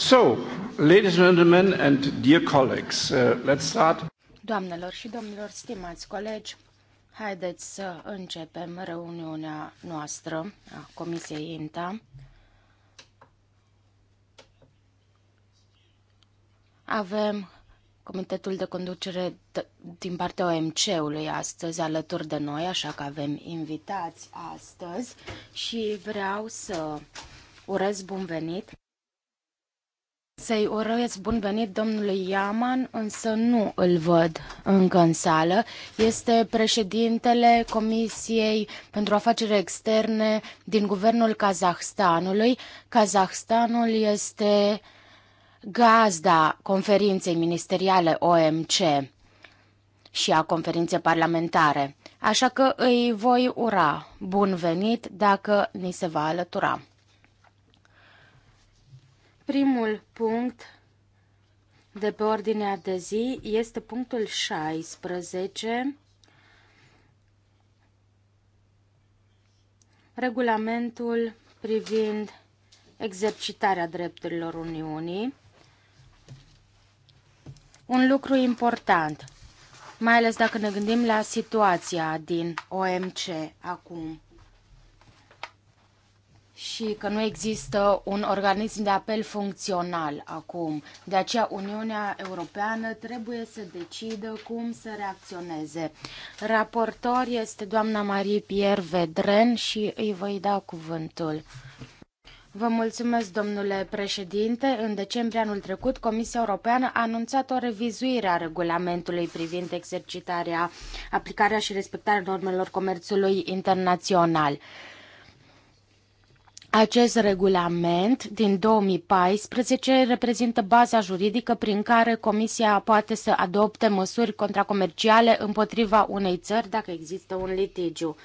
So, ladies and gentlemen and dear colleagues, uh, let's start. Doamnelor și domnilor, stimați colegi, haideți să începem reuniunea noastră a Comisiei INTA. Avem Comitetul de conducere din partea OMC-ului astăzi alături de noi, așa că avem invitați astăzi și vreau să urez bun venit să-i urez bun venit domnului Iaman, însă nu îl văd încă în sală. Este președintele Comisiei pentru Afaceri Externe din Guvernul Kazahstanului. Kazahstanul este gazda conferinței ministeriale OMC și a conferinței parlamentare. Așa că îi voi ura bun venit dacă ni se va alătura. Primul punct de pe ordinea de zi este punctul 16, regulamentul privind exercitarea drepturilor Uniunii. Un lucru important, mai ales dacă ne gândim la situația din OMC acum și că nu există un organism de apel funcțional acum. De aceea Uniunea Europeană trebuie să decidă cum să reacționeze. Raportor este doamna Marie-Pierre Vedren și îi voi da cuvântul. Vă mulțumesc, domnule președinte. În decembrie anul trecut, Comisia Europeană a anunțat o revizuire a regulamentului privind exercitarea, aplicarea și respectarea normelor comerțului internațional. Acest regulament din 2014 reprezintă baza juridică prin care Comisia poate să adopte măsuri contracomerciale împotriva unei țări dacă există un litigiu.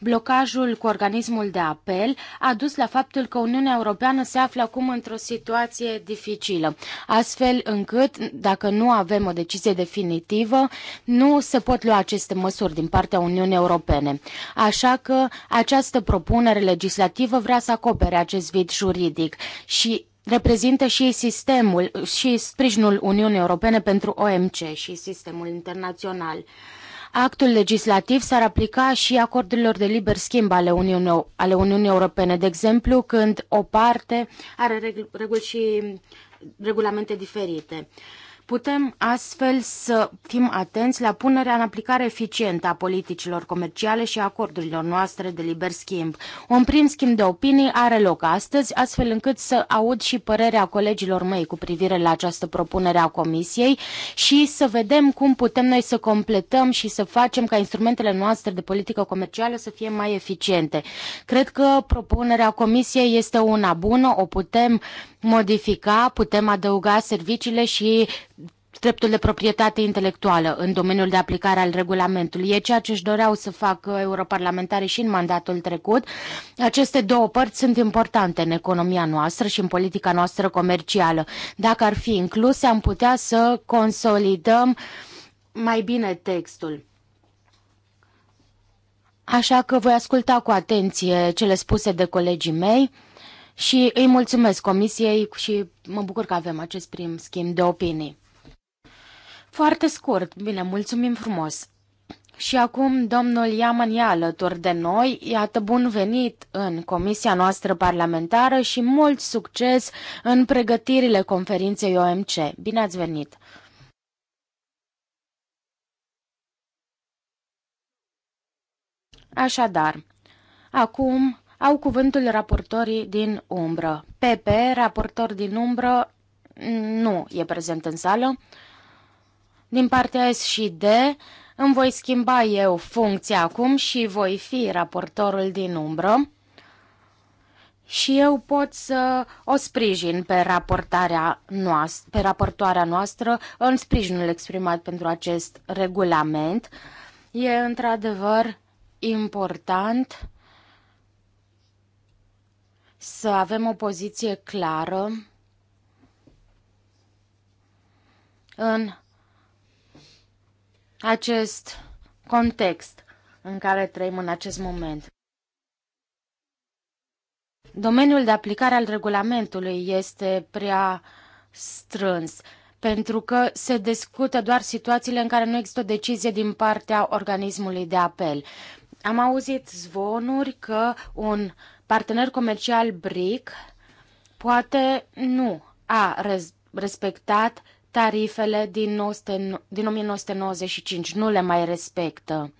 Blocajul cu organismul de apel a dus la faptul că Uniunea Europeană se află acum într-o situație dificilă, astfel încât, dacă nu avem o decizie definitivă, nu se pot lua aceste măsuri din partea Uniunii Europene. Așa că această propunere legislativă vrea să acopere acest vid juridic și reprezintă și sistemul și sprijinul Uniunii Europene pentru OMC și sistemul internațional. Actul legislativ s-ar aplica și acordurilor de liber schimb ale Uniunii, ale Uniunii Europene, de exemplu, când o parte are reguli și regulamente diferite. Putem astfel să fim atenți la punerea în aplicare eficientă a politicilor comerciale și a acordurilor noastre de liber schimb. Un prim schimb de opinii are loc astăzi, astfel încât să aud și părerea colegilor mei cu privire la această propunere a Comisiei și să vedem cum putem noi să completăm și să facem ca instrumentele noastre de politică comercială să fie mai eficiente. Cred că propunerea Comisiei este una bună, o putem modifica, putem adăuga serviciile și dreptul de proprietate intelectuală în domeniul de aplicare al regulamentului. E ceea ce își doreau să facă europarlamentarii și în mandatul trecut. Aceste două părți sunt importante în economia noastră și în politica noastră comercială. Dacă ar fi incluse, am putea să consolidăm mai bine textul. Așa că voi asculta cu atenție cele spuse de colegii mei și îi mulțumesc comisiei și mă bucur că avem acest prim schimb de opinii. Foarte scurt, bine, mulțumim frumos. Și acum domnul Iaman e alături de noi. Iată, bun venit în comisia noastră parlamentară și mult succes în pregătirile conferinței OMC. Bine ați venit! Așadar, acum au cuvântul raportorii din umbră. PP, raportor din umbră, nu e prezent în sală. Din partea S și D, îmi voi schimba eu funcția acum și voi fi raportorul din umbră și eu pot să o sprijin pe raportarea noastră, pe raportoarea noastră în sprijinul exprimat pentru acest regulament. E într-adevăr important să avem o poziție clară în acest context în care trăim în acest moment. Domeniul de aplicare al regulamentului este prea strâns, pentru că se discută doar situațiile în care nu există o decizie din partea organismului de apel. Am auzit zvonuri că un partener comercial BRIC poate nu a respectat tarifele din, 19, din 1995, nu le mai respectă.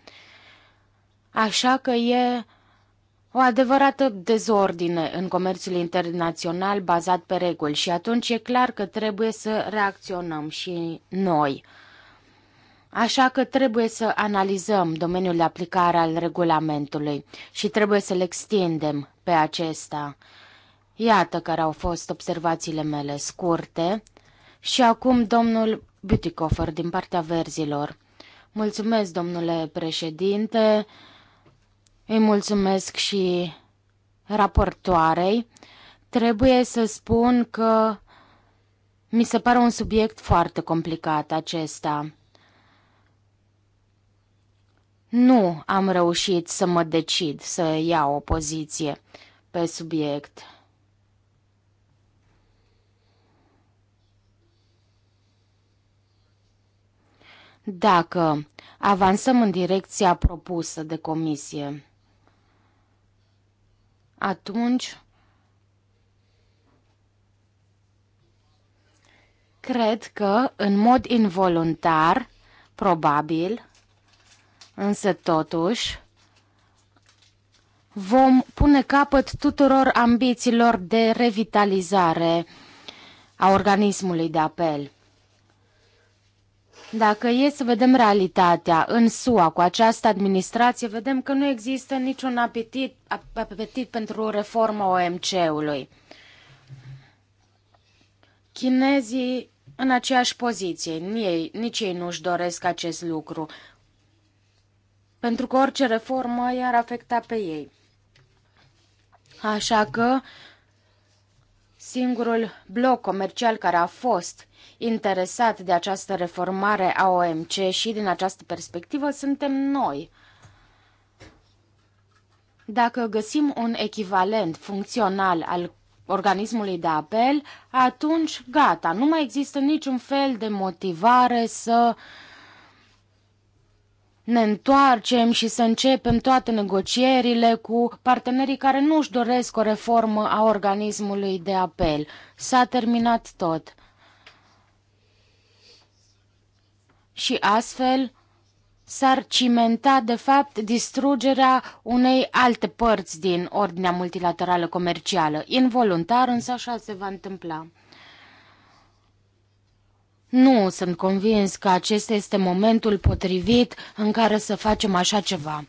Așa că e o adevărată dezordine în comerțul internațional bazat pe reguli și atunci e clar că trebuie să reacționăm și noi. Așa că trebuie să analizăm domeniul de aplicare al regulamentului și trebuie să-l extindem pe acesta. Iată care au fost observațiile mele scurte și acum domnul Butikofer din partea verzilor. Mulțumesc, domnule președinte, îi mulțumesc și raportoarei. Trebuie să spun că mi se pare un subiect foarte complicat acesta. Nu am reușit să mă decid să iau o poziție pe subiect. dacă avansăm în direcția propusă de comisie, atunci cred că în mod involuntar, probabil, însă totuși, vom pune capăt tuturor ambițiilor de revitalizare a organismului de apel. Dacă e să vedem realitatea în SUA cu această administrație, vedem că nu există niciun apetit, apetit pentru reforma OMC-ului. Chinezii în aceeași poziție, ei, nici ei nu-și doresc acest lucru, pentru că orice reformă i-ar afecta pe ei. Așa că singurul bloc comercial care a fost interesat de această reformare a OMC și din această perspectivă suntem noi. Dacă găsim un echivalent funcțional al organismului de apel, atunci gata, nu mai există niciun fel de motivare să ne întoarcem și să începem toate negocierile cu partenerii care nu își doresc o reformă a organismului de apel. S-a terminat tot. și astfel s-ar cimenta, de fapt, distrugerea unei alte părți din ordinea multilaterală comercială. Involuntar, însă așa se va întâmpla. Nu sunt convins că acesta este momentul potrivit în care să facem așa ceva.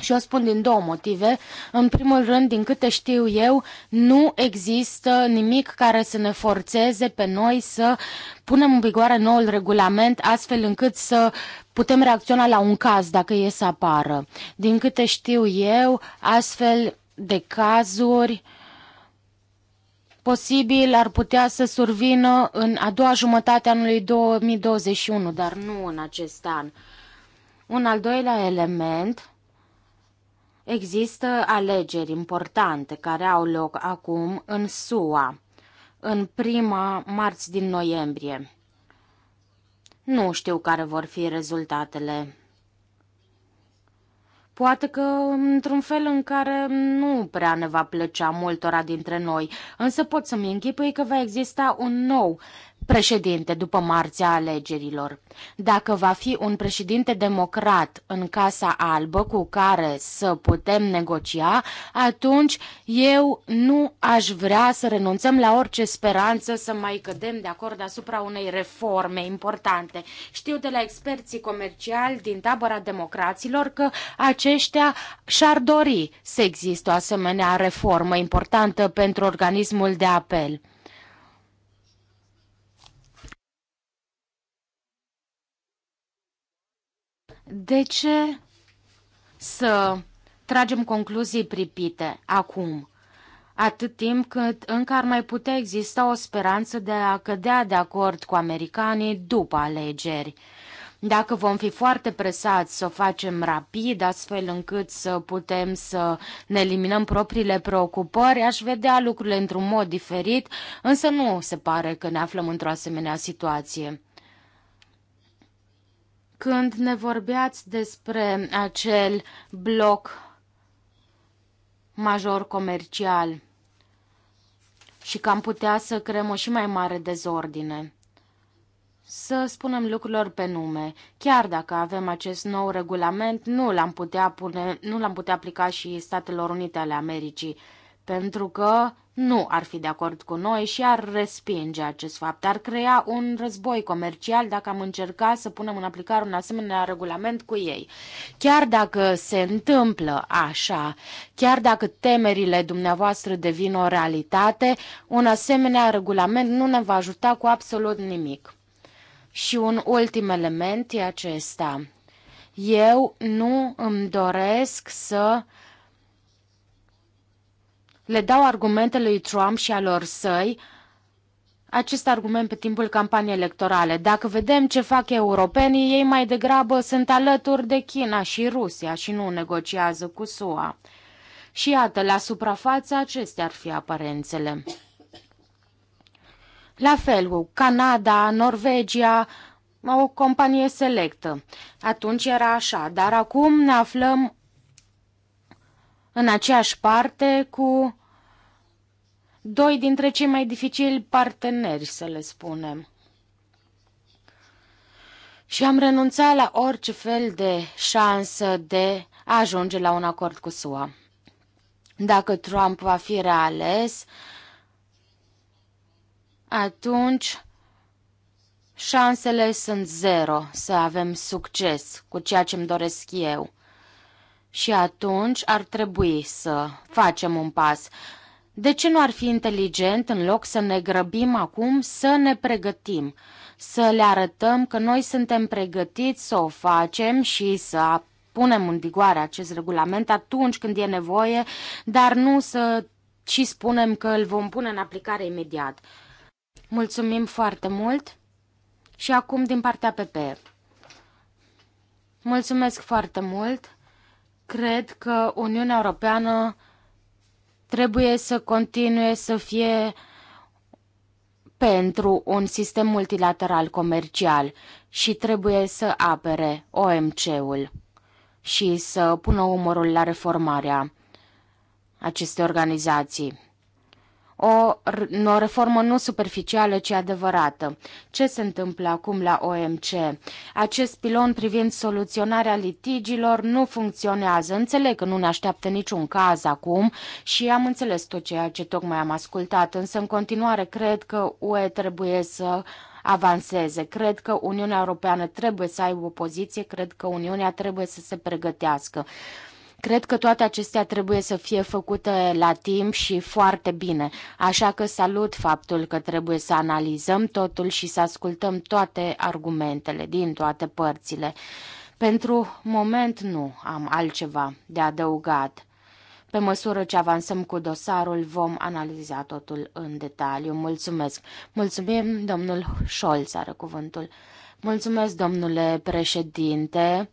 Și o spun din două motive. În primul rând, din câte știu eu, nu există nimic care să ne forțeze pe noi să punem în vigoare noul regulament astfel încât să putem reacționa la un caz dacă e să apară. Din câte știu eu, astfel de cazuri posibil ar putea să survină în a doua jumătate a anului 2021, dar nu în acest an. Un al doilea element Există alegeri importante care au loc acum în SUA, în prima marți din noiembrie. Nu știu care vor fi rezultatele. Poate că într-un fel în care nu prea ne va plăcea multora dintre noi, însă pot să-mi închipui că va exista un nou președinte după marțea alegerilor. Dacă va fi un președinte democrat în Casa Albă cu care să putem negocia, atunci eu nu aș vrea să renunțăm la orice speranță să mai cădem de acord asupra unei reforme importante. Știu de la experții comerciali din tabăra democraților că aceștia și-ar dori să existe o asemenea reformă importantă pentru organismul de apel. De ce să tragem concluzii pripite acum, atât timp cât încă ar mai putea exista o speranță de a cădea de acord cu americanii după alegeri? Dacă vom fi foarte presați să o facem rapid, astfel încât să putem să ne eliminăm propriile preocupări, aș vedea lucrurile într-un mod diferit, însă nu se pare că ne aflăm într-o asemenea situație. Când ne vorbeați despre acel bloc major comercial și că am putea să creăm o și mai mare dezordine, să spunem lucrurilor pe nume. Chiar dacă avem acest nou regulament, nu l-am putea, pune, nu l-am putea aplica și Statelor Unite ale Americii, pentru că nu ar fi de acord cu noi și ar respinge acest fapt. Ar crea un război comercial dacă am încerca să punem în aplicare un asemenea regulament cu ei. Chiar dacă se întâmplă așa, chiar dacă temerile dumneavoastră devin o realitate, un asemenea regulament nu ne va ajuta cu absolut nimic. Și un ultim element e acesta. Eu nu îmi doresc să uh, le dau argumentele lui Trump și alor săi acest argument pe timpul campaniei electorale. Dacă vedem ce fac europenii, ei mai degrabă sunt alături de China și Rusia și nu negociază cu SUA. Și iată, la suprafață acestea ar fi aparențele. La fel, cu Canada, Norvegia, o companie selectă. Atunci era așa, dar acum ne aflăm în aceeași parte cu doi dintre cei mai dificili parteneri, să le spunem. Și am renunțat la orice fel de șansă de a ajunge la un acord cu SUA. Dacă Trump va fi reales, atunci șansele sunt zero să avem succes cu ceea ce îmi doresc eu. Și atunci ar trebui să facem un pas. De ce nu ar fi inteligent, în loc să ne grăbim acum, să ne pregătim? Să le arătăm că noi suntem pregătiți să o facem și să punem în vigoare acest regulament atunci când e nevoie, dar nu să și spunem că îl vom pune în aplicare imediat. Mulțumim foarte mult și acum din partea PP. Mulțumesc foarte mult! Cred că Uniunea Europeană trebuie să continue să fie pentru un sistem multilateral comercial și trebuie să apere OMC-ul și să pună umărul la reformarea acestei organizații o, o reformă nu superficială, ci adevărată. Ce se întâmplă acum la OMC? Acest pilon privind soluționarea litigilor nu funcționează. Înțeleg că nu ne așteaptă niciun caz acum și am înțeles tot ceea ce tocmai am ascultat, însă în continuare cred că UE trebuie să avanseze. Cred că Uniunea Europeană trebuie să aibă o poziție, cred că Uniunea trebuie să se pregătească. Cred că toate acestea trebuie să fie făcute la timp și foarte bine, așa că salut faptul că trebuie să analizăm totul și să ascultăm toate argumentele din toate părțile. Pentru moment nu am altceva de adăugat. Pe măsură ce avansăm cu dosarul, vom analiza totul în detaliu. Mulțumesc! Mulțumim, domnul Scholz are cuvântul. Mulțumesc, domnule președinte!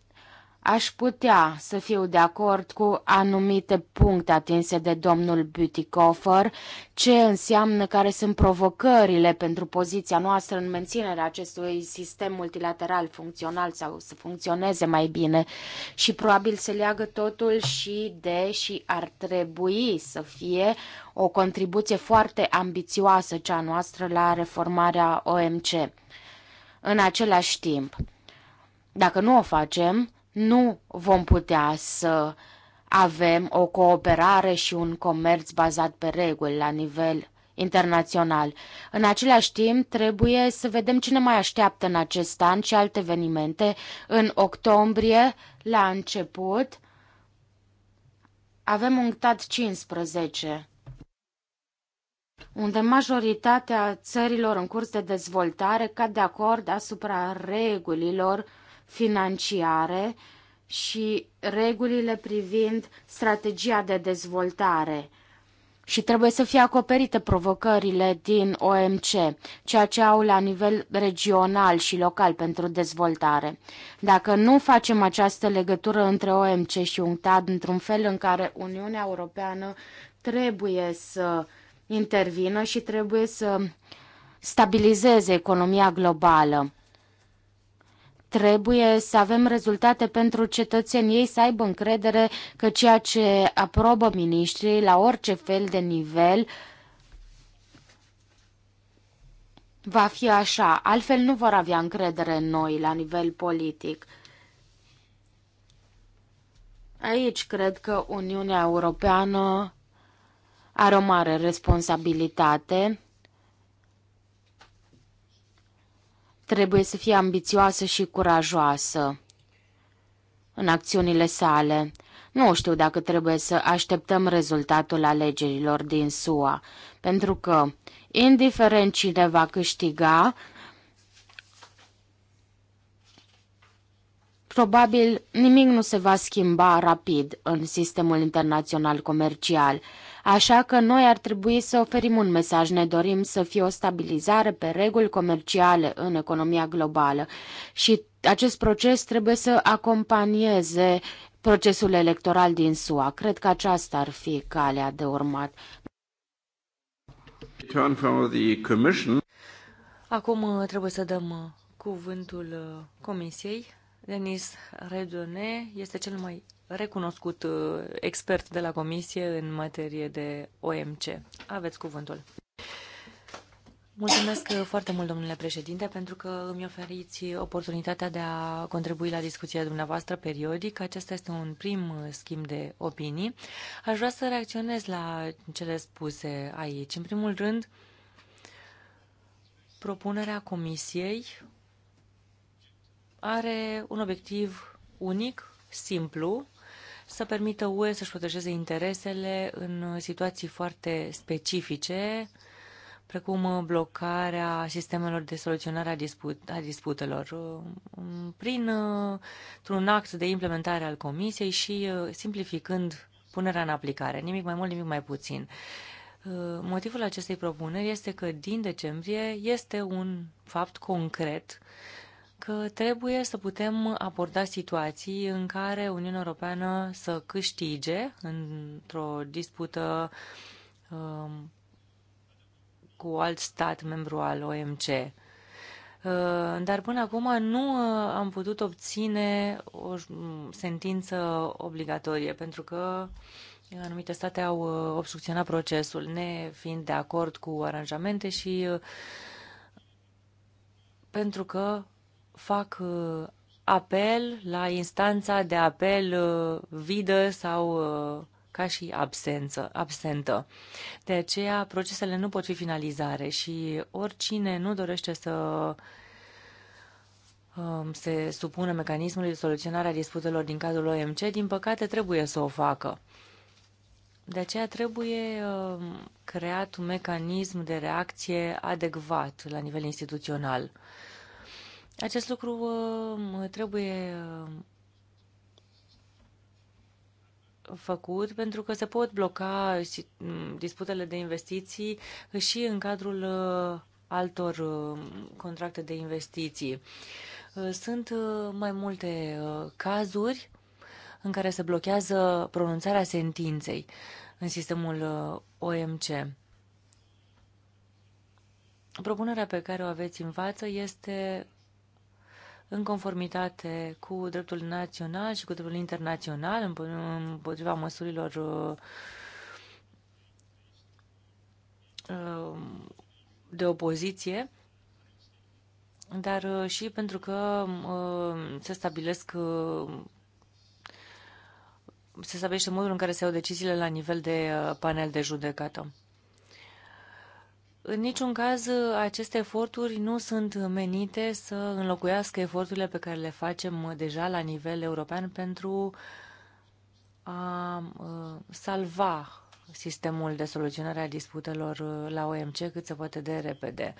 Aș putea să fiu de acord cu anumite puncte atinse de domnul Butikofer, ce înseamnă care sunt provocările pentru poziția noastră în menținerea acestui sistem multilateral funcțional sau să funcționeze mai bine și probabil se leagă totul și de și ar trebui să fie o contribuție foarte ambițioasă cea noastră la reformarea OMC. În același timp, dacă nu o facem, nu vom putea să avem o cooperare și un comerț bazat pe reguli la nivel internațional. În același timp, trebuie să vedem ce ne mai așteaptă în acest an și alte evenimente. În octombrie, la început, avem un TAT 15 unde majoritatea țărilor în curs de dezvoltare cad de acord asupra regulilor financiare și regulile privind strategia de dezvoltare și trebuie să fie acoperite provocările din OMC, ceea ce au la nivel regional și local pentru dezvoltare. Dacă nu facem această legătură între OMC și UNCTAD într-un fel în care Uniunea Europeană trebuie să intervină și trebuie să stabilizeze economia globală. Trebuie să avem rezultate pentru cetățenii ei să aibă încredere că ceea ce aprobă miniștrii la orice fel de nivel va fi așa, altfel nu vor avea încredere în noi la nivel politic. Aici cred că Uniunea Europeană are o mare responsabilitate trebuie să fie ambițioasă și curajoasă în acțiunile sale. Nu știu dacă trebuie să așteptăm rezultatul alegerilor din SUA, pentru că, indiferent cine va câștiga, probabil nimic nu se va schimba rapid în sistemul internațional comercial. Așa că noi ar trebui să oferim un mesaj. Ne dorim să fie o stabilizare pe reguli comerciale în economia globală și acest proces trebuie să acompanieze procesul electoral din SUA. Cred că aceasta ar fi calea de urmat. Acum uh, trebuie să dăm uh, cuvântul uh, Comisiei. Denis Redone este cel mai recunoscut uh, expert de la Comisie în materie de OMC. Aveți cuvântul. Mulțumesc uh, foarte mult, domnule președinte, pentru că îmi oferiți oportunitatea de a contribui la discuția dumneavoastră periodic. Acesta este un prim uh, schimb de opinii. Aș vrea să reacționez la cele spuse aici. În primul rând, propunerea comisiei are un obiectiv unic, simplu, să permită UE să-și protejeze interesele în situații foarte specifice, precum uh, blocarea sistemelor de soluționare a, disput, a disputelor, uh, um, prin uh, un act de implementare al Comisiei și simplificând punerea în aplicare, nimic mai mult, nimic mai puțin. Motivul acestei propuneri este că din decembrie este un fapt concret că trebuie să putem aborda situații în care Uniunea Europeană să câștige într-o dispută um, cu alt stat membru al OMC. Uh, dar până acum nu uh, am putut obține o um, sentință obligatorie, pentru că anumite state au uh, obstrucționat procesul, ne fiind de acord cu aranjamente și pentru că fac uh, apel la instanța de apel uh, vidă sau uh, ca și absență, absentă. De aceea, procesele nu pot fi finalizare și oricine nu dorește să um, se supună mecanismului de soluționare a disputelor din cadrul OMC, din păcate trebuie să o facă. De aceea trebuie um, creat un mecanism de reacție adecvat la nivel instituțional. Acest lucru uh, trebuie uh, făcut pentru că se pot bloca și mm, disputele de investiții și în cadrul uh, altor contracte de investiții. Sunt mai multe cazuri în care se blochează pronunțarea sentinței în sistemul OMC. Propunerea pe care o aveți în față este în conformitate cu dreptul național și cu dreptul internațional împotriva măsurilor uh, um, de opoziție, dar uh, și pentru că uh, se stabilesc se stabilește modul în care se iau deciziile la nivel de panel de judecată. În niciun caz, aceste eforturi nu sunt menite să înlocuiască eforturile pe care le facem deja la nivel european pentru a uh, salva sistemul de soluționare a disputelor uh, la OMC cât se poate de repede.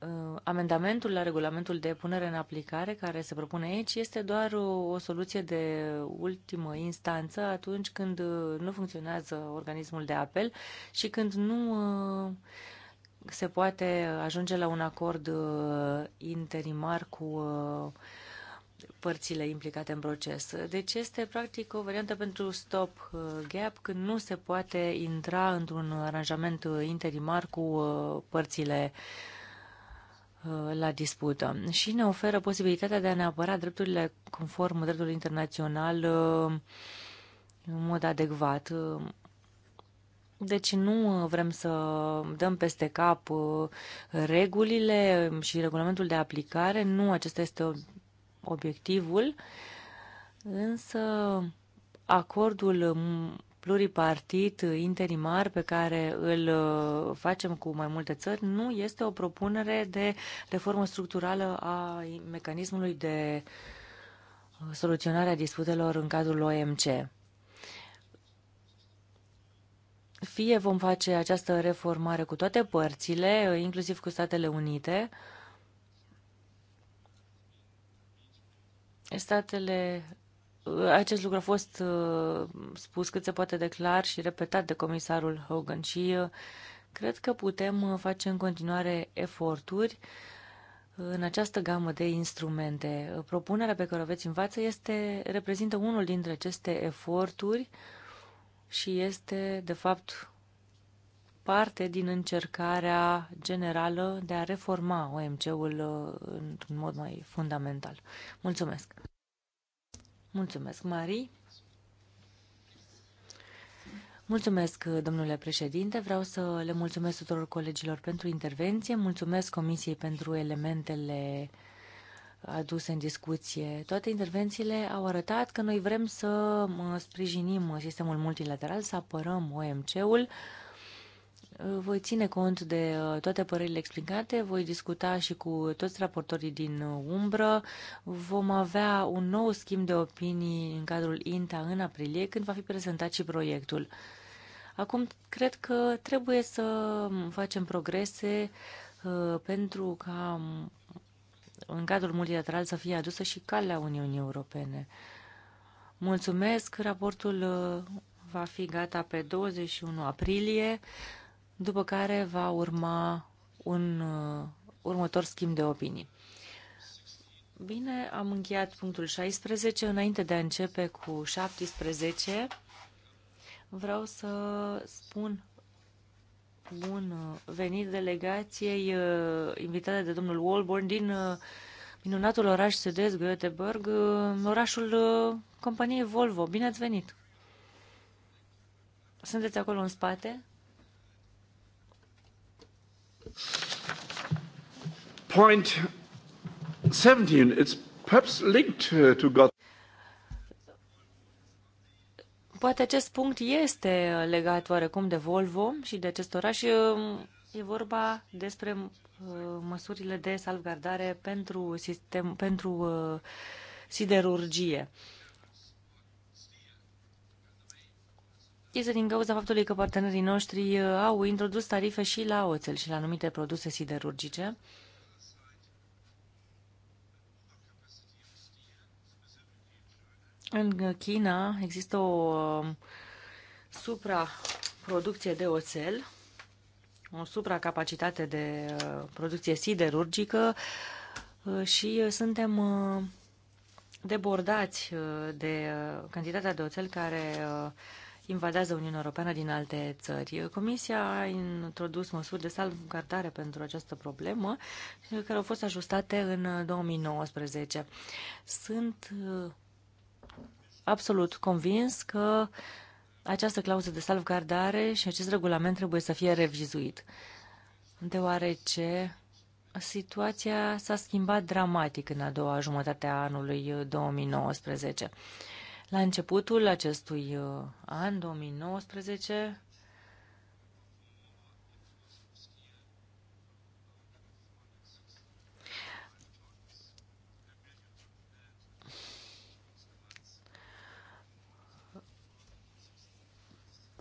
Uh, amendamentul la regulamentul de punere în aplicare care se propune aici este doar o soluție de ultimă instanță atunci când nu funcționează organismul de apel și când nu se poate ajunge la un acord uh, interimar cu uh, părțile implicate în proces. Deci este practic o variantă pentru stop uh, gap când nu se poate intra într-un aranjament interimar cu părțile la dispută și ne oferă posibilitatea de a ne apăra drepturile conform dreptului internațional în mod adecvat. Deci nu uh, vrem să dăm peste cap uh, regulile și regulamentul de aplicare, nu acesta este obiectivul, însă acordul pluripartit uh, interimar pe care îl facem cu mai multe țări nu este o propunere de reformă structurală a mecanismului de soluționare a disputelor în cadrul OMC. Fie vom face această reformare cu toate părțile, inclusiv cu Statele Unite, statele acest lucru a fost uh, spus cât se poate de clar și repetat de comisarul Hogan și uh, cred că putem uh, face în continuare eforturi în această gamă de instrumente. Propunerea pe care o aveți în față este, reprezintă unul dintre aceste eforturi și este, de fapt, parte din încercarea generală de a reforma OMC-ul uh, într-un mod mai fundamental. Mulțumesc! Mulțumesc, Marie! Mulțumesc, domnule președinte. Vreau să le mulțumesc tuturor colegilor pentru intervenție. Mulțumesc Comisiei pentru elementele uh, aduse în discuție. Toate intervențiile au arătat că noi vrem să sprijinim sistemul multilateral, să apărăm OMC-ul. Voi ține cont de uh, toate părerile explicate, voi discuta și cu toți raportorii din uh, umbră. Vom avea un nou schimb de opinii în cadrul INTA în aprilie, când va fi prezentat și proiectul. Acum, cred că trebuie să facem progrese uh, pentru ca în cadrul multilateral să fie adusă și calea Uniunii Europene. Mulțumesc, raportul uh, va fi gata pe 21 aprilie, după care va urma un uh, următor schimb de opinii. Bine, am încheiat punctul 16. Înainte de a începe cu 17, vreau să spun bun uh, venit delegației uh, invitate de domnul Walborn din uh, minunatul oraș Sedez, Göteborg, orașul companiei Volvo. Bine ați venit! Sunteți acolo în spate? Point 17. It's perhaps linked to God. Poate acest punct este uh, legat oarecum de Volvo și de acest oraș. E um, vorba despre uh, măsurile de salvgardare pentru, sistem, pentru uh, siderurgie. Este din cauza faptului că partenerii noștri au introdus tarife și la oțel și la anumite produse siderurgice. În China există o um, supraproducție de oțel, o supracapacitate de uh, producție siderurgică uh, și uh, suntem debordați de cantitatea de oțel care invadează Uniunea Europeană din alte țări. Comisia a introdus măsuri de salvgardare pentru această problemă, care au fost ajustate în 2019. Sunt absolut convins că această clauză de salvgardare și acest regulament trebuie să fie revizuit, deoarece situația s-a schimbat dramatic în a doua jumătate a anului 2019. Uh, La începutul acestui uh, an, 2019,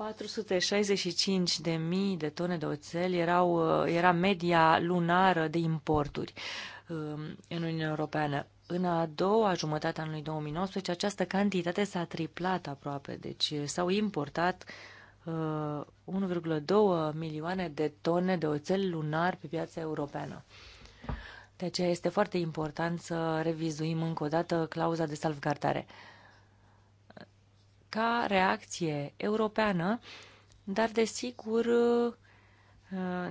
465 de mii de tone de oțel erau, uh, era media lunară de importuri um, în Uniunea Europeană. În a doua jumătate a anului 2019, această cantitate s-a triplat aproape, deci uh, s-au importat 1,2 uh, milioane de tone de oțel lunar pe piața europeană. De aceea este foarte important să revizuim încă o dată clauza de salvgardare ca reacție europeană, dar desigur uh,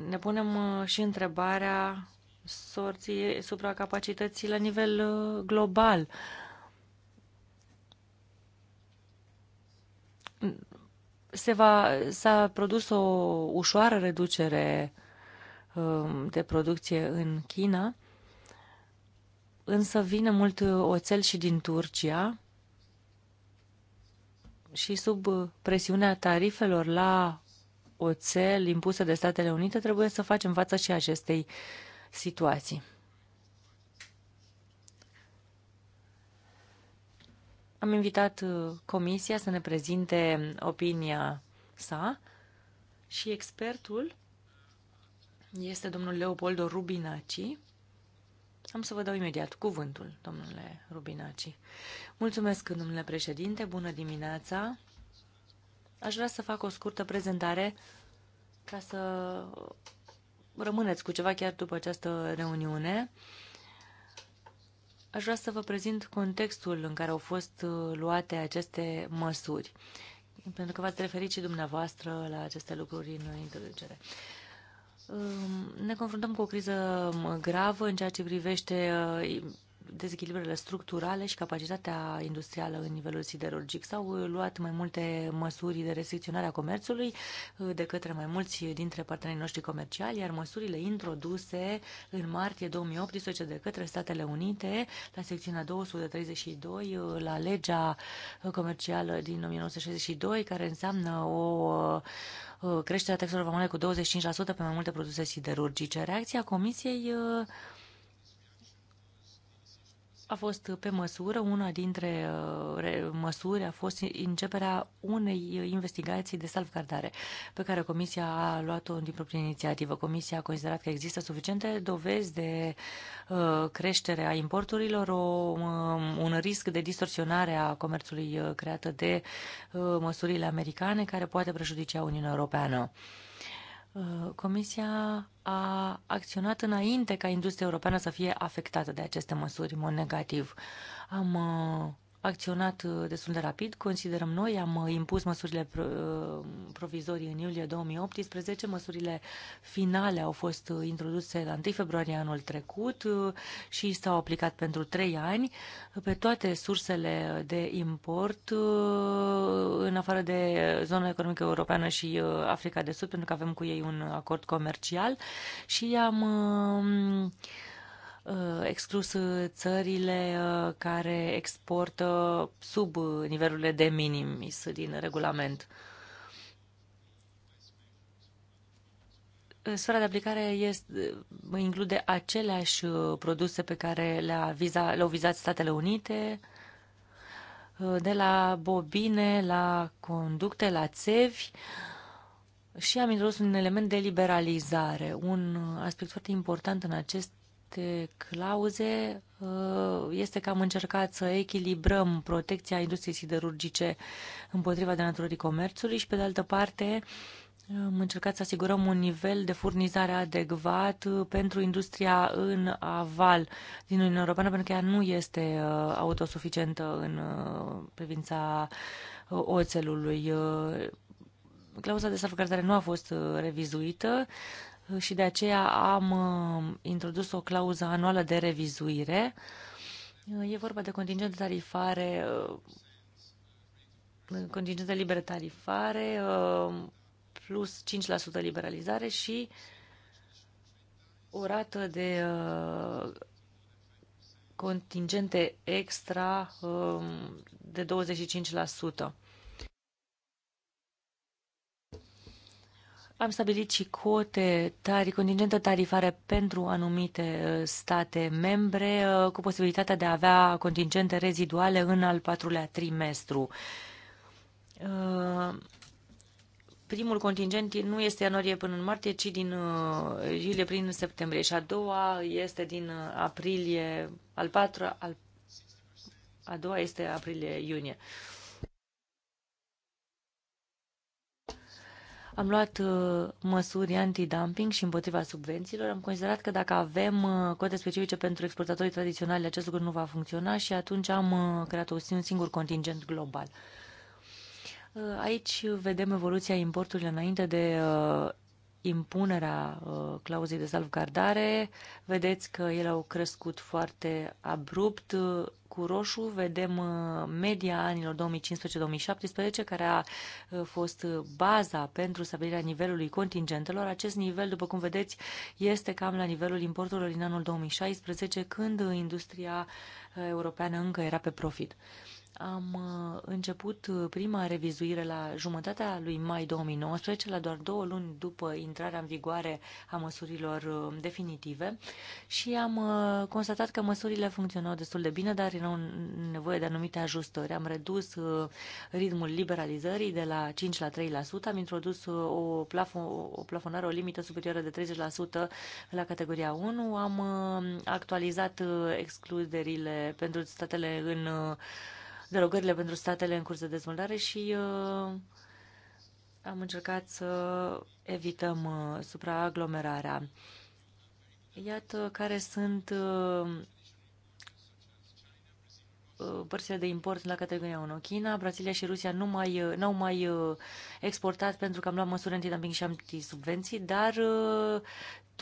ne punem uh, și întrebarea sorții supracapacității la nivel uh, global. Se va, s-a produs o ușoară reducere um, de producție în China, însă vine mult oțel și din Turcia, și sub uh, presiunea tarifelor la oțel impuse de Statele Unite, trebuie să facem față și acestei situații. Am invitat uh, comisia să ne prezinte opinia sa și expertul este domnul Leopoldo Rubinaci, am să vă dau imediat cuvântul, domnule Rubinaci. Mulțumesc, domnule președinte, bună dimineața. Aș vrea să fac o scurtă prezentare ca să rămâneți cu ceva chiar după această reuniune. Aș vrea să vă prezint contextul în care au fost luate aceste măsuri, pentru că v-ați referit și dumneavoastră la aceste lucruri în introducere. Ne confruntăm cu o criză gravă în ceea ce privește uh, dezechilibrele structurale și capacitatea industrială în nivelul siderurgic. S-au luat mai multe măsuri de restricționare a comerțului uh, de către mai mulți dintre partenerii noștri comerciali, iar măsurile introduse în martie 2018 de către Statele Unite, la secțiunea 232, uh, la legea comercială din 1962, care înseamnă o uh, creșterea taxelor vamale cu 25% pe mai multe produse siderurgice. Reacția Comisiei uh, a fost pe măsură. Una dintre uh, măsuri a fost începerea unei investigații de salvgardare pe care Comisia a luat-o din proprie inițiativă. Comisia a considerat că există suficiente dovezi de uh, creștere a importurilor, o, um, un risc de distorsionare a comerțului uh, creată de măsurile americane care poate prejudicia Uniunea Europeană. Uh, Comisia a acționat înainte ca industria europeană să fie afectată de aceste măsuri în mod negativ. Am uh, acționat uh, destul de rapid, considerăm noi. Am uh, impus măsurile uh, provizorii în iulie 2018. Măsurile finale au fost introduse la 1 februarie anul trecut și s-au aplicat pentru 3 ani pe toate sursele de import, în afară de zona economică europeană și Africa de Sud, pentru că avem cu ei un acord comercial și am um, Uh, exclus uh, țările uh, care exportă sub nivelurile de minimis din regulament. Sfera de aplicare este, include aceleași produse pe care le-au viza, le vizat Statele Unite, de la bobine, la conducte, la țevi și am introdus un element de liberalizare. Un aspect foarte important în acest aceste clauze ă, este că am încercat să echilibrăm protecția industriei siderurgice împotriva de naturii comerțului și, pe de altă parte, am încercat să asigurăm un nivel de furnizare adecvat pentru industria în aval din Uniunea Europeană, pentru că ea nu este ă, autosuficientă în ă, privința oțelului. Clauza de salvgardare nu a fost revizuită, și de aceea am uh, introdus o clauză anuală de revizuire. E vorba de contingente tarifare, uh, contingente liberă tarifare, uh, plus 5% liberalizare și o rată de contingente extra de 25%. Am stabilit și cote, tari, contingentă tarifare pentru anumite uh, state membre, uh, cu posibilitatea de a avea contingente reziduale în al patrulea trimestru. Uh, primul contingent nu este ianuarie până în martie, ci din iulie prin septembrie și a doua este din aprilie, al patru al, a doua este aprilie-iunie. Uh, Am luat uh, măsuri anti anti-dumping și împotriva subvențiilor. Am considerat că dacă avem uh, cote specifice pentru exportatorii tradiționali, acest lucru nu va funcționa și atunci am uh, creat un singur contingent global. Aici vedem evoluția importurilor înainte de impunerea uh, clauzei de salvgardare. Vedeți că ele au crescut foarte abrupt. Cu roșu vedem uh, media anilor 2015-2017, care a uh, fost baza pentru stabilirea nivelului contingentelor. Acest nivel, după cum vedeți, este cam la nivelul importurilor din anul 2016, când industria uh, europeană încă era pe profit. Uh, am uh, început uh, prima revizuire la jumătatea lui mai 2019, la doar două luni după intrarea în vigoare a măsurilor uh, definitive și am constatat că măsurile funcționau destul de bine, dar erau nevoie de anumite ajustări. Am redus ritmul liberalizării de la 5 la 3%, am introdus o, plafon, o plafonare, o limită superioară de 30% la categoria 1, am actualizat excluderile pentru statele în derogările pentru statele în curs de dezvoltare și uh, am încercat să evităm uh, supraaglomerarea. Iată care sunt uh, părțile de import la categoria 1. China, Brazilia și Rusia nu mai, n-au mai exportat pentru că am luat măsuri anti-dumping și anti-subvenții, dar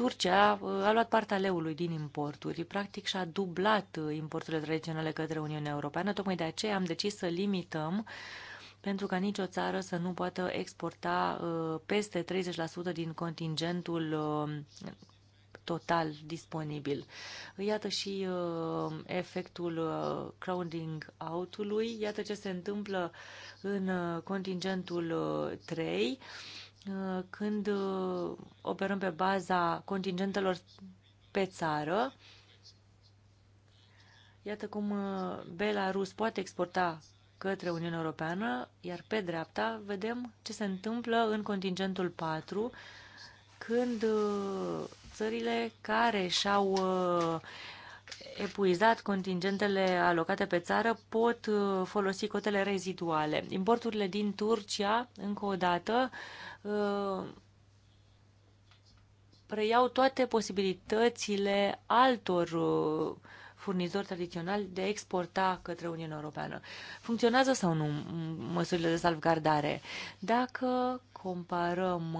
Turcia a luat partea leului din importuri, practic și-a dublat uh, importurile tradiționale către Uniunea Europeană, tocmai de aceea am decis să limităm pentru ca nicio țară să nu poată exporta uh, peste 30% din contingentul uh, total disponibil. Iată și uh, efectul uh, crowding out-ului, iată ce se întâmplă în uh, contingentul uh, 3. Uh, Uh, când uh, operăm pe baza contingentelor pe țară. Iată cum uh, Belarus poate exporta către Uniunea Europeană, iar pe dreapta vedem ce se întâmplă în contingentul 4, când țările care și-au epuizat contingentele alocate pe țară, pot uh, folosi cotele reziduale. Importurile din Turcia, încă o dată, uh, preiau toate posibilitățile altor uh, furnizori tradiționali de a exporta către Uniunea Europeană. Funcționează sau nu măsurile de salvgardare? Dacă comparăm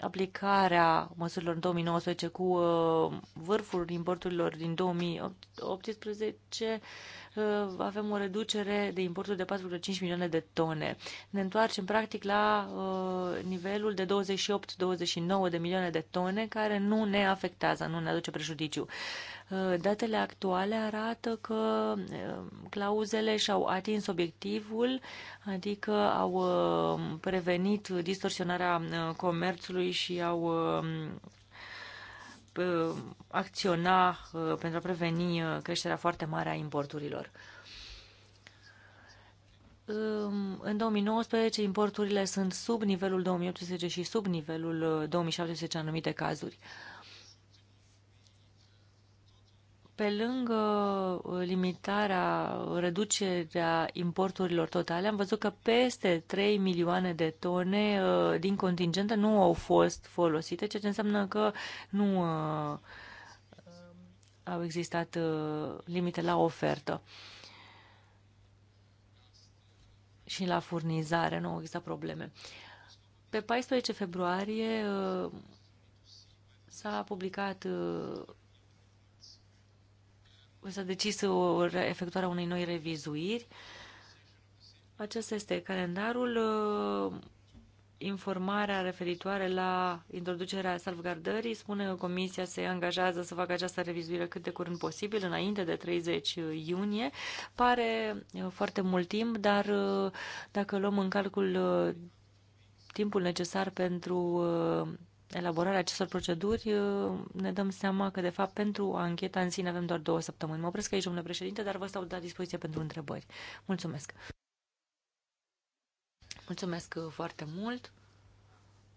aplicarea măsurilor în 2019 cu uh, vârful importurilor din 2018, uh, avem o reducere de importuri de 4,5 milioane de tone. Ne întoarcem practic la uh, nivelul de 28-29 de milioane de tone, care nu ne afectează, nu ne aduce prejudiciu. Uh, datele actuale arată că uh, clauzele și-au atins obiectivul, adică au uh, prevenit distorsionarea comerțului și au acționa pentru a preveni creșterea foarte mare a importurilor. Um, în 2019, importurile sunt sub nivelul 2018 și sub nivelul 2017 în anumite cazuri. Pe lângă uh, limitarea, uh, reducerea importurilor totale, am văzut că peste 3 milioane de tone uh, din contingentă nu au fost folosite, ceea ce înseamnă că nu au existat limite la ofertă și la furnizare, nu au existat probleme. Pe 14 februarie s-a publicat s-a decis efectuarea unei noi revizuiri. Acesta este calendarul. Uh, informarea referitoare la introducerea salvgardării spune că Comisia se angajează să facă această revizuire cât de curând posibil, înainte de 30 uh, iunie. Pare uh, foarte mult timp, dar dacă luăm în calcul timpul necesar pentru elaborarea acestor proceduri, uh, ne dăm seama că, de fapt, pentru ancheta în sine avem doar două săptămâni. Mă opresc aici, domnule președinte, dar vă stau la dispoziție pentru întrebări. Mulțumesc! Mulțumesc uh, foarte mult,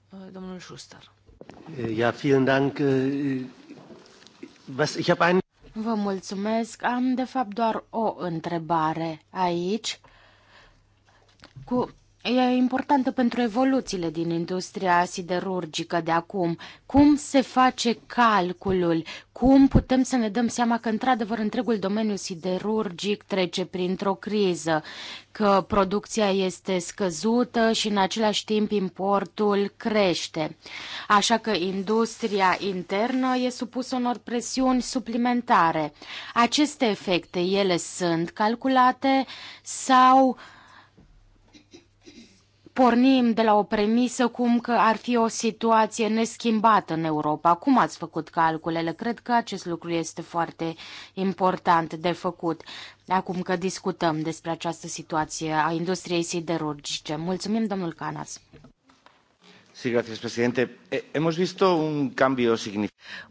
uh, domnul Schuster. Eh, ja, vielen Dank. Äh, was, ich habe ein... Vă mulțumesc. Am, de fapt, doar o întrebare aici. Cu E importantă pentru evoluțiile din industria siderurgică de acum. Cum se face calculul? Cum putem să ne dăm seama că, într-adevăr, întregul domeniu siderurgic trece printr-o criză, că producția este scăzută și, în același timp, importul crește? Așa că industria internă e supusă unor presiuni suplimentare. Aceste efecte, ele sunt calculate sau uh, pornim de la o premisă cum că ar fi o situație neschimbată în Europa. Cum ați făcut calculele? Cred că acest lucru este foarte important de făcut acum că discutăm despre această situație a industriei siderurgice. Mulțumim, domnul Canas. Sí, gracias, presidente. Eh, hemos visto un cambio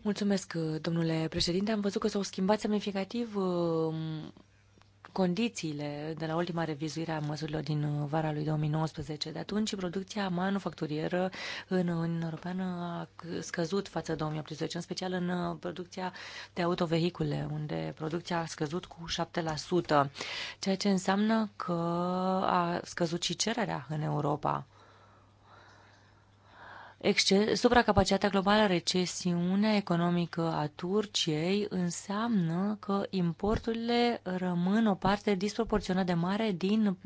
Mulțumesc, domnule președinte. Am văzut că s-au schimbat semnificativ uh, condițiile de la ultima revizuire a măsurilor din vara lui 2019. De atunci, producția manufacturieră în Uniunea Europeană a scăzut față de 2018, în special în uh, producția de autovehicule, unde producția a scăzut cu 7%, ceea ce înseamnă că a scăzut și cererea în Europa supracapacitatea globală, recesiunea economică a Turciei înseamnă că importurile rămân o parte disproporționat de mare din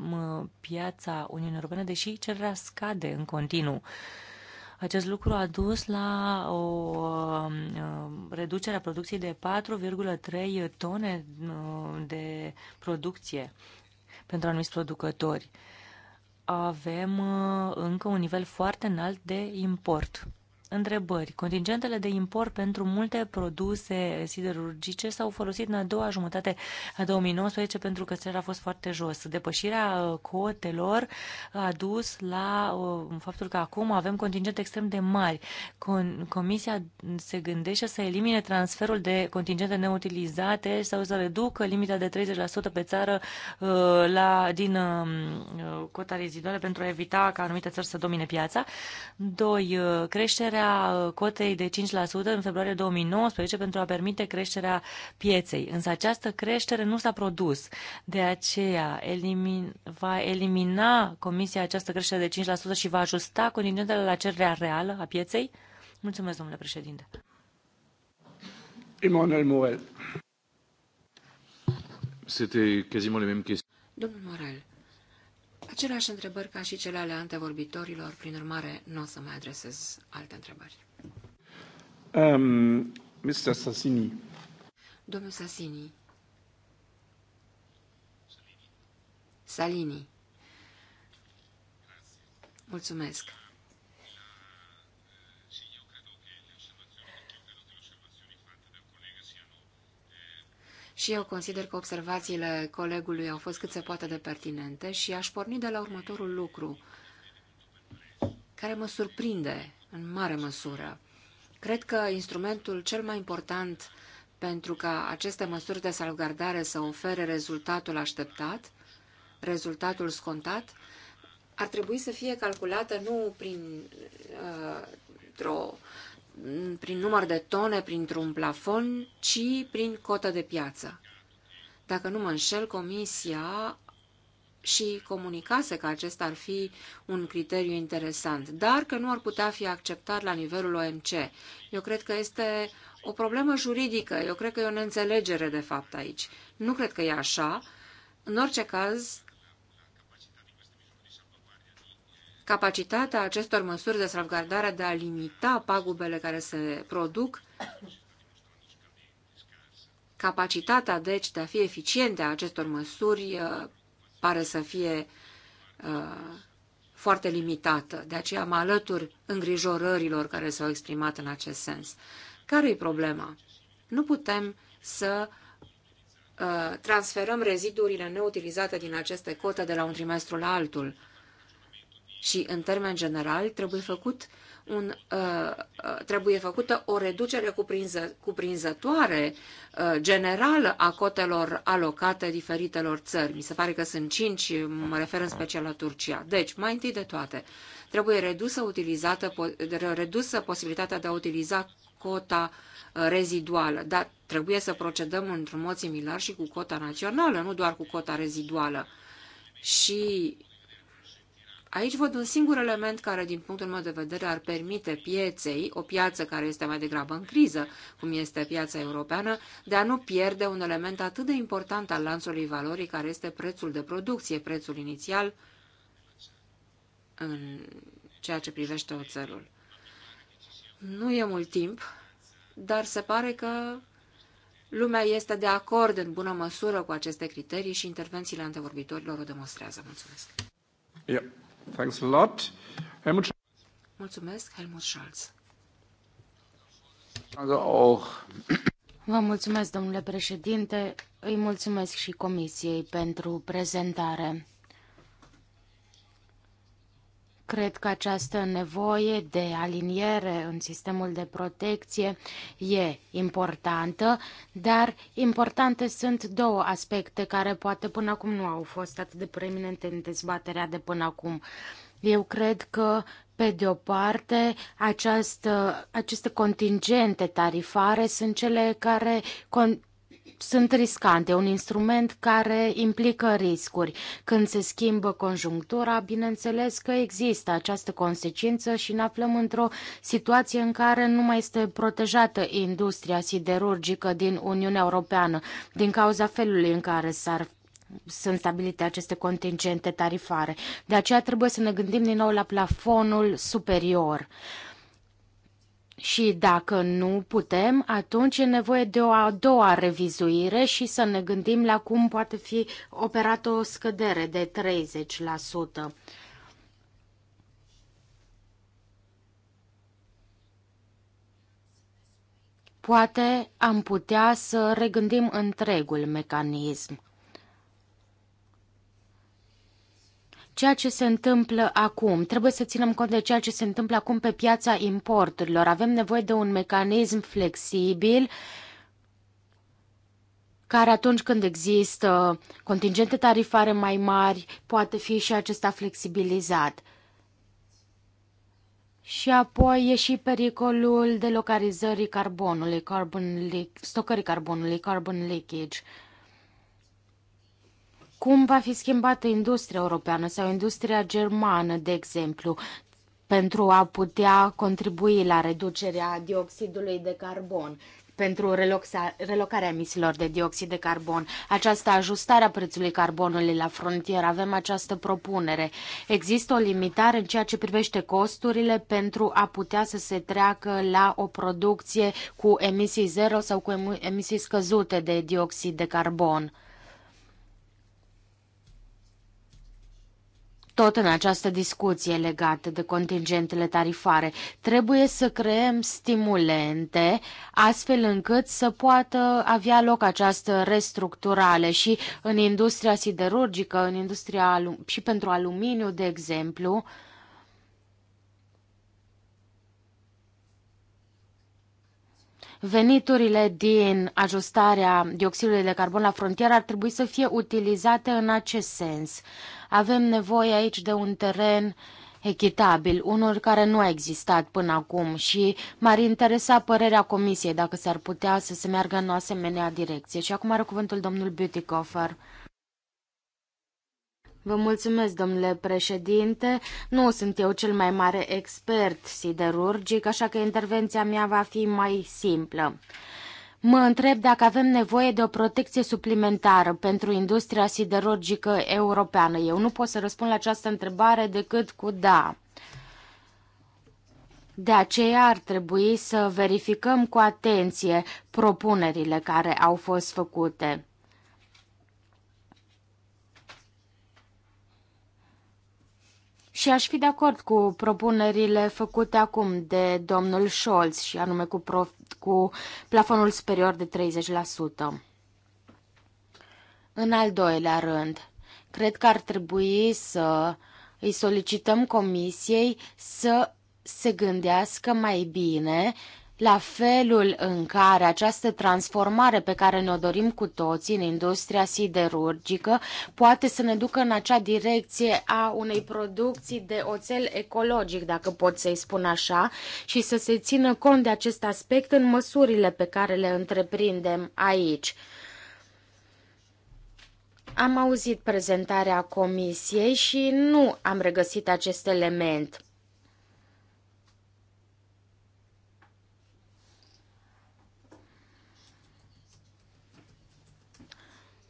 piața Uniunii Europene, deși cererea scade în continuu. Acest lucru a dus la o reducere a producției de 4,3 tone de producție pentru anumiți producători avem uh, încă un nivel foarte înalt de import. Întrebări. Contingentele de import pentru multe produse siderurgice s-au folosit în a doua jumătate a 2019 pentru că țara a fost foarte jos. Depășirea uh, cotelor a dus la uh, faptul că acum avem contingente extrem de mari. Comisia se gândește să elimine transferul de contingente neutilizate sau să reducă limita de 30% pe țară uh, la, din um, cota reziduală pentru a evita ca anumite țări să domine piața. Doi, creșterea creșterea uh, cotei de 5% în februarie 2019 pentru a permite creșterea pieței. Însă această creștere nu s-a produs. De aceea elimin, va elimina Comisia această creștere de 5% și va ajusta contingentele la cererea reală a pieței? Mulțumesc, domnule președinte. Emmanuel Morel. C'était quasiment les mêmes questions. Domnul Morel, Aceleași întrebări ca și cele ale antevorbitorilor, prin urmare, nu o să mai adresez alte întrebări. Um, Mr. Sassini. Domnul Sassini. Salini. Mulțumesc. Și eu consider că observațiile colegului au fost cât se poate de pertinente și aș porni de la următorul lucru, care mă surprinde în mare măsură. Cred că instrumentul cel mai important pentru ca aceste măsuri de salvgardare să ofere rezultatul așteptat, rezultatul scontat, ar trebui să fie calculată nu prin o uh, prin număr de tone, printr-un plafon, ci prin cotă de piață. Dacă nu mă înșel, Comisia și comunicase că acesta ar fi un criteriu interesant, dar că nu ar putea fi acceptat la nivelul OMC. Eu cred că este o problemă juridică, eu cred că e o neînțelegere de fapt aici. Nu cred că e așa. În orice caz, capacitatea acestor măsuri de salvgardare de a limita pagubele care se produc, capacitatea, deci, de a fi eficiente a acestor măsuri uh, pare să fie uh, foarte limitată. De aceea mă alătur îngrijorărilor care s-au exprimat în acest sens. Care e problema? Nu putem să uh, transferăm rezidurile neutilizate din aceste cote de la un trimestru la altul și, în termen general, trebuie, făcut un, uh, uh, trebuie făcută o reducere cuprinză, cuprinzătoare uh, generală a cotelor alocate diferitelor țări. Mi se pare că sunt cinci, mă refer în special la Turcia. Deci, mai întâi de toate, trebuie redusă, utilizată, redusă posibilitatea de a utiliza cota uh, reziduală, dar trebuie să procedăm într-un mod similar și cu cota națională, nu doar cu cota reziduală. Și Aici văd un singur element care, din punctul meu de vedere, ar permite pieței, o piață care este mai degrabă în criză, cum este piața europeană, de a nu pierde un element atât de important al lanțului valorii, care este prețul de producție, prețul inițial în ceea ce privește oțelul. Nu e mult timp, dar se pare că lumea este de acord în bună măsură cu aceste criterii și intervențiile antevorbitorilor o demonstrează. Mulțumesc! Yeah. Thanks a lot. Helmut Mulțumesc, Helmut Scholz. Vă mulțumesc, domnule președinte. Îi mulțumesc și comisiei pentru prezentare. Cred că această nevoie de aliniere în sistemul de protecție e importantă, dar importante sunt două aspecte care poate până acum nu au fost atât de preeminente în dezbaterea de până acum. Eu cred că, pe de o parte, această, aceste contingente tarifare sunt cele care con- sunt riscante, un instrument care implică riscuri. Când se schimbă conjunctura, bineînțeles că există această consecință și ne aflăm într-o situație în care nu mai este protejată industria siderurgică din Uniunea Europeană din cauza felului în care s-ar sunt stabilite aceste contingente tarifare. De aceea trebuie să ne gândim din nou la plafonul superior. Și dacă nu putem, atunci e nevoie de o a doua revizuire și să ne gândim la cum poate fi operată o scădere de 30%. Poate am putea să regândim întregul mecanism. ceea ce se întâmplă acum. Trebuie să ținem cont de ceea ce se întâmplă acum pe piața importurilor. Avem nevoie de un mecanism flexibil care atunci când există contingente tarifare mai mari, poate fi și acesta flexibilizat. Și apoi e și pericolul delocalizării carbonului, carbon leak, stocării carbonului, carbon leakage. Cum va fi schimbată industria europeană sau industria germană, de exemplu, pentru a putea contribui la reducerea dioxidului de carbon? pentru relocarea emisiilor de dioxid de carbon. Această ajustare a prețului carbonului la frontieră, avem această propunere. Există o limitare în ceea ce privește costurile pentru a putea să se treacă la o producție cu emisii zero sau cu emisii scăzute de dioxid de carbon. tot în această discuție legată de contingentele tarifare, trebuie să creăm stimulente astfel încât să poată avea loc această restructurare și în industria siderurgică, în industria și pentru aluminiu, de exemplu, veniturile din ajustarea dioxidului de carbon la frontieră ar trebui să fie utilizate în acest sens. Uh, avem nevoie aici de un teren echitabil, unul care nu a existat până acum și m-ar interesa părerea comisiei dacă s-ar putea să se meargă în o asemenea direcție. Și acum are cuvântul domnul Beautycoffer. Vă mulțumesc, domnule președinte. Nu sunt eu cel mai mare expert siderurgic, așa că intervenția mea va fi mai simplă. Mă întreb dacă avem nevoie de o protecție suplimentară pentru industria siderurgică europeană. Eu nu pot să răspund la această întrebare decât cu da. De aceea ar trebui să verificăm cu atenție propunerile care au fost făcute. Și aș fi de acord cu propunerile făcute acum de domnul Scholz și anume cu, prof, cu plafonul superior de 30%. În al doilea rând, cred că ar trebui să îi solicităm comisiei să se gândească mai bine la felul în care această transformare pe care ne-o dorim cu toții în industria siderurgică poate să ne ducă în acea direcție a unei producții de oțel ecologic, dacă pot să-i spun așa, și să se țină cont de acest aspect în măsurile pe care le întreprindem aici. Am auzit prezentarea comisiei și nu am regăsit acest element.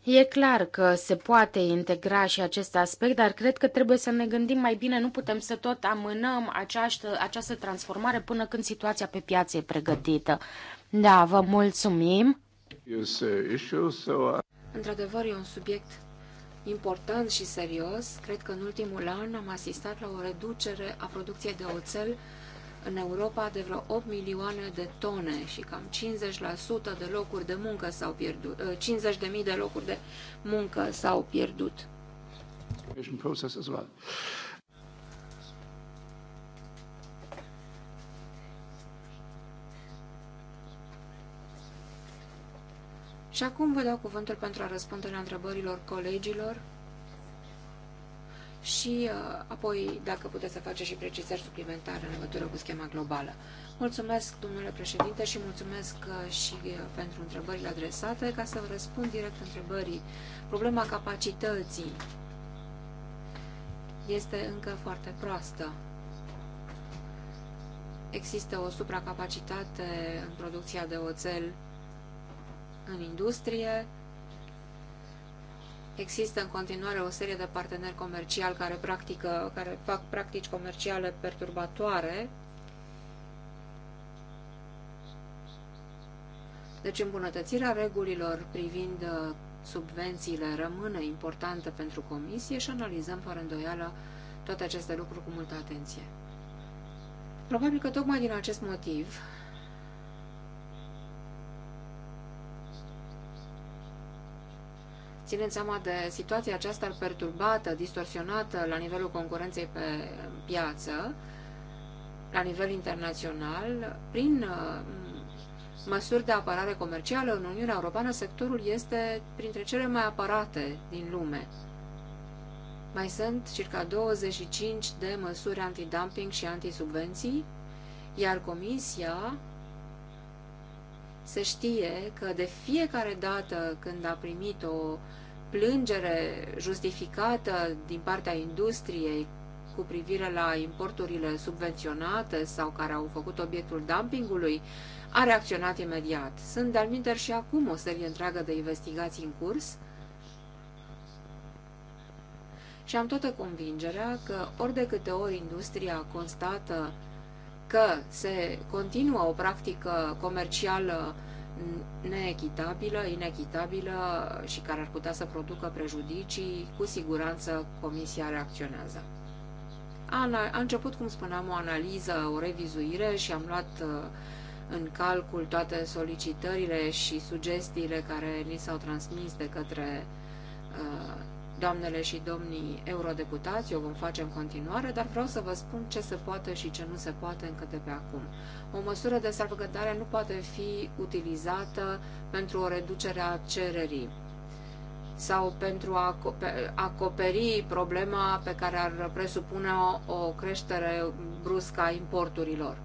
E clar că se poate integra și acest aspect, dar cred că trebuie să ne gândim mai bine. Nu putem să tot amânăm această, această transformare până când situația pe piață e pregătită. Da, vă mulțumim. Uh, uh, Într-adevăr, e un subiect important și serios. Cred că în ultimul an am asistat la o reducere a producției de oțel în Europa de vreo 8 milioane de tone și cam 50% de locuri de muncă s-au pierdut, uh, mii de locuri de muncă s-au pierdut. Și acum vă dau cuvântul pentru a răspunde la întrebărilor colegilor și uh, apoi dacă puteți să faceți și precizări suplimentare în legătură cu schema globală. Mulțumesc, domnule președinte, și mulțumesc uh, și uh, pentru întrebările adresate. Ca să vă răspund direct întrebării, problema capacității este încă foarte proastă. Există o supracapacitate în producția de oțel în industrie, Există în continuare o serie de parteneri comerciali care, practică, care fac practici comerciale perturbatoare. Deci îmbunătățirea regulilor privind uh, subvențiile rămâne importantă pentru comisie și analizăm fără îndoială toate aceste lucruri cu multă atenție. Probabil că tocmai din acest motiv Ținând seama de situația aceasta perturbată, distorsionată la nivelul concurenței pe piață, la nivel internațional, prin uh, măsuri de apărare comercială în Uniunea Europeană, sectorul este printre cele mai apărate din lume. Mai sunt circa 25 de măsuri antidumping și antisubvenții, iar Comisia să știe că de fiecare dată când a primit o plângere justificată din partea industriei cu privire la importurile subvenționate sau care au făcut obiectul dumpingului, a reacționat imediat. Sunt de alminter și acum o serie întreagă de investigații în curs și am toată convingerea că ori de câte ori industria constată că se continuă o practică comercială neechitabilă, inechitabilă și care ar putea să producă prejudicii, cu siguranță Comisia reacționează. A început, cum spuneam, o analiză, o revizuire și am luat uh, în calcul toate solicitările și sugestiile care ni s-au transmis de către uh, doamnele și domnii eurodeputați, o vom face în continuare, dar vreau să vă spun ce se poate și ce nu se poate încă de pe acum. O măsură de salvgădare nu poate fi utilizată pentru o reducere a cererii sau pentru a acoperi problema pe care ar presupune o, o creștere bruscă a importurilor.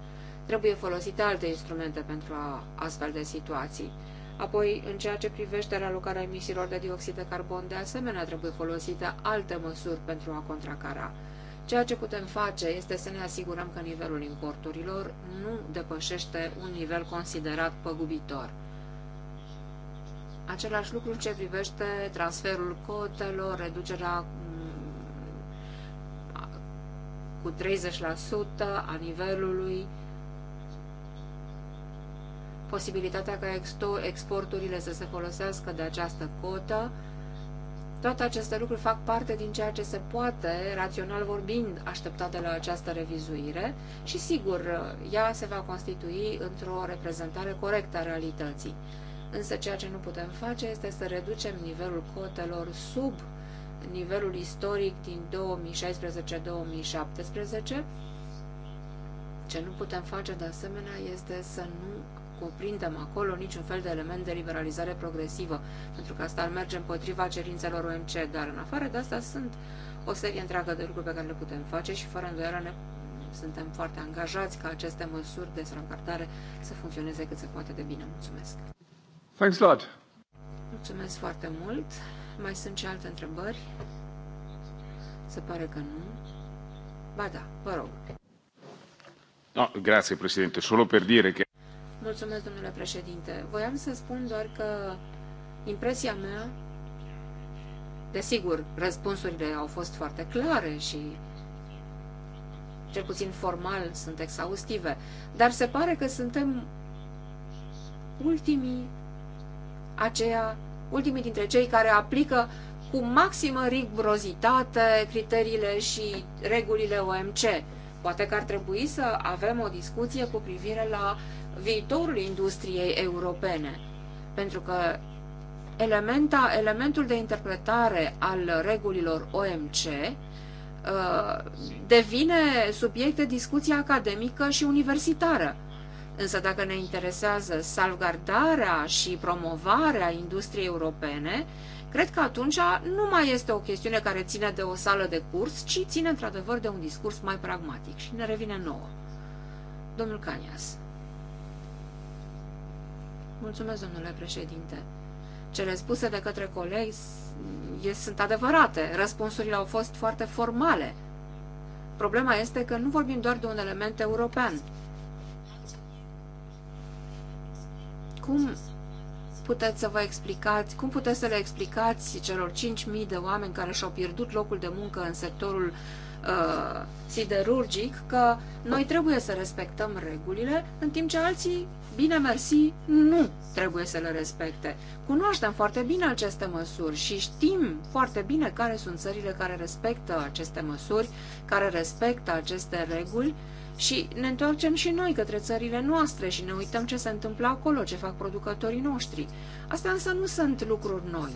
Trebuie folosite alte instrumente pentru a, astfel de situații. Apoi, în ceea ce privește realocarea emisiilor de dioxid de carbon, de asemenea trebuie folosite alte măsuri pentru a contracara. Ceea ce putem face este să ne asigurăm că nivelul importurilor nu depășește un nivel considerat păgubitor. Același lucru ce privește transferul cotelor, reducerea mm, cu 30% a nivelului posibilitatea ca exporturile să se folosească de această cotă. Toate aceste lucruri fac parte din ceea ce se poate, rațional vorbind, aștepta de la această revizuire și, sigur, ea se va constitui într-o reprezentare corectă a realității. Însă ceea ce nu putem face este să reducem nivelul cotelor sub nivelul istoric din 2016-2017. Ce nu putem face de asemenea este să nu cuprindem acolo niciun fel de element de liberalizare progresivă, pentru că asta ar merge împotriva cerințelor OMC, dar în afară de asta sunt o serie întreagă de lucruri pe care le putem face și fără îndoială ne suntem foarte angajați ca aceste măsuri de salvgardare să funcționeze cât se poate de bine. Mulțumesc! Thanks a lot! Mulțumesc foarte mult! Mai sunt și alte întrebări? Se pare că nu. Ba da, vă rog. No, grazie Presidente, solo per dire che... Mulțumesc, domnule președinte. Voiam să spun doar că impresia mea, desigur, răspunsurile au fost foarte clare și cel puțin formal sunt exhaustive, dar se pare că suntem ultimii aceia, ultimii dintre cei care aplică cu maximă rigurozitate criteriile și regulile OMC. Poate că ar trebui să avem o discuție cu privire la uh, viitorul industriei europene, pentru că elementa, elementul de interpretare al regulilor OMC uh, devine subiect de discuție academică și universitară. Însă dacă ne interesează salvgardarea și promovarea industriei europene, cred că atunci nu mai este o chestiune care ține de o sală de curs, ci ține într-adevăr de un discurs mai pragmatic și ne revine nouă. Domnul Canias. Mulțumesc, domnule președinte. Cele spuse de către colegi sunt adevărate. Răspunsurile au fost foarte formale. Problema este că nu vorbim doar de un element european. Cum puteți să vă explicați, cum puteți să le explicați celor 5.000 de oameni care și-au pierdut locul de muncă în sectorul uh, siderurgic că noi trebuie să respectăm regulile, în timp ce alții bine mersi, nu trebuie să le respecte. Cunoaștem foarte bine aceste măsuri și știm foarte bine care sunt țările care respectă aceste măsuri, care respectă aceste reguli și ne întoarcem și noi către țările noastre și ne uităm ce se întâmplă acolo, ce fac producătorii noștri. Asta însă nu sunt lucruri noi.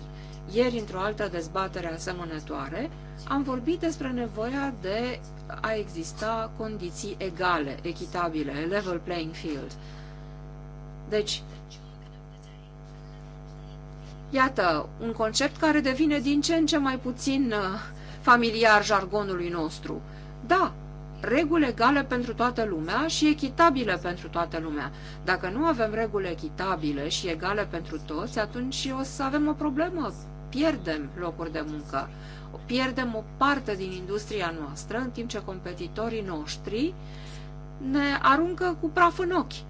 Ieri, într-o altă dezbatere asemănătoare, am vorbit despre nevoia de a exista condiții egale, echitabile, level playing field. Deci, iată, un concept care devine din ce în ce mai puțin uh, familiar jargonului nostru. Da, reguli egale pentru toată lumea și echitabile pentru toată lumea. Dacă nu avem reguli echitabile și egale pentru toți, atunci o să avem o problemă. Pierdem locuri de muncă, pierdem o parte din industria noastră, în timp ce competitorii noștri ne aruncă cu praf în ochi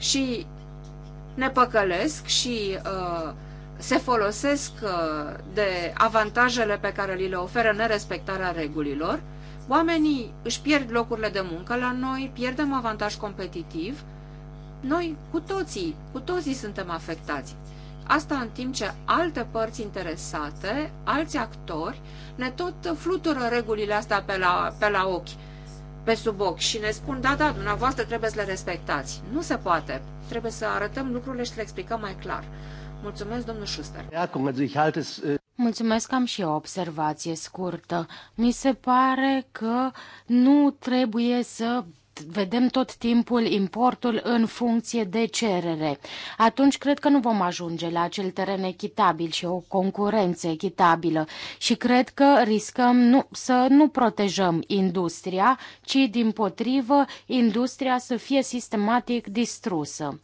și ne păcălesc și uh, se folosesc uh, de avantajele pe care li le oferă nerespectarea regulilor, oamenii își pierd locurile de muncă la noi, pierdem avantaj competitiv, noi cu toții, cu toții suntem afectați. Asta în timp ce alte părți interesate, alți actori, ne tot flutură regulile astea pe la, pe la ochi pe sub ochi și ne spun, da, da, dumneavoastră trebuie să le respectați. Nu se poate. Trebuie să arătăm lucrurile și să le explicăm mai clar. Mulțumesc, domnul Schuster. Äh, Mulțumesc, am și o observație scurtă. Mi se pare că nu trebuie să vedem tot timpul importul în funcție de cerere. Atunci cred că nu vom ajunge la acel teren echitabil și o concurență echitabilă și cred că riscăm nu, să nu protejăm industria, ci din potrivă industria să fie sistematic distrusă.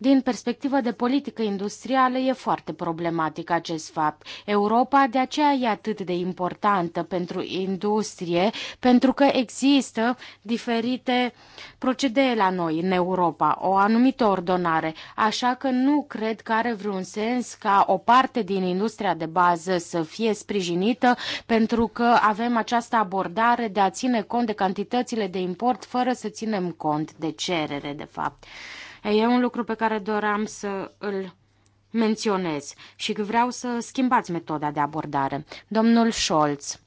Din perspectivă de politică industrială e foarte problematic acest fapt. Europa de aceea e atât de importantă pentru industrie, pentru că există diferite procedee la noi în Europa, o anumită ordonare, așa că nu cred că are vreun sens ca o parte din industria de bază să fie sprijinită pentru că avem această abordare de a ține cont de cantitățile de import fără să ținem cont de cerere, de fapt. E un lucru pe care doream să îl menționez și vreau să schimbați metoda de abordare. Domnul Scholz.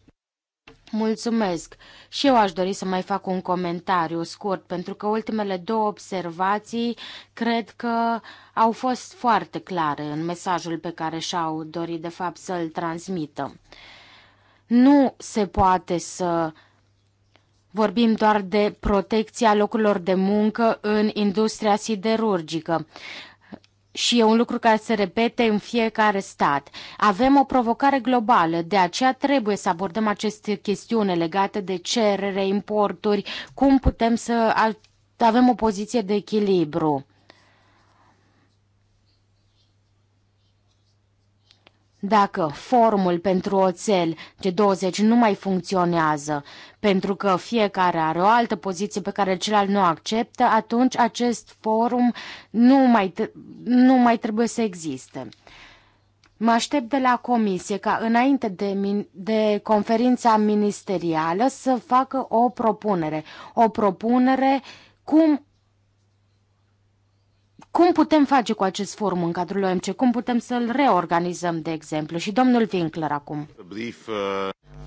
Mulțumesc. Și eu aș dori să mai fac un comentariu scurt, pentru că ultimele două observații cred că au fost foarte clare în mesajul pe care și-au dorit de fapt să-l transmită. Nu se poate să Vorbim doar de protecția locurilor de muncă în industria siderurgică și e un lucru care se repete în fiecare stat. Avem o provocare globală, de aceea trebuie să abordăm aceste chestiune legate de cerere, importuri, cum putem să avem o poziție de echilibru. Dacă formul pentru oțel G20 nu mai funcționează pentru că fiecare are o altă poziție pe care celălalt nu acceptă, atunci acest forum nu mai, nu mai trebuie să existe. Mă aștept de la comisie ca înainte de, de conferința ministerială să facă o propunere. O propunere cum cum putem face cu acest forum în cadrul OMC? Cum putem să-l reorganizăm, de exemplu? Și domnul Winkler acum.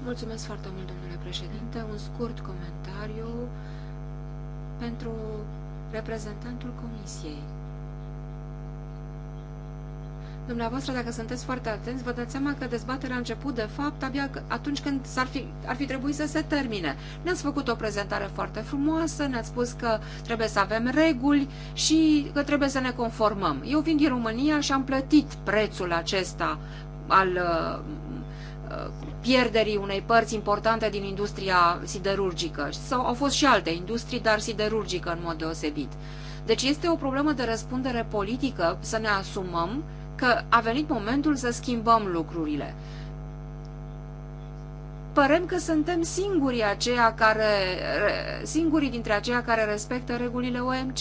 Mulțumesc foarte mult, domnule președinte. Un scurt comentariu pentru reprezentantul Comisiei. Dumneavoastră, dacă sunteți foarte atenți, vă dați seama că dezbaterea a început, de fapt, abia atunci când ar fi, ar fi trebuit să se termine. Ne-ați făcut o prezentare foarte frumoasă, ne-ați spus că trebuie să avem reguli și că trebuie să ne conformăm. Eu vin din România și am plătit prețul acesta al uh, uh, pierderii unei părți importante din industria siderurgică. Sau au fost și alte industrii, dar siderurgică în mod deosebit. Deci este o problemă de răspundere politică să ne asumăm că a venit momentul să schimbăm lucrurile. Părem că suntem singurii, aceia care, singurii dintre aceia care respectă regulile OMC.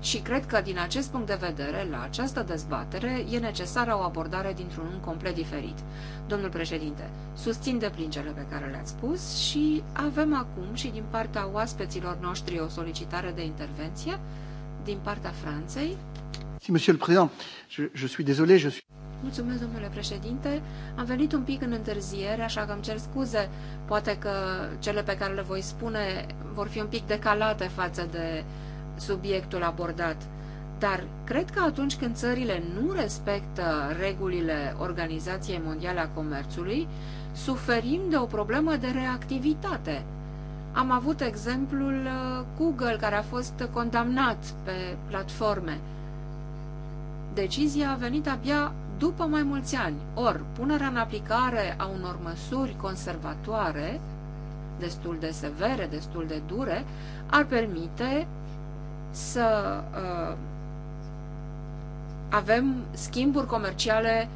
Și cred că, din acest punct de vedere, la această dezbatere e necesară o abordare dintr-un complet diferit. Domnul președinte, susțin de plin cele pe care le-ați spus și avem acum și din partea oaspeților noștri o solicitare de intervenție din partea Franței, Mulțumesc, domnule președinte. Am venit un pic în întârziere, așa că îmi cer scuze. Poate că cele pe care le voi spune vor fi un pic decalate față de subiectul abordat. Dar cred că atunci când țările nu respectă regulile Organizației Mondiale a Comerțului, suferim de o problemă de reactivitate. Am avut exemplul uh, Google care a fost condamnat pe platforme. Decizia a venit abia după mai mulți ani, ori punerea în aplicare a unor măsuri conservatoare, destul de severe, destul de dure, ar permite să uh, avem schimburi comerciale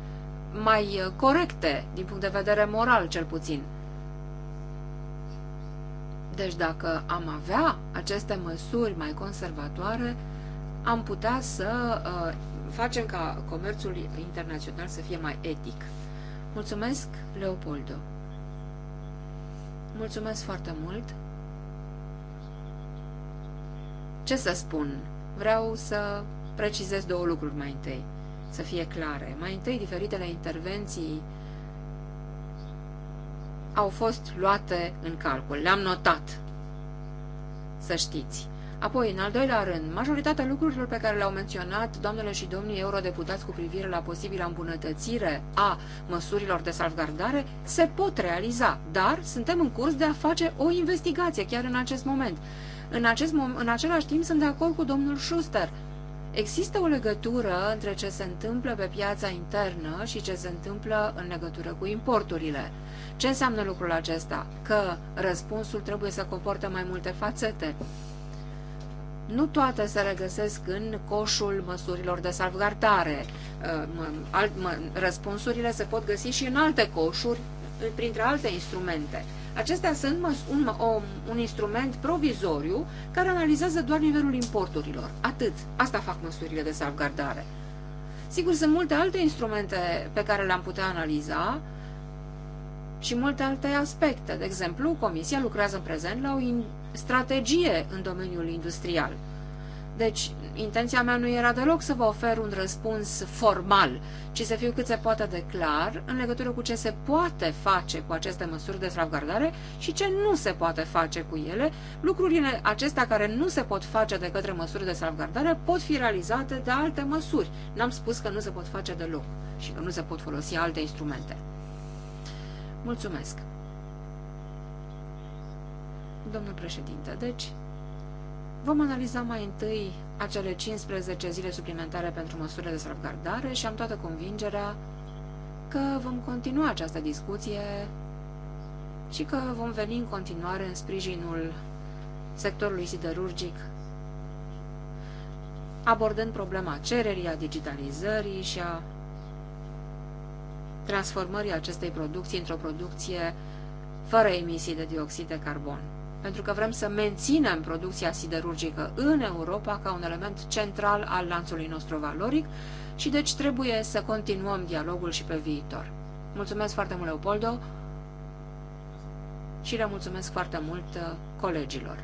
mai corecte, din punct de vedere moral cel puțin. Deci dacă am avea aceste măsuri mai conservatoare, am putea să uh, facem ca comerțul internațional să fie mai etic. Mulțumesc, Leopoldo. Mulțumesc foarte mult. Ce să spun? Vreau să precizez două lucruri mai întâi, să fie clare. Mai întâi, diferitele intervenții au fost luate în calcul, le-am notat, să știți. Apoi, în al doilea rând, majoritatea lucrurilor pe care le-au menționat doamnele și domnii eurodeputați cu privire la posibilă îmbunătățire a măsurilor de salvgardare se pot realiza, dar suntem în curs de a face o investigație chiar în acest moment. În, acest mom în același timp sunt de acord cu domnul Schuster. Există o legătură între ce se întâmplă pe piața internă și ce se întâmplă în legătură cu importurile. Ce înseamnă lucrul acesta? Că răspunsul trebuie să comportă mai multe fațete nu toate se regăsesc în coșul măsurilor de salvgardare. Uh, răspunsurile se pot găsi și în alte coșuri, printre alte instrumente. Acestea sunt un, un, un instrument provizoriu care analizează doar nivelul importurilor. Atât. Asta fac măsurile de salvgardare. Sigur, sunt multe alte instrumente pe care le-am putea analiza, și multe alte aspecte. De exemplu, Comisia lucrează în prezent la o strategie în domeniul industrial. Deci, intenția mea nu era deloc să vă ofer un răspuns formal, ci să fiu cât se poate de clar în legătură cu ce se poate face cu aceste măsuri de salvgardare și ce nu se poate face cu ele. Lucrurile acestea care nu se pot face de către măsuri de salvgardare pot fi realizate de alte măsuri. N-am spus că nu se pot face deloc și că nu se pot folosi alte instrumente. Mulțumesc! Domnul președinte, deci, vom analiza mai întâi acele 15 zile suplimentare pentru măsurile de salvgardare și am toată convingerea că vom continua această discuție și că vom veni în continuare în sprijinul sectorului siderurgic, abordând problema cererii, a digitalizării și a transformării acestei producții într-o producție fără emisii de dioxid de carbon. Pentru că vrem să menținem producția siderurgică în Europa ca un element central al lanțului nostru valoric și deci trebuie să continuăm dialogul și pe viitor. Mulțumesc foarte mult, Leopoldo, și le mulțumesc foarte mult uh, colegilor.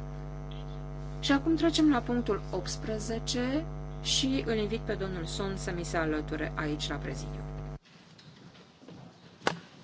Și acum trecem la punctul 18 și îl invit pe domnul Son să mi se alăture aici la prezidiu.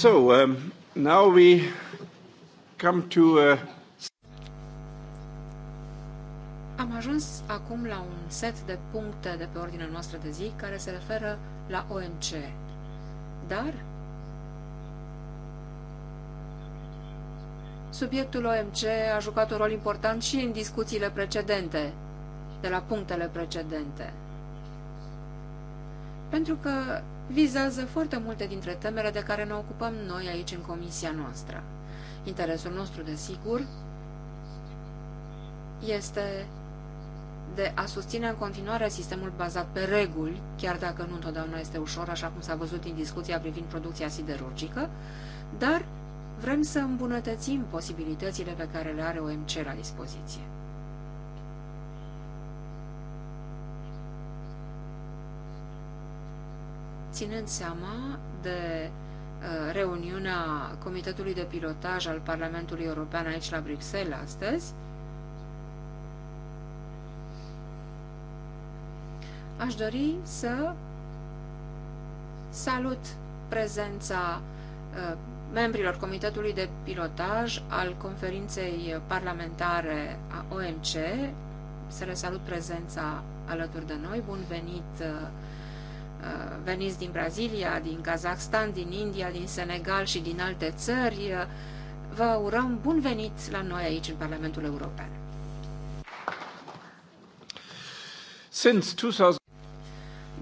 So, um, now we come to Uh... Am ajuns acum la un set de puncte de pe ordinea noastră de zi care se referă la OMC. Dar subiectul OMC a jucat un rol important și în discuțiile precedente, de la punctele precedente. Pentru că vizează foarte multe dintre temele de care ne ocupăm noi aici în comisia noastră. Interesul nostru, desigur, este de a susține în continuare sistemul bazat pe reguli, chiar dacă nu întotdeauna este ușor, așa cum s-a văzut din discuția privind producția siderurgică, dar vrem să îmbunătățim posibilitățile pe care le are OMC la dispoziție. ținând seama de uh, reuniunea Comitetului de Pilotaj al Parlamentului European aici la Bruxelles astăzi, aș dori să salut prezența uh, membrilor Comitetului de Pilotaj al conferinței parlamentare a OMC. Să le salut prezența alături de noi. Bun venit uh, Uh, veniți din Brazilia, din Kazahstan, din India, din Senegal și din alte țări. Uh, vă urăm bun venit la noi aici în Parlamentul European. Since 2000...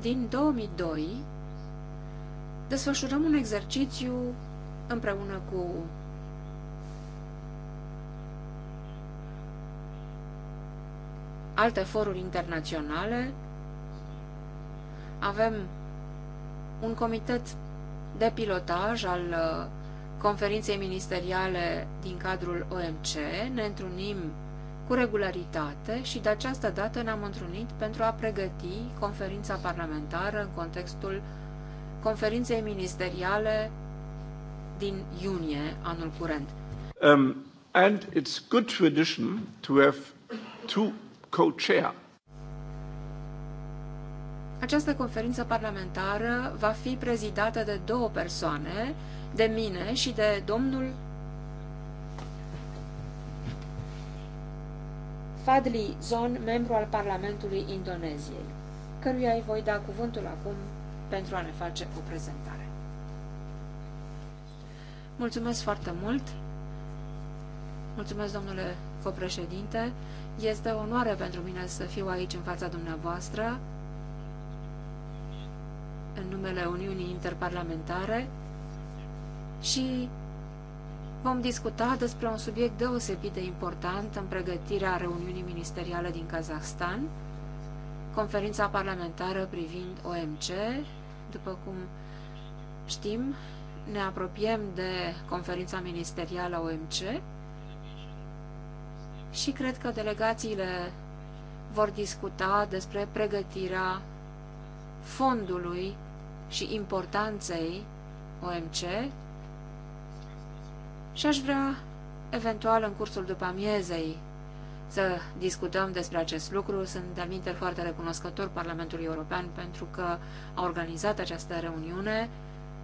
Din 2002 desfășurăm un exercițiu împreună cu alte foruri internaționale avem un comitet de pilotaj al uh, conferinței ministeriale din cadrul OMC, ne întrunim cu regularitate și de această dată ne-am întrunit pentru a pregăti conferința parlamentară în contextul conferinței ministeriale din iunie anul curent. Um, and it's good tradition to have two co-chair această conferință parlamentară va fi prezidată de două persoane, de mine și de domnul Fadli Zon, membru al Parlamentului Indoneziei, căruia îi voi da cuvântul acum pentru a ne face o prezentare. Mulțumesc foarte mult! Mulțumesc, domnule copreședinte! Este o onoare pentru mine să fiu aici în fața dumneavoastră în numele Uniunii Interparlamentare și vom discuta despre un subiect deosebit de important în pregătirea reuniunii ministeriale din Kazahstan, conferința parlamentară privind OMC. După cum știm, ne apropiem de conferința ministerială OMC și cred că delegațiile vor discuta despre pregătirea fondului și importanței OMC și aș vrea, eventual, în cursul după amiezei, să discutăm despre acest lucru. Sunt de foarte recunoscător Parlamentului European pentru că a organizat această reuniune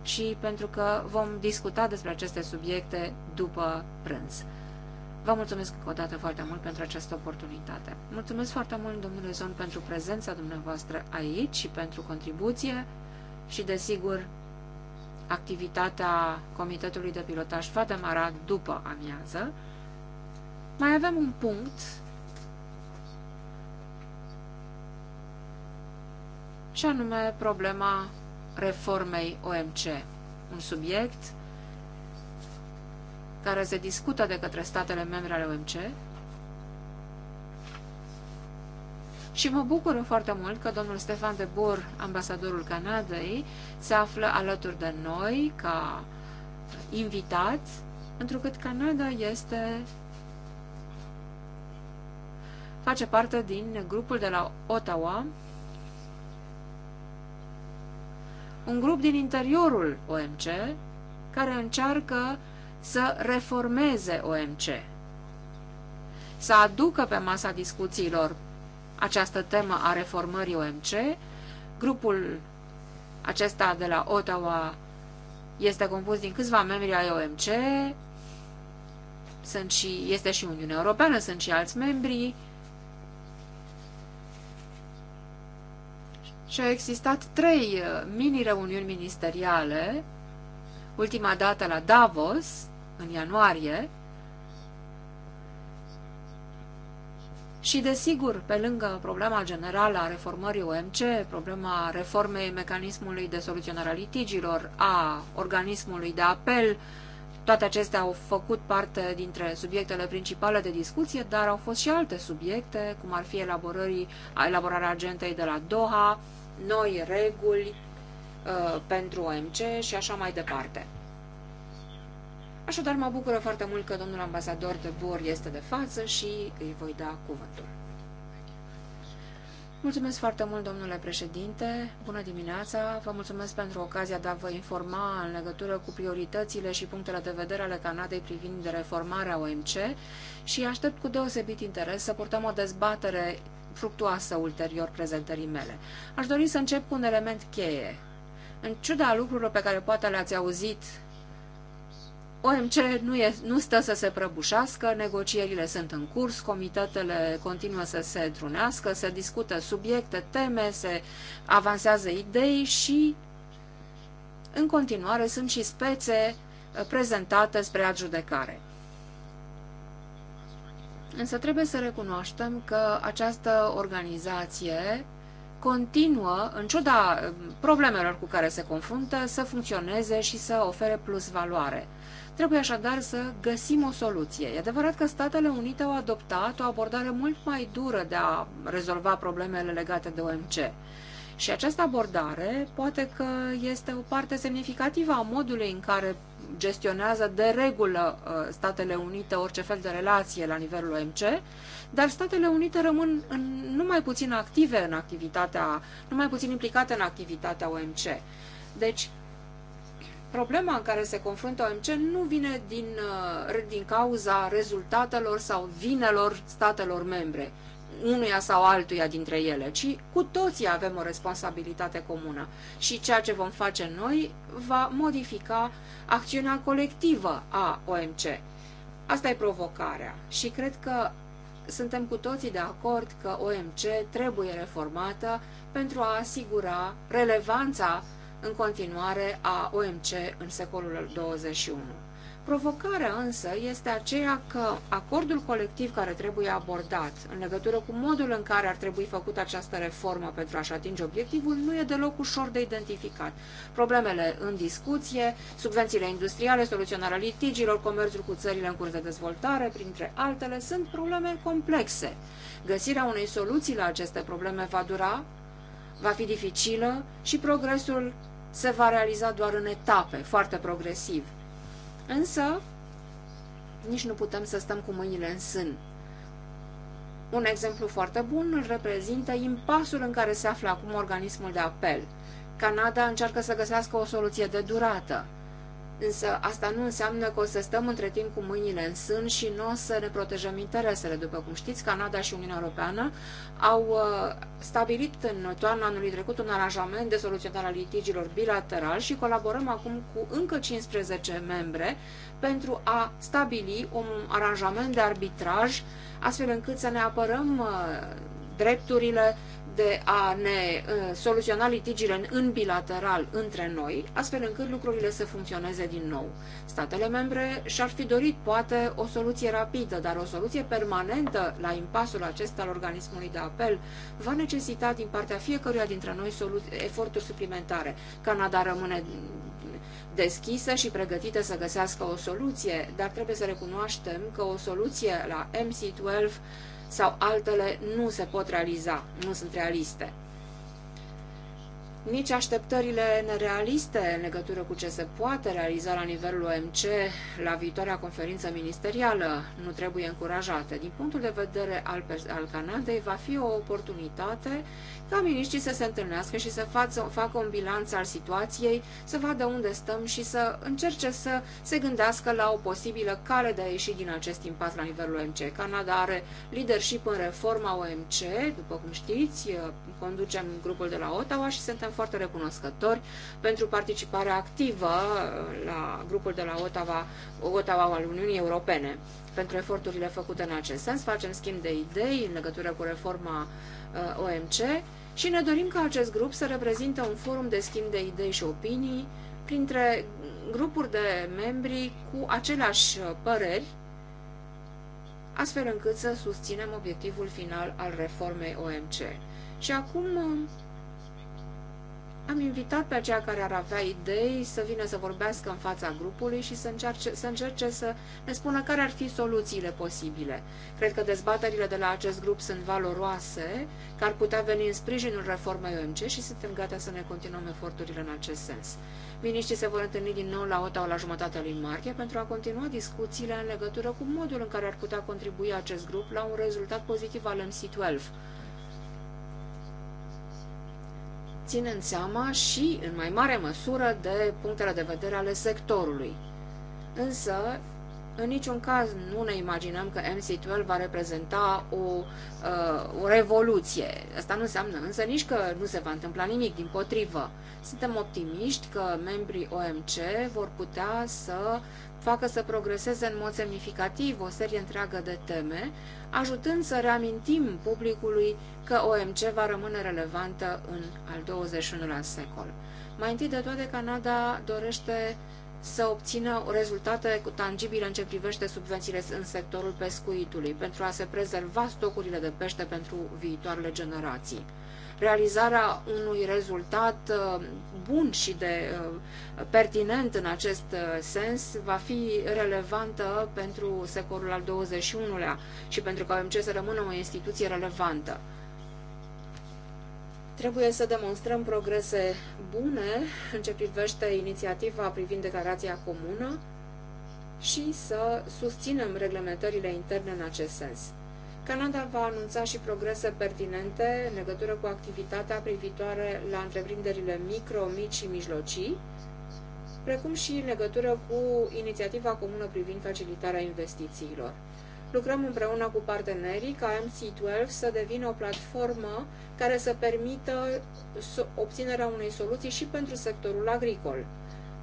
și pentru că vom discuta despre aceste subiecte după prânz. Vă mulțumesc o dată foarte mult pentru această oportunitate. Mulțumesc foarte mult, domnule Zon, pentru prezența dumneavoastră aici și pentru contribuție și, desigur, activitatea Comitetului de Pilotaj va demara după amiază, mai avem un punct și anume problema reformei OMC, un subiect care se discută de către statele membre ale OMC și mă bucur foarte mult că domnul Stefan de Bur, ambasadorul Canadei, se află alături de noi ca invitat, întrucât Canada este face parte din grupul de la Ottawa, un grup din interiorul OMC care încearcă să reformeze OMC, să aducă pe masa discuțiilor această temă a reformării OMC. Grupul acesta de la Ottawa este compus din câțiva membri ai OMC, sunt și, este și Uniunea Europeană, sunt și alți membri. Și au existat trei uh, mini-reuniuni ministeriale, ultima dată la Davos, în ianuarie, Și, desigur, pe lângă problema generală a reformării OMC, problema reformei mecanismului de soluționare a litigilor, a organismului de apel, toate acestea au făcut parte dintre subiectele principale de discuție, dar au fost și alte subiecte, cum ar fi elaborarea agentei de la Doha, noi reguli uh, pentru OMC și așa mai departe. Așadar, mă bucură foarte mult că domnul ambasador de Bor este de față și îi voi da cuvântul. Mulțumesc foarte mult, domnule președinte. Bună dimineața. Vă mulțumesc pentru ocazia de a vă informa în legătură cu prioritățile și punctele de vedere ale Canadei privind reformarea OMC și aștept cu deosebit interes să purtăm o dezbatere fructuoasă ulterior prezentării mele. Aș dori să încep cu un element cheie. În ciuda lucrurilor pe care poate le-ați auzit OMC nu, e, nu stă să se prăbușească, negocierile sunt în curs, comitetele continuă să se trunească, se discută subiecte, teme, se avansează idei și în continuare sunt și spețe uh, prezentate spre adjudecare. Însă trebuie să recunoaștem că această organizație continuă, în ciuda uh, problemelor cu care se confruntă, să funcționeze și să ofere plus valoare. Trebuie așadar să găsim o soluție. E adevărat că Statele Unite au adoptat o abordare mult mai dură de a rezolva problemele legate de OMC. Și această abordare poate că este o parte semnificativă a modului în care gestionează de regulă uh, Statele Unite orice fel de relație la nivelul OMC, dar Statele Unite rămân în, numai puțin active în activitatea, numai puțin implicate în activitatea OMC. Deci, Problema în care se confruntă OMC nu vine din, uh, din cauza rezultatelor sau vinelor statelor membre, unuia sau altuia dintre ele, ci cu toții avem o responsabilitate comună și ceea ce vom face noi va modifica acțiunea colectivă a OMC. Asta e provocarea și cred că suntem cu toții de acord că OMC trebuie reformată pentru a asigura relevanța în continuare a OMC în secolul 21. Provocarea însă este aceea că acordul colectiv care trebuie abordat în legătură cu modul în care ar trebui făcută această reformă pentru a-și atinge obiectivul nu e deloc ușor de identificat. Problemele în discuție, subvențiile industriale, soluționarea litigilor, comerțul cu țările în curs de dezvoltare, printre altele, sunt probleme complexe. Găsirea unei soluții la aceste probleme va dura, va fi dificilă și progresul se va realiza doar în etape, foarte progresiv. Însă, nici nu putem să stăm cu mâinile în sân. Un exemplu foarte bun îl reprezintă impasul în care se află acum organismul de apel. Canada încearcă să găsească o soluție de durată. Însă asta nu înseamnă că o să stăm între timp cu mâinile în sân și nu o să ne protejăm interesele. După cum știți, Canada și Uniunea Europeană au uh, stabilit în toamna anului trecut un aranjament de soluționare a litigilor bilateral și colaborăm acum cu încă 15 membre pentru a stabili un aranjament de arbitraj astfel încât să ne apărăm uh, drepturile de a ne uh, soluționa litigiile în bilateral între noi, astfel încât lucrurile să funcționeze din nou. Statele membre și-ar fi dorit poate o soluție rapidă, dar o soluție permanentă la impasul acesta al organismului de apel va necesita din partea fiecăruia dintre noi eforturi suplimentare. Canada rămâne deschisă și pregătită să găsească o soluție, dar trebuie să recunoaștem că o soluție la MC12 sau altele nu se pot realiza, nu sunt realiste. Nici așteptările nerealiste în legătură cu ce se poate realiza la nivelul OMC la viitoarea conferință ministerială nu trebuie încurajate. Din punctul de vedere al, al Canadei, va fi o oportunitate ca miniștrii să se întâlnească și să față, facă un bilanț al situației, să vadă unde stăm și să încerce să se gândească la o posibilă cale de a ieși din acest impas la nivelul OMC. Canada are leadership în reforma OMC, după cum știți, conducem grupul de la Ottawa și suntem foarte recunoscători pentru participarea activă la grupul de la Ottawa, Ottawa al Uniunii Europene. Pentru eforturile făcute în acest sens, facem schimb de idei în legătură cu reforma OMC și ne dorim ca acest grup să reprezinte un forum de schimb de idei și opinii printre grupuri de membri cu aceleași păreri, astfel încât să susținem obiectivul final al reformei OMC. Și acum am invitat pe aceia care ar avea idei să vină să vorbească în fața grupului și să, încerce, să încerce să ne spună care ar fi soluțiile posibile. Cred că dezbaterile de la acest grup sunt valoroase, că ar putea veni în sprijinul reformei OMC și suntem gata să ne continuăm eforturile în acest sens. Miniștrii se vor întâlni din nou la OTA la jumătatea lui martie pentru a continua discuțiile în legătură cu modul în care ar putea contribui acest grup la un rezultat pozitiv al MC12 ținând seama și, în mai mare măsură, de punctele de vedere ale sectorului. Însă, în niciun caz nu ne imaginăm că MC12 va reprezenta o, uh, o revoluție. Asta nu înseamnă însă nici că nu se va întâmpla nimic, din potrivă. Suntem optimiști că membrii OMC vor putea să facă să progreseze în mod semnificativ o serie întreagă de teme, ajutând să reamintim publicului că OMC va rămâne relevantă în al 21-lea secol. Mai întâi de toate, Canada dorește să obțină rezultate tangibile în ce privește subvențiile în sectorul pescuitului, pentru a se prezerva stocurile de pește pentru viitoarele generații. Realizarea unui rezultat uh, bun și de uh, pertinent în acest uh, sens va fi relevantă pentru secolul al XXI-lea și pentru că OMC să rămână o instituție relevantă. Trebuie să demonstrăm progrese bune în ce privește inițiativa privind declarația comună și să susținem reglementările interne în acest sens. Canada va anunța și progrese pertinente în legătură cu activitatea privitoare la întreprinderile micro, mici și mijlocii, precum și în legătură cu inițiativa comună privind facilitarea investițiilor. Lucrăm împreună cu partenerii ca MC12 să devină o platformă care să permită obținerea unei soluții și pentru sectorul agricol.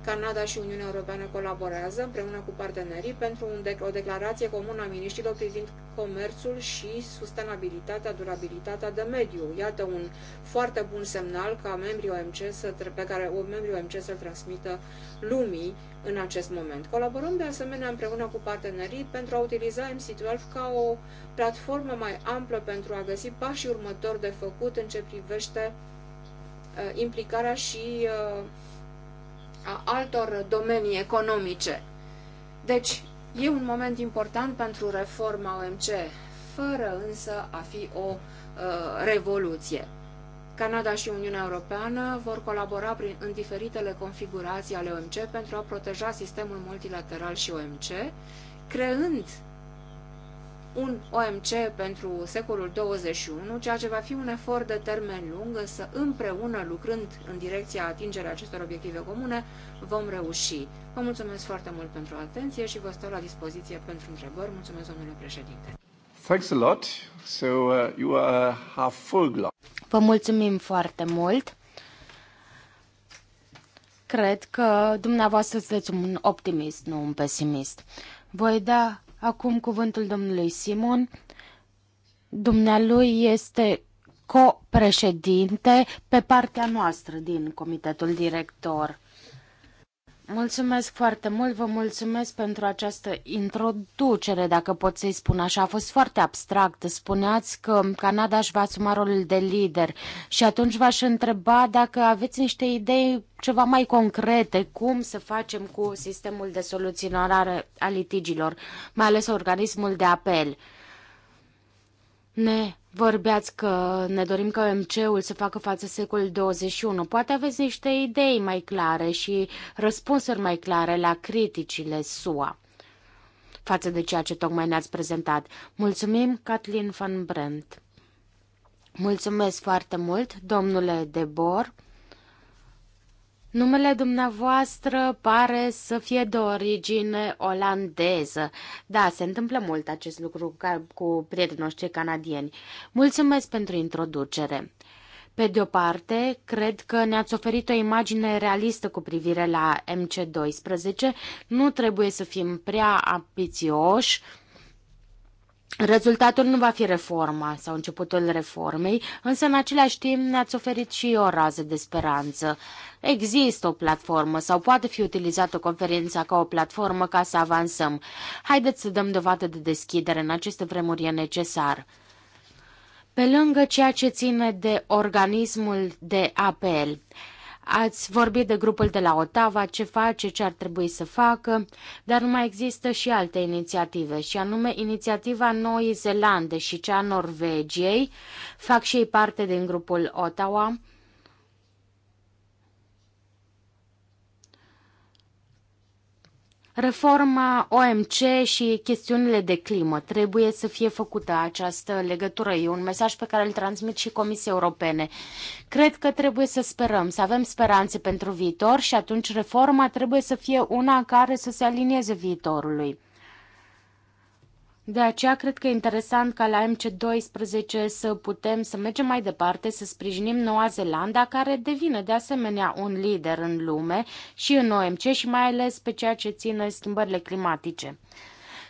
Canada și Uniunea Europeană colaborează împreună cu partenerii pentru un dec- o declarație comună a miniștilor privind comerțul și sustenabilitatea, durabilitatea de mediu. Iată un foarte bun semnal ca membrii OMC să, pe care membrii OMC să-l transmită lumii în acest moment. Colaborăm de asemenea împreună cu partenerii pentru a utiliza MC12 ca o platformă mai amplă pentru a găsi pașii următori de făcut în ce privește uh, implicarea și uh, a altor domenii economice. Deci, e un moment important pentru reforma OMC, fără însă a fi o uh, revoluție. Canada și Uniunea Europeană vor colabora prin, în diferitele configurații ale OMC pentru a proteja sistemul multilateral și OMC, creând un OMC pentru secolul 21, ceea ce va fi un efort de termen lung, însă împreună, lucrând în direcția atingerea acestor obiective comune, vom reuși. Vă mulțumesc foarte mult pentru atenție și vă stau la dispoziție pentru întrebări. Mulțumesc, domnule președinte. Thanks a lot. So uh, you are uh, half full Vă mulțumim foarte mult. Cred că dumneavoastră sunteți un optimist, nu un pesimist. Voi da Acum cuvântul domnului Simon. Dumnealui este co-președinte pe partea noastră din comitetul director. Mulțumesc foarte mult, vă mulțumesc pentru această introducere, dacă pot să-i spun așa. A fost foarte abstract. Spuneați că Canada își va asuma rolul de lider și atunci v-aș întreba dacă aveți niște idei ceva mai concrete, cum să facem cu sistemul de soluționare a litigilor, mai ales organismul de apel. Ne Vorbeați că ne dorim ca OMC-ul să facă față secolul 21. Poate aveți niște idei mai clare și răspunsuri mai clare la criticile SUA față de ceea ce tocmai ne-ați prezentat. Mulțumim, Kathleen van Brent. Mulțumesc foarte mult, domnule Debor. Numele dumneavoastră pare să fie de origine olandeză. Da, se întâmplă mult acest lucru ca cu prietenii noștri canadieni. Mulțumesc pentru introducere. Pe de o parte, cred că ne-ați oferit o imagine realistă cu privire la MC12. Nu trebuie să fim prea ambițioși, Rezultatul nu va fi reforma sau începutul reformei, însă în același timp ne-ați oferit și o rază de speranță. Există o platformă sau poate fi utilizată conferința ca o platformă ca să avansăm. Haideți să dăm dovadă de deschidere, în aceste vremuri e necesar. Pe lângă ceea ce ține de organismul de apel, Ați vorbit de grupul de la Ottawa, ce face, ce ar trebui să facă, dar mai există și alte inițiative, și anume inițiativa Noii Zeelande și cea Norvegiei. Fac și ei parte din grupul Ottawa Reforma OMC și chestiunile de climă trebuie să fie făcută această legătură. E un mesaj pe care îl transmit și Comisiei Europene. Cred că trebuie să sperăm, să avem speranțe pentru viitor și atunci reforma trebuie să fie una care să se alinieze viitorului. De aceea cred că e interesant ca la MC12 să putem să mergem mai departe, să sprijinim Noua Zeelandă, care devine de asemenea un lider în lume și în OMC și mai ales pe ceea ce ține schimbările climatice.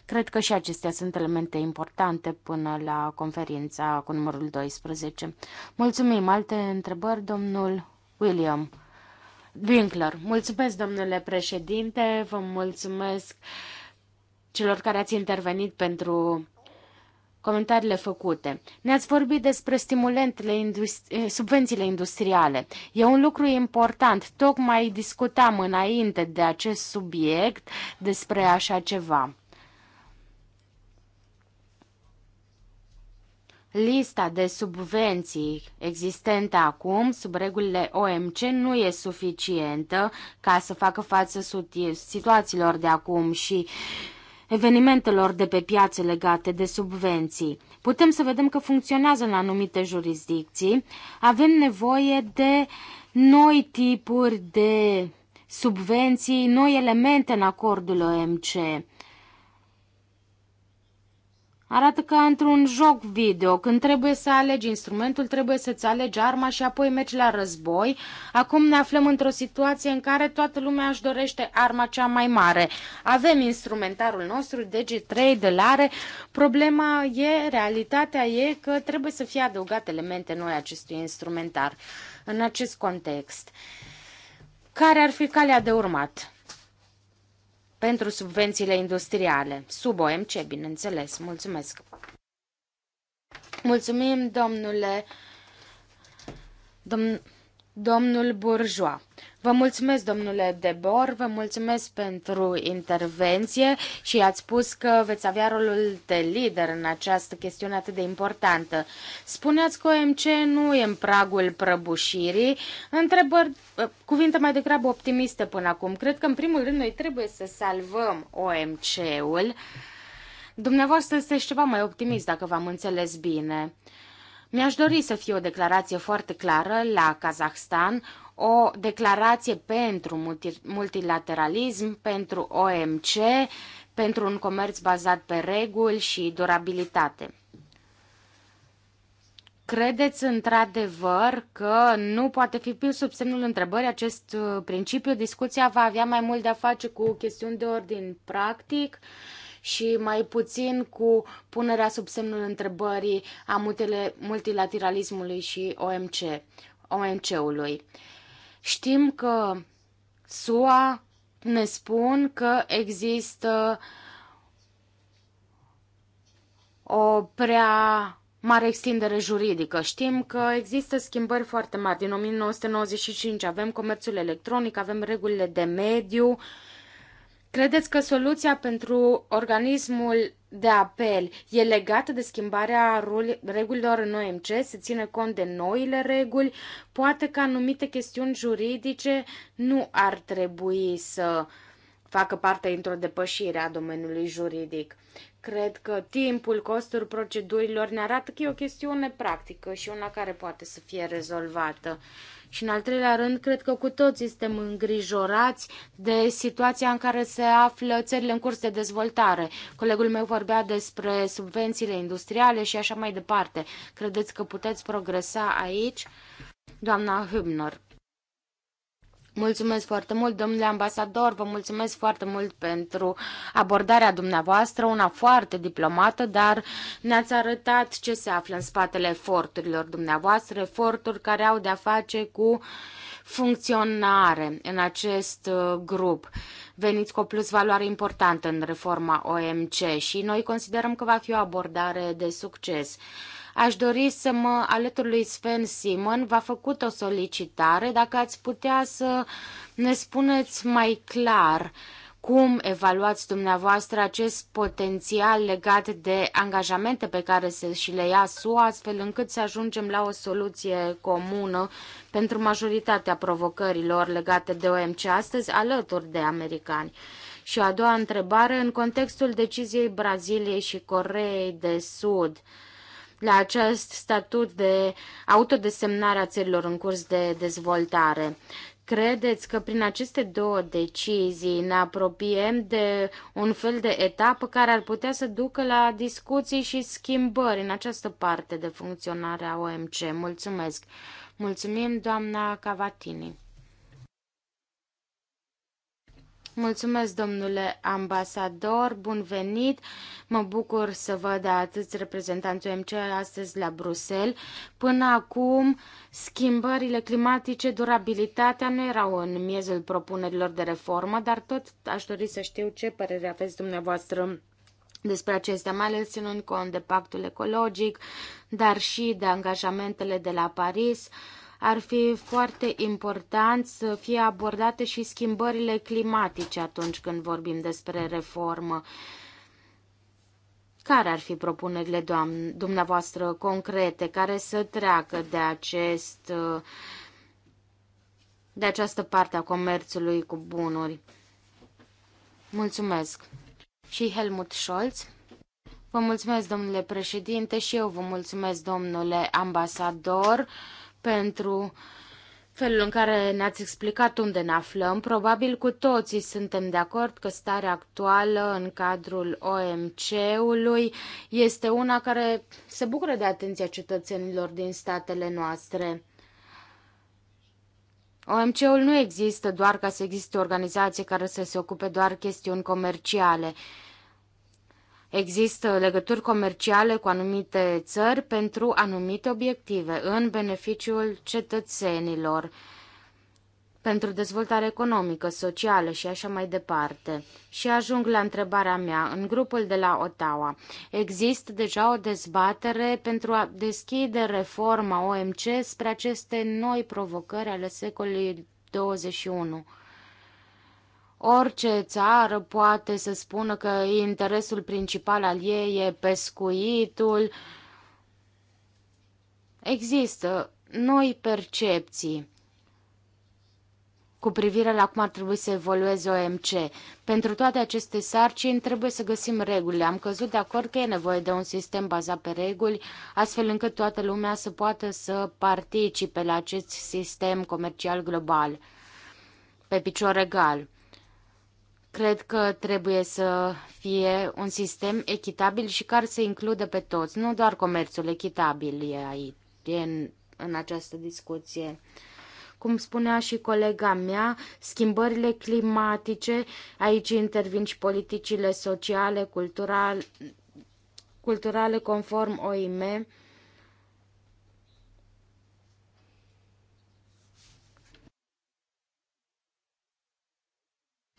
Cred că și acestea sunt elemente importante până la conferința cu numărul 12. Mulțumim. Alte întrebări, domnul William Winkler. Mulțumesc, domnule președinte, vă mulțumesc celor care ați intervenit pentru comentariile făcute. Ne-ați vorbit despre stimulentele, industri- eh, subvențiile industriale. E un lucru important. Tocmai discutam înainte de acest subiect despre așa ceva. Lista de subvenții existentă acum, sub regulile OMC, nu e suficientă ca să facă față situațiilor de acum și uh, evenimentelor de pe piață legate de subvenții. Putem să vedem că funcționează în anumite jurisdicții. Avem nevoie de noi tipuri de subvenții, noi elemente în acordul OMC. Arată ca într-un joc video, când trebuie să alegi instrumentul, trebuie să-ți alegi arma și apoi mergi la război. Acum ne aflăm într-o situație în care toată lumea își dorește arma cea mai mare. Avem instrumentarul nostru, DG3 de lare. Problema e, realitatea e că trebuie să fie adăugate elemente noi acestui instrumentar în acest context. Care ar fi calea de urmat? pentru subvențiile industriale, sub OMC, bineînțeles. Mulțumesc! Mulțumim, domnule, Domn... domnul Bourgeois. Vă mulțumesc, domnule Debor, vă mulțumesc pentru intervenție și ați spus că veți avea rolul de lider în această chestiune atât de importantă. Spuneați că OMC nu e în pragul prăbușirii. Întrebări, uh, cuvinte mai degrabă optimiste până acum. Cred că, în primul rând, noi trebuie să salvăm OMC-ul. Dumneavoastră sunteți ceva mai optimist, dacă v-am înțeles bine. Mi-aș dori să fie o declarație foarte clară la Kazahstan o declarație pentru multilateralism, pentru OMC, pentru un comerț bazat pe reguli și durabilitate. Credeți într-adevăr că nu poate fi pus sub semnul întrebării acest uh, principiu? Discuția va avea mai mult de-a face cu chestiuni de ordin practic și mai puțin cu punerea sub semnul întrebării a multilateralismului și OMC, OMC-ului. Știm că SUA ne spun că există o prea mare extindere juridică. Știm că există schimbări foarte mari. Din 1995 avem comerțul electronic, avem regulile de mediu, uh, Credeți că soluția pentru organismul de apel e legată de schimbarea regulilor în OMC, se ține cont de noile reguli? Poate că anumite chestiuni juridice nu ar trebui să facă parte într-o depășire a domeniului juridic. Cred că timpul, costul procedurilor ne arată că e o chestiune practică și una care poate să fie rezolvată. Și în al treilea rând, cred că cu toți suntem îngrijorați de situația în care se află țările în curs de dezvoltare. Colegul meu vorbea despre subvențiile industriale și așa mai departe. Credeți că puteți progresa aici? Doamna Hübner. Mulțumesc foarte mult, domnule ambasador, vă mulțumesc foarte mult pentru abordarea dumneavoastră, una foarte diplomată, dar ne-ați arătat ce se află în spatele eforturilor dumneavoastră, eforturi care au de-a face cu funcționare în acest uh, grup. Veniți cu o plus valoare importantă în reforma OMC și noi considerăm că va fi o abordare de succes. Aș dori să mă alătur lui Sven Simon. V-a făcut o solicitare. Dacă ați putea să ne spuneți mai clar cum evaluați dumneavoastră acest potențial legat de angajamente pe care se și le ia SUA, astfel încât să ajungem la o soluție comună pentru majoritatea provocărilor legate de OMC astăzi, alături de americani? Și a doua întrebare, în contextul deciziei Braziliei și Coreei de Sud, uh, la acest statut de autodesemnare a țărilor în curs de dezvoltare. Credeți că prin aceste două decizii ne apropiem de un fel de etapă care ar putea să ducă la discuții și schimbări în această parte de funcționare a OMC? Mulțumesc! Mulțumim, doamna Cavatini! Mulțumesc, domnule ambasador, bun venit. Mă bucur să văd atâți reprezentanți OMC astăzi la Bruxelles. Până acum, schimbările climatice, durabilitatea nu erau în miezul propunerilor de reformă, dar tot aș dori să știu ce părere aveți dumneavoastră despre acestea, mai ales ținând cont de pactul ecologic, dar și de angajamentele de la Paris. Uh, ar fi foarte important să fie abordate și schimbările climatice atunci când vorbim despre reformă. Care ar fi propunerile dumneavoastră concrete care să treacă de acest de această parte a comerțului cu bunuri? Mulțumesc. Și Helmut Scholz. Vă mulțumesc, domnule președinte, și eu vă mulțumesc, domnule ambasador pentru felul în care ne-ați explicat unde ne aflăm. Probabil cu toții suntem de acord că starea actuală în cadrul OMC-ului este una care se bucură de atenția cetățenilor din statele noastre. OMC-ul nu există doar ca să existe o organizație care să se ocupe doar chestiuni comerciale. Există legături comerciale cu anumite țări pentru anumite obiective în beneficiul cetățenilor, pentru dezvoltare economică, socială și așa mai departe. Și ajung la întrebarea mea. În grupul de la Ottawa există deja o dezbatere pentru a deschide reforma OMC spre aceste noi provocări ale secolului 21. Orice țară poate să spună că interesul principal al ei e pescuitul. Există noi percepții cu privire la cum ar trebui să evolueze OMC. Pentru toate aceste sarcini trebuie să găsim regulile. Am căzut de acord că e nevoie de un sistem bazat pe reguli, astfel încât toată lumea să poată să participe la acest sistem comercial global pe picior egal. Cred că trebuie să fie un sistem echitabil și care să includă pe toți. Nu doar comerțul echitabil e aici, e în, în această discuție cum spunea și colega mea, schimbările climatice, aici intervin și politicile sociale, culturale, culturale conform OIM,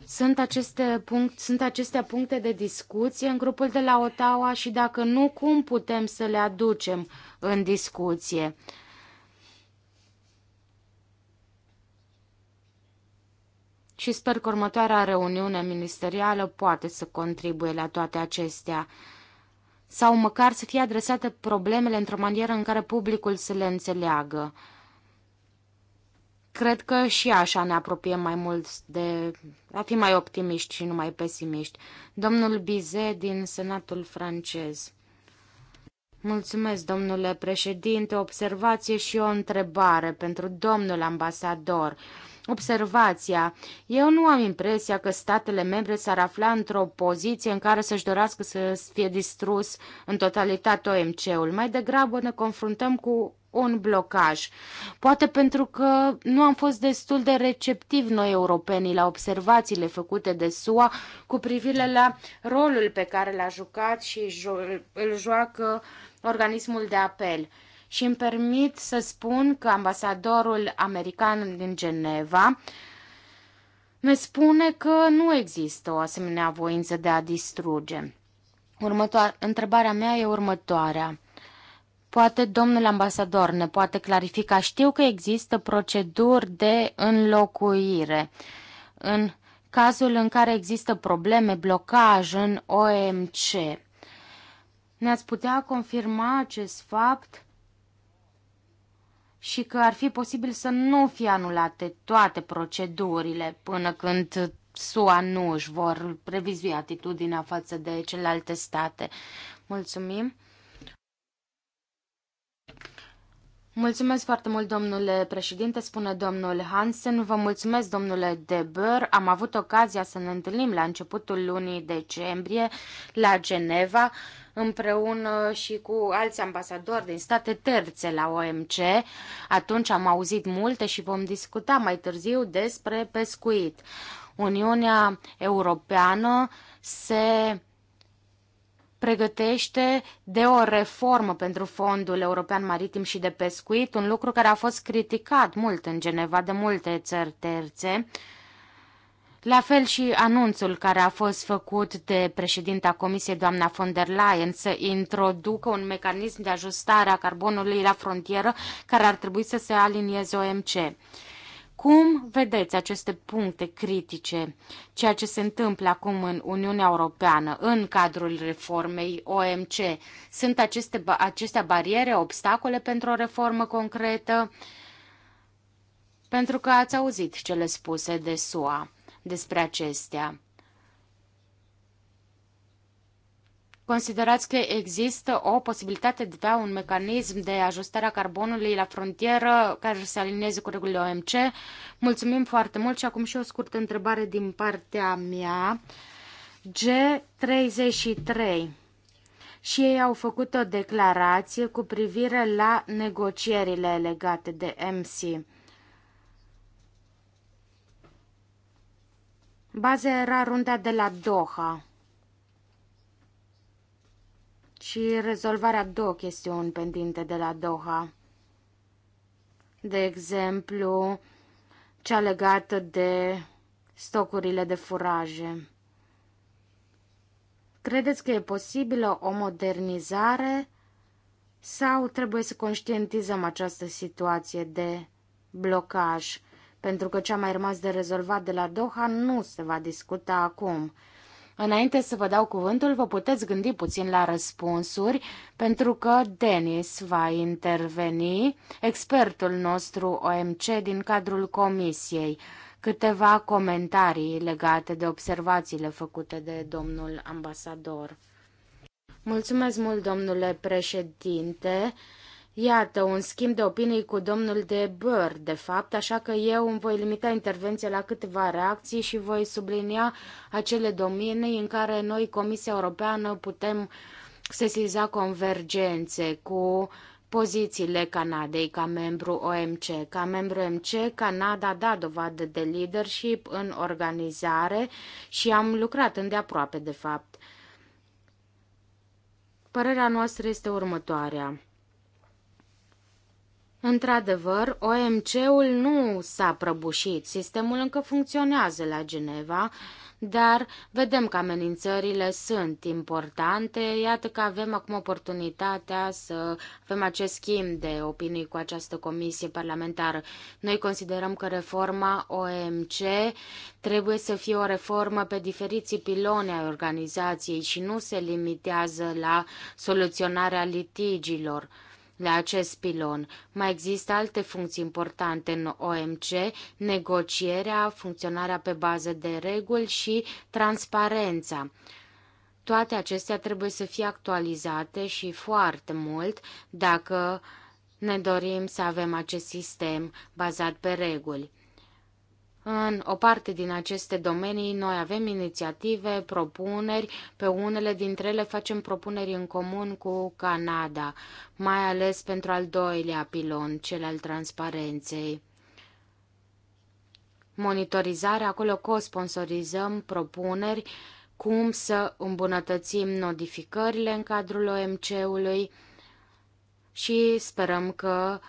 Sunt, aceste punct, sunt acestea puncte de discuție în grupul de la Ottawa și dacă nu, cum putem să le aducem în discuție? Și sper că următoarea reuniune ministerială poate să contribuie la toate acestea sau măcar să fie adresate problemele într-o manieră în care publicul să le înțeleagă. Cred că și așa ne apropiem mai mult de a fi mai optimiști și nu mai pesimiști. Domnul Bizet din Senatul francez. Mulțumesc, domnule președinte. Observație și o întrebare pentru domnul ambasador. Observația. Eu nu am impresia că statele membre s-ar afla într-o poziție în care să-și dorească să fie distrus în totalitate OMC-ul. Mai degrabă ne confruntăm cu un blocaj. Poate pentru că nu am fost destul de receptivi noi europenii la observațiile făcute de SUA cu privire la rolul pe care l-a jucat și îl joacă organismul de apel. Și îmi permit să spun că ambasadorul american din Geneva ne spune că nu există o asemenea voință de a distruge. Următoar, întrebarea mea e următoarea. Poate domnul ambasador ne poate clarifica. Știu că există proceduri de înlocuire. În cazul în care există probleme, blocaj în OMC. Ne-ați putea confirma acest fapt și că ar fi posibil să nu fie anulate toate procedurile până când SUA nu își vor revizui atitudinea față de celelalte state. Mulțumim! Mulțumesc foarte mult, domnule președinte, spune domnul Hansen. Vă mulțumesc, domnule Debăr. Am avut ocazia să ne întâlnim la începutul lunii decembrie la Geneva împreună și cu alți ambasadori din state terțe la OMC. Atunci am auzit multe și vom discuta mai târziu despre pescuit. Uniunea Europeană se pregătește de o reformă pentru Fondul European Maritim și de Pescuit, un lucru care a fost criticat mult în Geneva de multe țări terțe. La fel și anunțul care a fost făcut de președinta Comisiei, doamna von der Leyen, să introducă un mecanism de ajustare a carbonului la frontieră care ar trebui să se alinieze OMC. Cum vedeți aceste puncte critice, ceea ce se întâmplă acum în Uniunea Europeană, în cadrul reformei OMC? Sunt aceste, acestea bariere, obstacole pentru o reformă concretă? Pentru că ați auzit cele spuse de SUA despre acestea. Considerați că există o posibilitate de a avea un mecanism de ajustare a carbonului la frontieră care să se alinieze cu regulile OMC? Mulțumim foarte mult și acum și o scurtă întrebare din partea mea. G33 și ei au făcut o declarație cu privire la negocierile legate de MC. Baza era runda de la Doha și rezolvarea două chestiuni pendinte de la Doha. De exemplu, cea legată de stocurile de furaje. Credeți că e posibilă o modernizare sau trebuie să conștientizăm această situație de blocaj? Pentru că cea mai rămas de rezolvat de la Doha nu se va discuta acum. Înainte să vă dau cuvântul, vă puteți gândi puțin la răspunsuri, pentru că Denis va interveni, expertul nostru OMC din cadrul comisiei. Câteva comentarii legate de observațiile făcute de domnul ambasador. Mulțumesc mult, domnule președinte. Iată, un schimb de opinii cu domnul de Băr, de fapt, așa că eu îmi voi limita intervenția la câteva reacții și voi sublinia acele domenii în care noi, Comisia Europeană, putem sesiza convergențe cu pozițiile Canadei ca membru OMC. Ca membru OMC, Canada a dat dovadă de leadership în organizare și am lucrat îndeaproape, de fapt. Părerea noastră este următoarea. Într-adevăr, OMC-ul nu s-a prăbușit, sistemul încă funcționează la Geneva, dar vedem că amenințările sunt importante. Iată că avem acum oportunitatea să avem acest schimb de opinii cu această comisie parlamentară. Noi considerăm că reforma OMC trebuie să fie o reformă pe diferiții piloni ai organizației și nu se limitează la soluționarea litigiilor de acest pilon. Mai există alte funcții importante în OMC, negocierea, funcționarea pe bază de reguli și transparența. Toate acestea trebuie să fie actualizate și foarte mult dacă ne dorim să avem acest sistem bazat pe reguli. În o parte din aceste domenii noi avem inițiative, propuneri, pe unele dintre ele facem propuneri în comun cu Canada, mai ales pentru al doilea pilon, cel al transparenței. Monitorizare, acolo co-sponsorizăm propuneri cum să îmbunătățim notificările în cadrul OMC-ului și sperăm că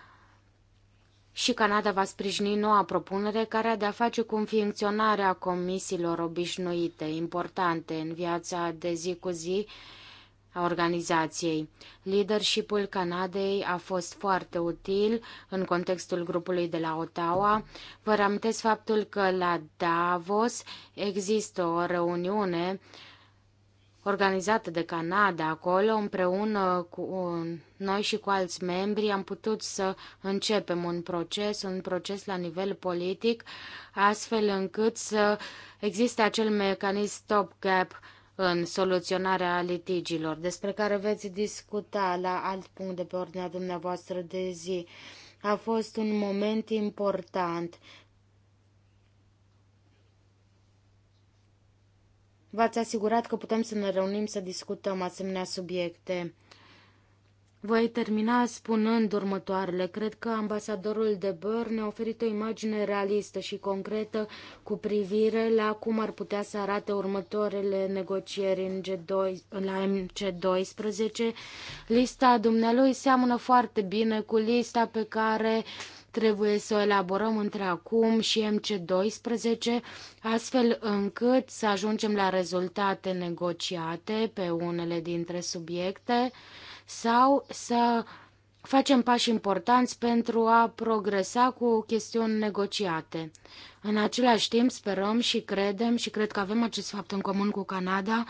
și Canada va sprijini noua propunere care a de-a face cu funcționarea comisiilor obișnuite, importante în viața de zi cu zi a organizației. Leadershipul Canadei a fost foarte util în contextul grupului de la Ottawa. Vă reamintesc faptul că la Davos există o reuniune uh, organizată de Canada acolo, împreună cu noi și cu alți membri, am putut să începem un proces, un proces la nivel politic, astfel încât să existe acel mecanism stop gap în soluționarea litigilor, despre care veți discuta la alt punct de pe ordinea dumneavoastră de zi. A fost un moment important V-ați asigurat că putem să ne reunim să discutăm asemenea subiecte. Voi termina spunând următoarele. Cred că ambasadorul de Băr ne-a oferit o imagine realistă și concretă cu privire la cum ar putea să arate următoarele negocieri în G2, la MC12. Lista dumnealui seamănă foarte bine cu lista pe care uh, Trebuie să elaborăm între acum și MC12, astfel încât să ajungem la rezultate negociate pe unele dintre subiecte sau să facem pași importanți pentru a progresa cu chestiuni negociate. În același timp sperăm și credem și cred că avem acest fapt în comun cu Canada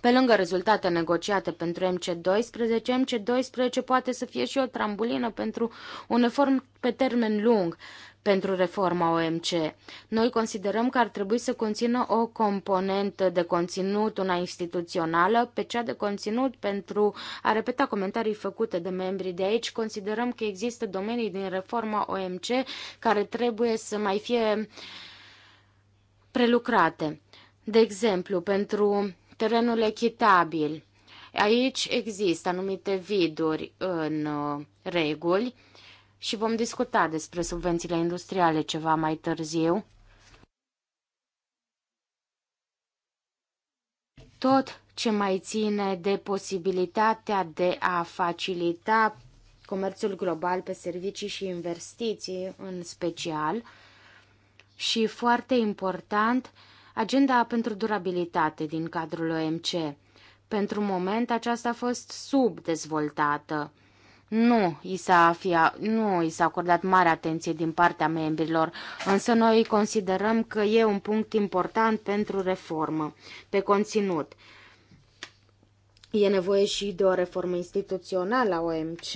pe lângă rezultate negociate pentru MC12, MC12 poate să fie și o trambulină pentru un efort pe termen lung pentru reforma OMC. Noi considerăm că ar trebui să conțină o componentă de conținut, una instituțională, pe cea de conținut pentru a repeta comentarii făcute de membrii de aici. Considerăm că există domenii din reforma OMC care trebuie să mai fie prelucrate. De exemplu, pentru terenul echitabil. Aici există anumite viduri în uh, reguli și vom discuta despre subvențiile industriale ceva mai târziu. Tot ce mai ține de posibilitatea de a facilita comerțul global pe servicii și investiții în special și foarte important agenda pentru durabilitate din cadrul OMC. Pentru moment aceasta a fost subdezvoltată. Nu i, s-a nu i s-a acordat mare atenție din partea membrilor, însă noi considerăm că e un punct important pentru reformă, pe conținut. E nevoie și de o reformă instituțională a OMC.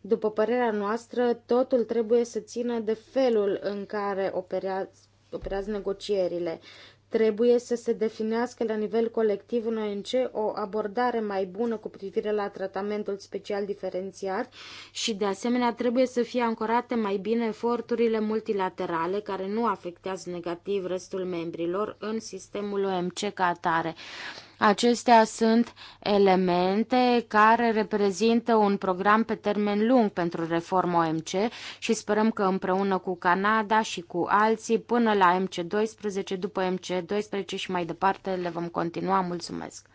După părerea noastră, totul trebuie să țină de felul în care operează operează negocierile. Trebuie să se definească la nivel colectiv în ONC o abordare mai bună cu privire la tratamentul special diferențiat și, de asemenea, trebuie să fie ancorate mai bine eforturile multilaterale care nu afectează negativ restul membrilor în sistemul OMC ca atare. Acestea sunt elemente care reprezintă un program pe termen lung pentru reforma OMC și sperăm că împreună cu Canada și cu alții până la MC12, după MC12 și mai departe le vom continua. Mulțumesc!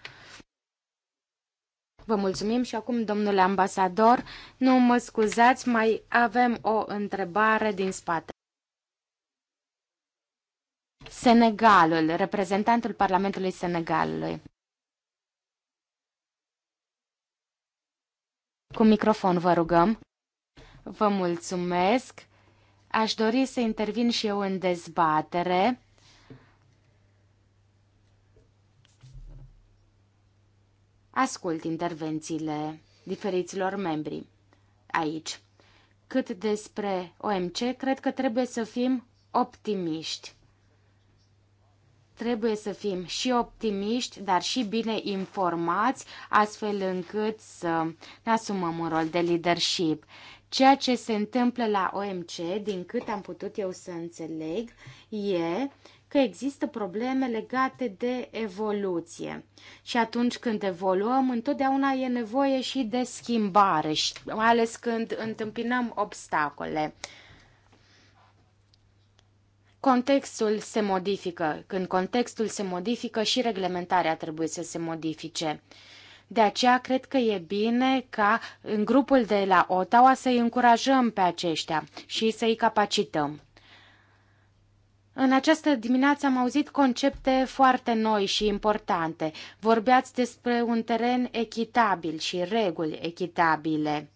Vă mulțumim și acum, domnule ambasador, nu mă scuzați, mai avem o întrebare din spate. Senegalul, reprezentantul Parlamentului Senegalului. Cu microfon vă rugăm. Vă mulțumesc. Aș dori să intervin și eu în dezbatere. Ascult intervențiile diferiților membri aici. Cât despre OMC, cred că trebuie să fim optimiști. Trebuie să fim și optimiști, dar și bine informați, astfel încât să ne asumăm un rol de leadership. Ceea ce se întâmplă la OMC, din cât am putut eu să înțeleg, e că există probleme legate de evoluție. Și atunci când evoluăm, întotdeauna e nevoie și de schimbare, mai ales când întâmpinăm obstacole contextul se modifică. Când contextul se modifică și reglementarea trebuie să se modifice. De aceea cred că e bine ca în grupul de la Ottawa să-i încurajăm pe aceștia și să-i capacităm. În această dimineață am auzit concepte foarte noi și importante. Vorbeați despre un teren echitabil și reguli echitabile.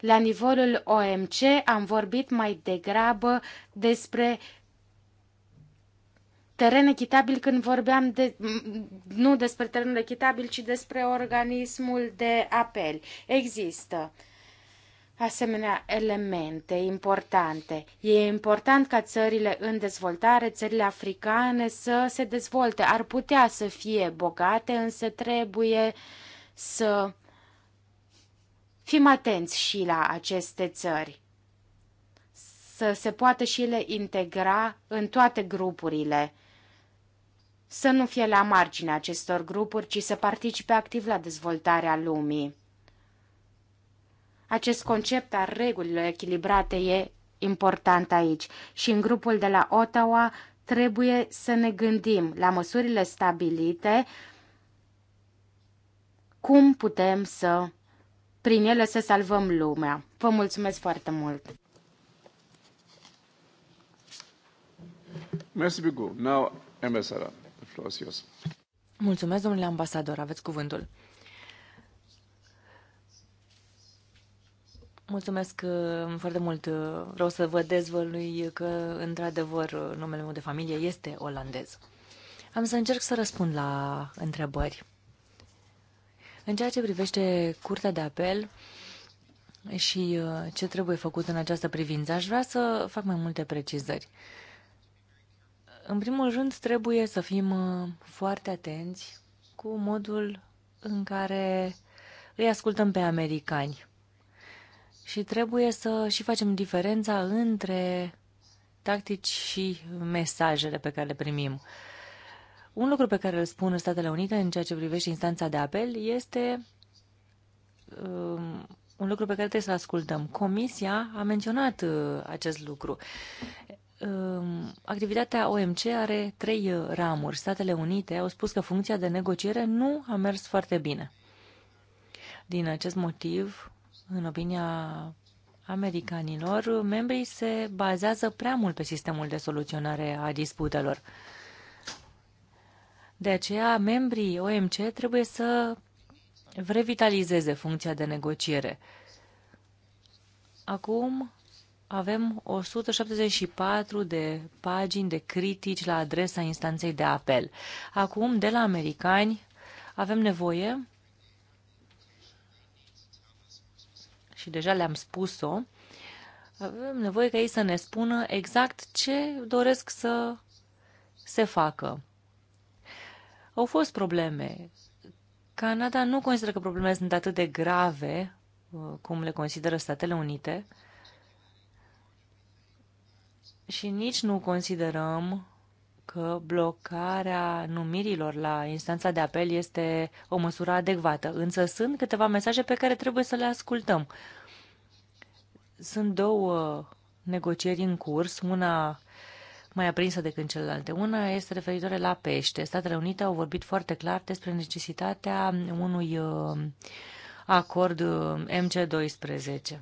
La nivelul OMC am vorbit mai degrabă despre teren echitabil când vorbeam de, nu despre terenul echitabil, ci despre organismul de apel. Există asemenea elemente importante. E important ca țările în dezvoltare, țările africane să se dezvolte. Ar putea să fie bogate, însă trebuie să fim atenți și la aceste țări să se poată și ele integra în toate grupurile să nu fie la marginea acestor grupuri, ci să participe activ la dezvoltarea lumii. Acest concept al regulilor echilibrate e important aici și în grupul de la Ottawa trebuie să ne gândim la măsurile stabilite, cum putem să, prin ele, să salvăm lumea. Vă mulțumesc foarte mult! Merci beaucoup. Now, Ambassador. Mulțumesc, domnule ambasador, aveți cuvântul. Mulțumesc uh, foarte mult. Uh, vreau să vă dezvălui că, într-adevăr, uh, numele meu de familie este olandez. Am să încerc să răspund la întrebări. În ceea ce privește curtea de apel și ce trebuie făcut în această privință, aș vrea să fac mai multe precizări. În primul rând, trebuie să fim uh, foarte atenți cu modul în care îi ascultăm pe americani. Și trebuie să și facem diferența între tactici și mesajele pe care le primim. Un lucru pe care îl spun Statele Unite în ceea ce privește instanța de apel este um, un lucru pe care trebuie să-l ascultăm. Comisia a menționat uh, acest lucru. Ehm, activitatea OMC are trei uh, ramuri. Statele Unite au spus că funcția de negociere nu a mers foarte bine. Din acest motiv, în opinia americanilor, membrii se bazează prea mult pe sistemul de soluționare a disputelor. De aceea, membrii OMC trebuie să revitalizeze funcția de negociere. Acum, avem 174 de pagini de critici la adresa instanței de apel. Acum, de la americani, avem nevoie și deja le-am spus-o, avem nevoie ca ei să ne spună exact ce doresc să se facă. Au fost probleme. Canada nu consideră că problemele sunt atât de grave uh, cum le consideră Statele Unite, și nici nu considerăm că blocarea numirilor la instanța de apel este o măsură adecvată, însă sunt câteva mesaje pe care trebuie să le ascultăm. Sunt două negocieri în curs, una mai aprinsă decât celelalte. Una este referitoare la pește. Statele Unite au vorbit foarte clar despre necesitatea unui uh, acord uh, MC12.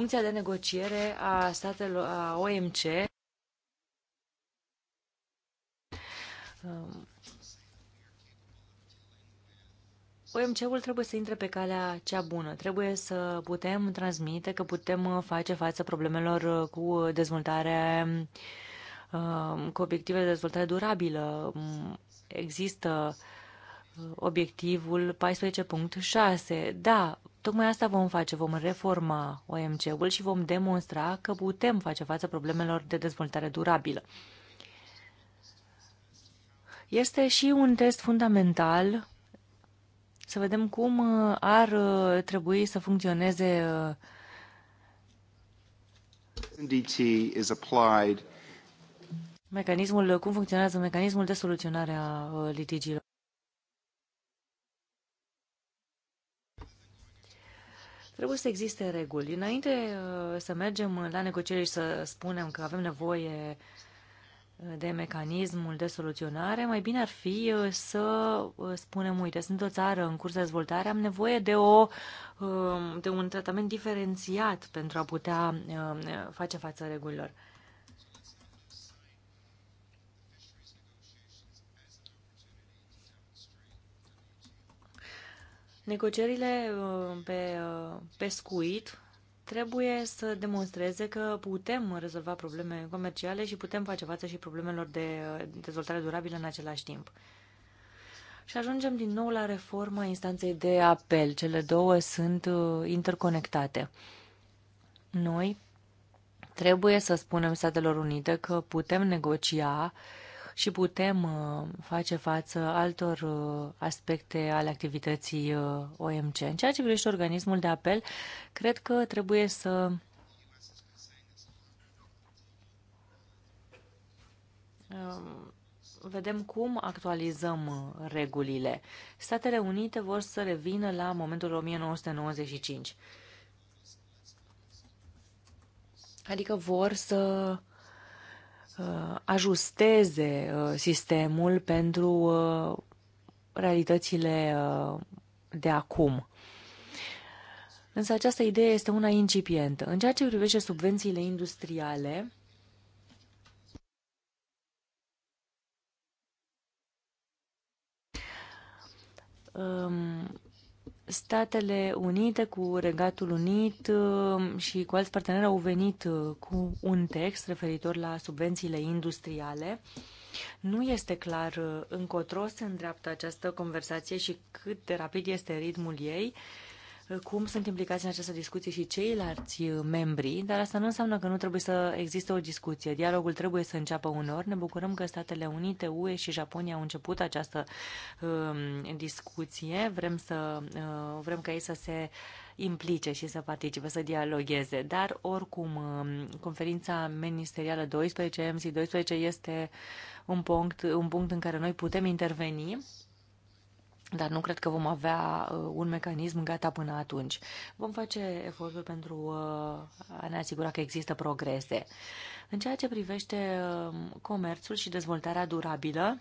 Funcția de negociere a statelor a OMC um, OMC-ul trebuie să intre pe calea cea bună. Trebuie să putem transmite că putem uh, face față problemelor uh, cu dezvoltare, um, cu obiective de dezvoltare durabilă. Um, există uh, obiectivul 14.6. Da, Tocmai asta vom face, vom reforma OMC-ul și vom demonstra că putem face față problemelor de dezvoltare durabilă. Este și un test fundamental să vedem cum uh, ar uh, trebui să funcționeze uh, DT is applied. mecanismul, cum funcționează mecanismul de soluționare a litigiilor. Trebuie să existe reguli. Înainte uh, să mergem la negocieri și să spunem că avem nevoie uh, de mecanismul de soluționare, mai bine ar fi uh, să spunem, uite, sunt o țară în curs de dezvoltare, am nevoie de, o, um, de un tratament diferențiat pentru a putea face față regulilor. Negocierile uh, pe uh, pescuit trebuie să demonstreze că putem rezolva probleme comerciale și putem face față și problemelor de uh, dezvoltare durabilă în același timp. Și ajungem din nou la reforma instanței de apel. Cele două sunt interconectate. Noi trebuie să spunem Statelor Unite că putem negocia uh, și putem uh, face față altor uh, aspecte ale activității uh, OMC. În ceea ce privește organismul de apel, cred că trebuie să um, vedem cum actualizăm regulile. Statele Unite vor să revină la momentul 1995. Adică vor să Uh, ajusteze uh, sistemul pentru uh, realitățile de acum. Însă această idee este una incipientă. În ceea ce privește subvențiile industriale, um, Statele Unite cu Regatul Unit um, și cu alți parteneri au venit uh, cu un text referitor la subvențiile industriale. Nu este clar uh, încotro se îndreaptă această conversație și cât de rapid este ritmul ei. Uh, cum sunt implicați în această discuție și ceilalți uh, membri, dar asta nu înseamnă că nu trebuie să existe o discuție. Dialogul trebuie să înceapă unor. Ne bucurăm că Statele Unite, UE și Japonia au început această uh, discuție. Vrem, să, uh, vrem ca ei să se implice și să participe, să dialogueze. Dar, oricum, uh, conferința ministerială 12, MC12, este un punct, un punct în care noi putem interveni dar nu cred că vom avea uh, un mecanism gata până atunci. Vom face eforturi pentru uh, a ne asigura că există progrese. În ceea ce privește uh, comerțul și dezvoltarea durabilă,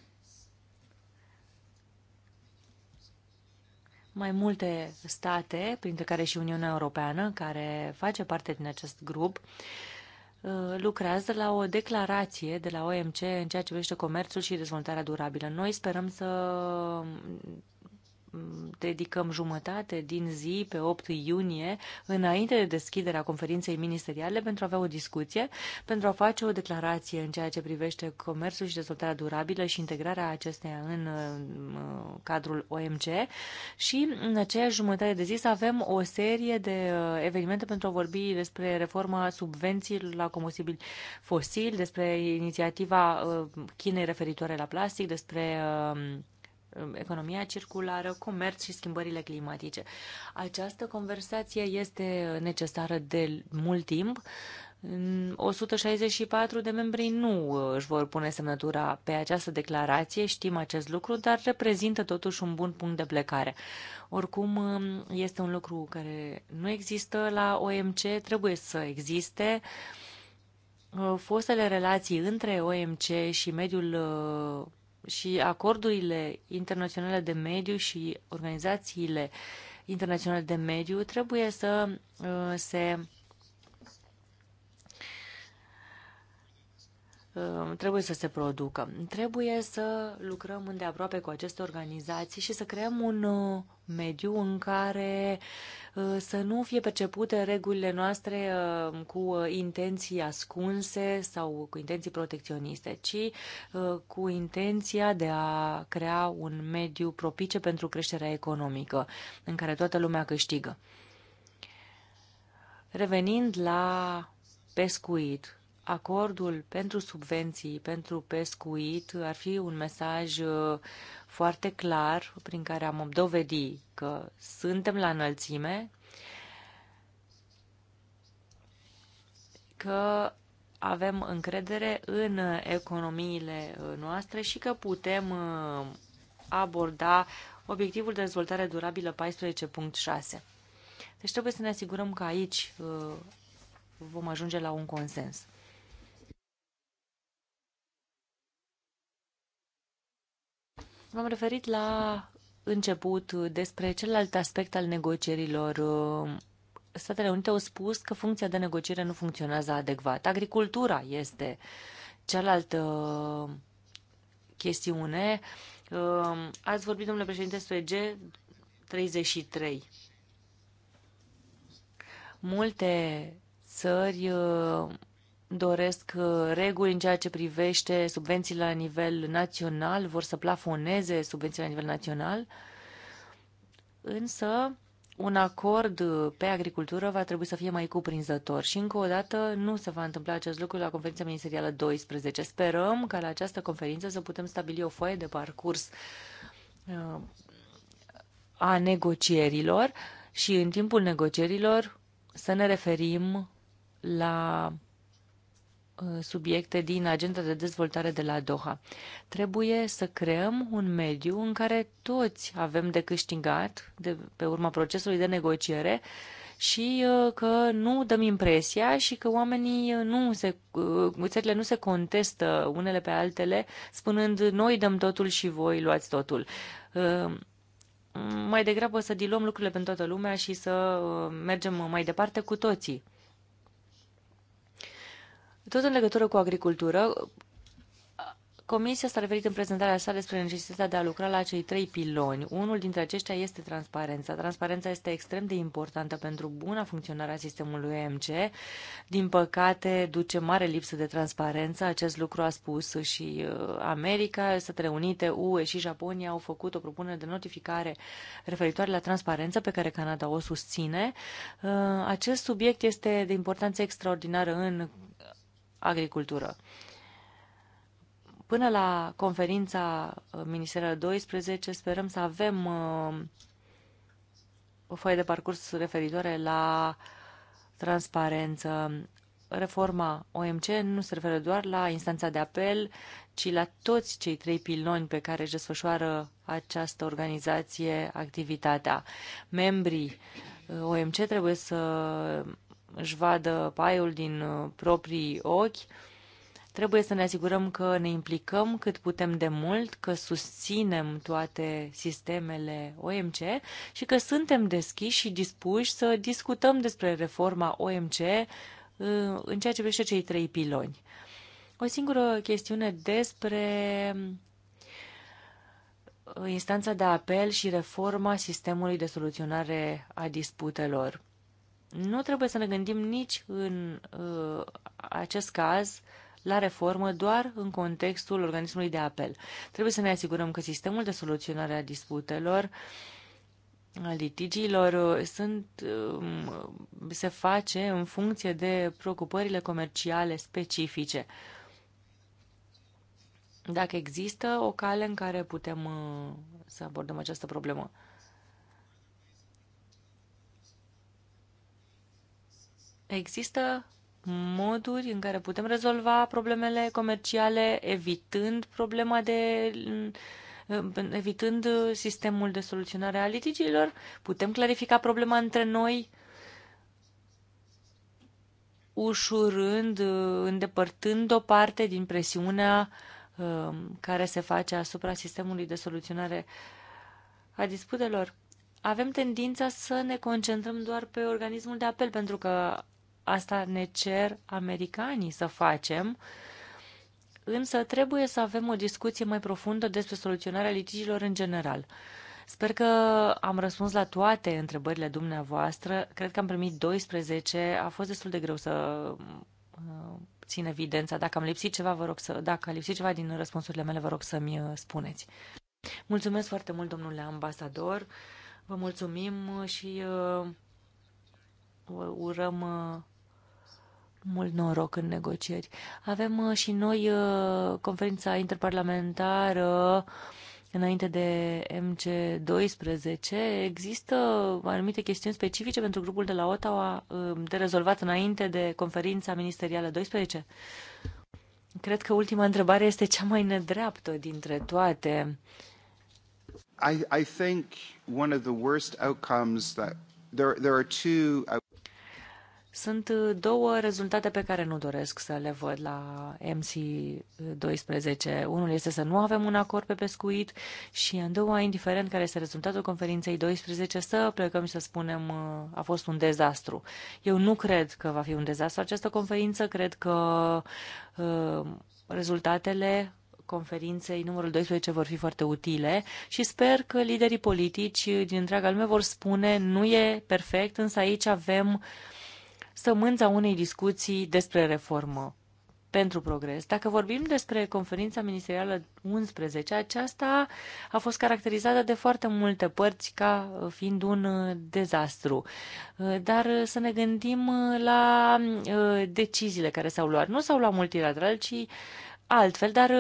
mai multe state, printre care și Uniunea Europeană, care face parte din acest grup, lucrează la o declarație de la OMC în ceea ce privește comerțul și dezvoltarea durabilă. Noi sperăm să dedicăm jumătate din zi pe 8 iunie, înainte de deschiderea conferinței ministeriale, pentru a avea o discuție, pentru a face o declarație în ceea ce privește comerțul și dezvoltarea durabilă și integrarea acesteia în uh, cadrul OMC și în aceeași jumătate de zi să avem o serie de uh, evenimente pentru a vorbi despre reforma subvențiilor la combustibili fosili, despre inițiativa uh, Chinei referitoare la plastic, despre Um, economia circulară, comerț și schimbările climatice. Această conversație este necesară de mult timp. 164 de membri nu își vor pune semnătura pe această declarație, știm acest lucru, dar reprezintă totuși un bun punct de plecare. Oricum, um, este un lucru care nu există la OMC, trebuie să existe. Uh, fostele relații între OMC și mediul uh, și acordurile internaționale de mediu și organizațiile internaționale de mediu trebuie să uh, se Um, trebuie să se producă. Trebuie să lucrăm îndeaproape cu aceste organizații și să creăm un uh, mediu în care uh, să nu fie percepute regulile noastre uh, cu intenții ascunse sau cu intenții protecționiste, ci cu intenția de a crea un mediu propice pentru creșterea economică, în care toată lumea câștigă. Revenind la pescuit, acordul pentru subvenții, pentru pescuit, ar fi un mesaj uh, foarte clar prin care am dovedit că suntem la înălțime, că avem încredere în economiile uh, noastre și că putem uh, aborda obiectivul de dezvoltare durabilă 14.6. Deci trebuie să ne asigurăm că aici vom ajunge la un consens. M-am referit la început despre celălalt aspect al negocierilor. Statele Unite au spus că funcția de negociere nu funcționează adecvat. Agricultura este cealaltă chestiune. Um, ați vorbit, domnule președinte, SUEG 33 Multe țări uh, doresc uh, reguli în ceea ce privește subvențiile la nivel național, vor să plafoneze subvențiile la nivel național, însă un acord uh, pe agricultură va trebui să fie mai cuprinzător și încă o dată nu se va întâmpla acest lucru la conferința ministerială 12. Sperăm ca la această conferință să putem stabili o foaie de parcurs uh, a negocierilor și în timpul negocierilor să ne referim la Uh, subiecte din agenda de dezvoltare de la Doha. Trebuie să creăm un mediu în care toți avem de câștigat de, pe urma procesului de negociere și uh, că nu dăm impresia și că oamenii uh, nu se, țările nu se contestă unele pe altele, spunând noi dăm totul și voi luați totul. Mai degrabă să diluăm lucrurile pentru toată lumea și să mergem mai departe cu toții. Tot în legătură cu agricultură, Comisia s-a referit în prezentarea sa despre necesitatea de a lucra la cei trei piloni. Unul dintre aceștia este transparența. Transparența este extrem de importantă pentru buna funcționare a sistemului OMC. Din păcate, duce mare lipsă de transparență. Acest lucru a spus și uh, America, Statele Unite, UE și Japonia au făcut o propunere de notificare referitoare la transparență pe care Canada o susține. Uh, acest subiect este de importanță extraordinară în agricultură. Până la conferința uh, Ministeră 12 sperăm să avem uh, o foaie de parcurs referitoare la transparență. Reforma OMC nu se referă doar la instanța de apel, ci la toți cei trei piloni pe care își desfășoară această organizație activitatea. Membrii uh, OMC trebuie să își vadă paiul din uh, proprii ochi, trebuie să ne asigurăm că ne implicăm cât putem de mult, că susținem toate sistemele OMC și că suntem deschiși și dispuși să discutăm despre reforma OMC uh, în ceea ce privește cei trei piloni. O singură chestiune despre uh, instanța de apel și reforma sistemului de soluționare a disputelor nu trebuie să ne gândim nici în uh, acest caz la reformă doar în contextul organismului de apel. Trebuie să ne asigurăm că sistemul de soluționare a disputelor, a litigiilor, uh, sunt, um, se face în funcție de preocupările comerciale specifice. Dacă există o cale în care putem uh, să abordăm această problemă. Există moduri în care putem rezolva problemele comerciale evitând problema de evitând sistemul de soluționare a litigiilor, putem clarifica problema între noi ușurând, îndepărtând o parte din presiunea um, care se face asupra sistemului de soluționare a disputelor. Avem tendința să ne concentrăm doar pe organismul de apel, pentru că asta ne cer americanii să facem, însă trebuie să avem o discuție mai profundă despre soluționarea litigiilor în general. Sper că am răspuns la toate întrebările dumneavoastră. Cred că am primit 12. A fost destul de greu să uh, țin evidența. Dacă am lipsit ceva, vă rog să, dacă a lipsit ceva din răspunsurile mele, vă rog să-mi uh, spuneți. Mulțumesc foarte mult, domnule ambasador. Vă mulțumim și uh, urăm mult noroc în negocieri. Avem uh, și noi uh, conferința interparlamentară înainte de MC12. Există anumite chestiuni specifice pentru grupul de la Ottawa uh, de rezolvat înainte de conferința ministerială 12? Cred că ultima întrebare este cea mai nedreaptă dintre toate. I, I think one of the worst outcomes that there, there are two sunt uh, două rezultate pe care nu doresc să le văd la MC12. Unul este să nu avem un acord pe pescuit și în doua, indiferent care este rezultatul conferinței 12, să plecăm și să spunem uh, a fost un dezastru. Eu nu cred că va fi un dezastru această conferință, cred că uh, rezultatele conferinței numărul 12 vor fi foarte utile și sper că liderii politici din întreaga lume vor spune nu e perfect, însă aici avem uh, sămânța unei discuții despre reformă pentru progres. Dacă vorbim despre conferința ministerială 11, aceasta a fost caracterizată de foarte multe părți ca fiind un uh, dezastru. Uh, dar să ne gândim uh, la deciziile care s-au luat. Nu s-au luat multilateral, ci altfel, dar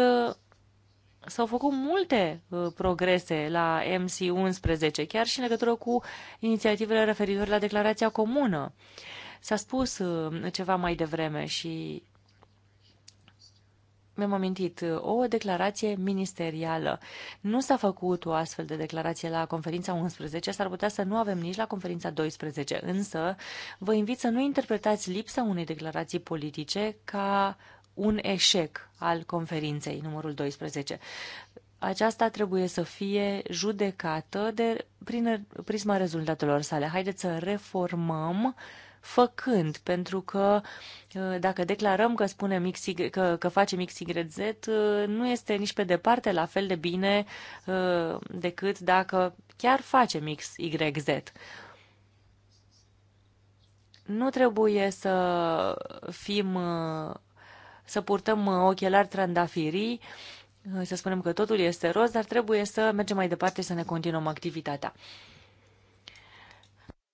s-au făcut multe progrese la MC11, chiar și în legătură cu inițiativele referitoare la declarația comună. S-a spus uh, ceva mai devreme și mi-am amintit, uh, o declarație ministerială. Nu s-a făcut o astfel de declarație la conferința 11, s-ar putea să nu avem nici la conferința 12, însă vă invit să nu interpretați lipsa unei declarații politice ca un eșec al conferinței numărul 12. Aceasta trebuie să fie judecată de, prin prisma rezultatelor sale. Haideți să reformăm uh, făcând, pentru că uh, dacă declarăm că spunem X, că, că facem XYZ, uh, nu este nici pe departe la fel de bine uh, decât dacă chiar facem XYZ. Nu trebuie să fim să purtăm ochelari trandafirii, să spunem că totul este roz, dar trebuie să mergem mai departe și să ne continuăm activitatea.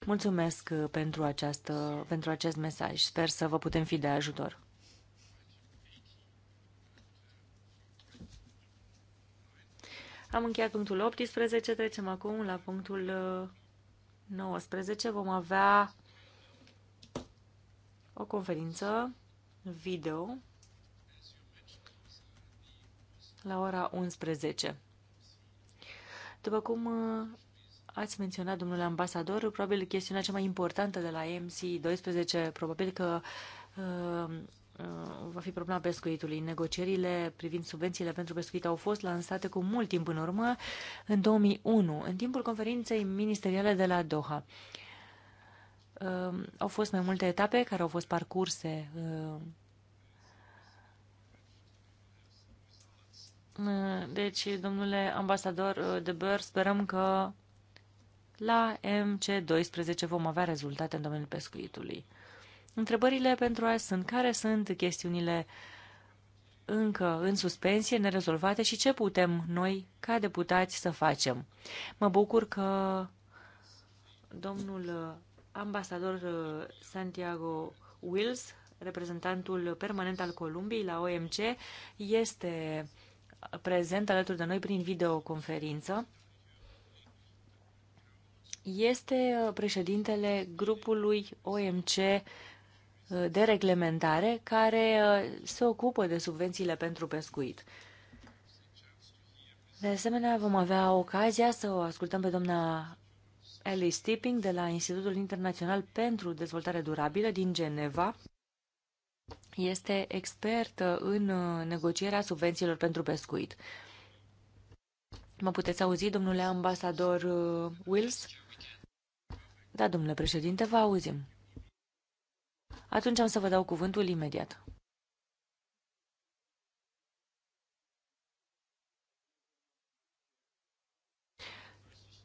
Mulțumesc uh, pentru, această, pentru acest mesaj. Sper să vă putem fi de ajutor. Am încheiat punctul 18, trecem acum la punctul 19. Uh, Vom avea o conferință video la ora 11. După cum uh, ați menționat, domnule ambasador, probabil chestiunea cea mai importantă de la MC12, probabil că uh, uh, va fi problema pescuitului. Negocierile privind subvențiile pentru pescuit au fost lansate cu mult timp în urmă, în 2001, în timpul conferinței ministeriale de la Doha. Uh, au fost mai multe etape care au fost parcurse uh, uh Deci, domnule ambasador uh, de Băr, sperăm că la MC12 vom avea rezultate în domeniul pescuitului. Întrebările pentru azi sunt care sunt chestiunile încă în suspensie, nerezolvate și ce putem noi, ca deputați, să facem. Mă bucur că domnul ambasador uh, Santiago Wills, reprezentantul permanent al Columbiei la OMC, este prezent alături de noi prin videoconferință este uh, președintele grupului OMC uh, de reglementare care uh, se ocupă de subvențiile pentru pescuit. De asemenea, vom avea ocazia să o ascultăm pe doamna Alice Tipping de la Institutul Internațional pentru Dezvoltare Durabilă din Geneva. Este expertă în negocierea subvențiilor pentru pescuit. Mă puteți auzi, domnule ambasador uh, Wills? Da, domnule președinte, vă auzim. Atunci am să vă dau cuvântul imediat.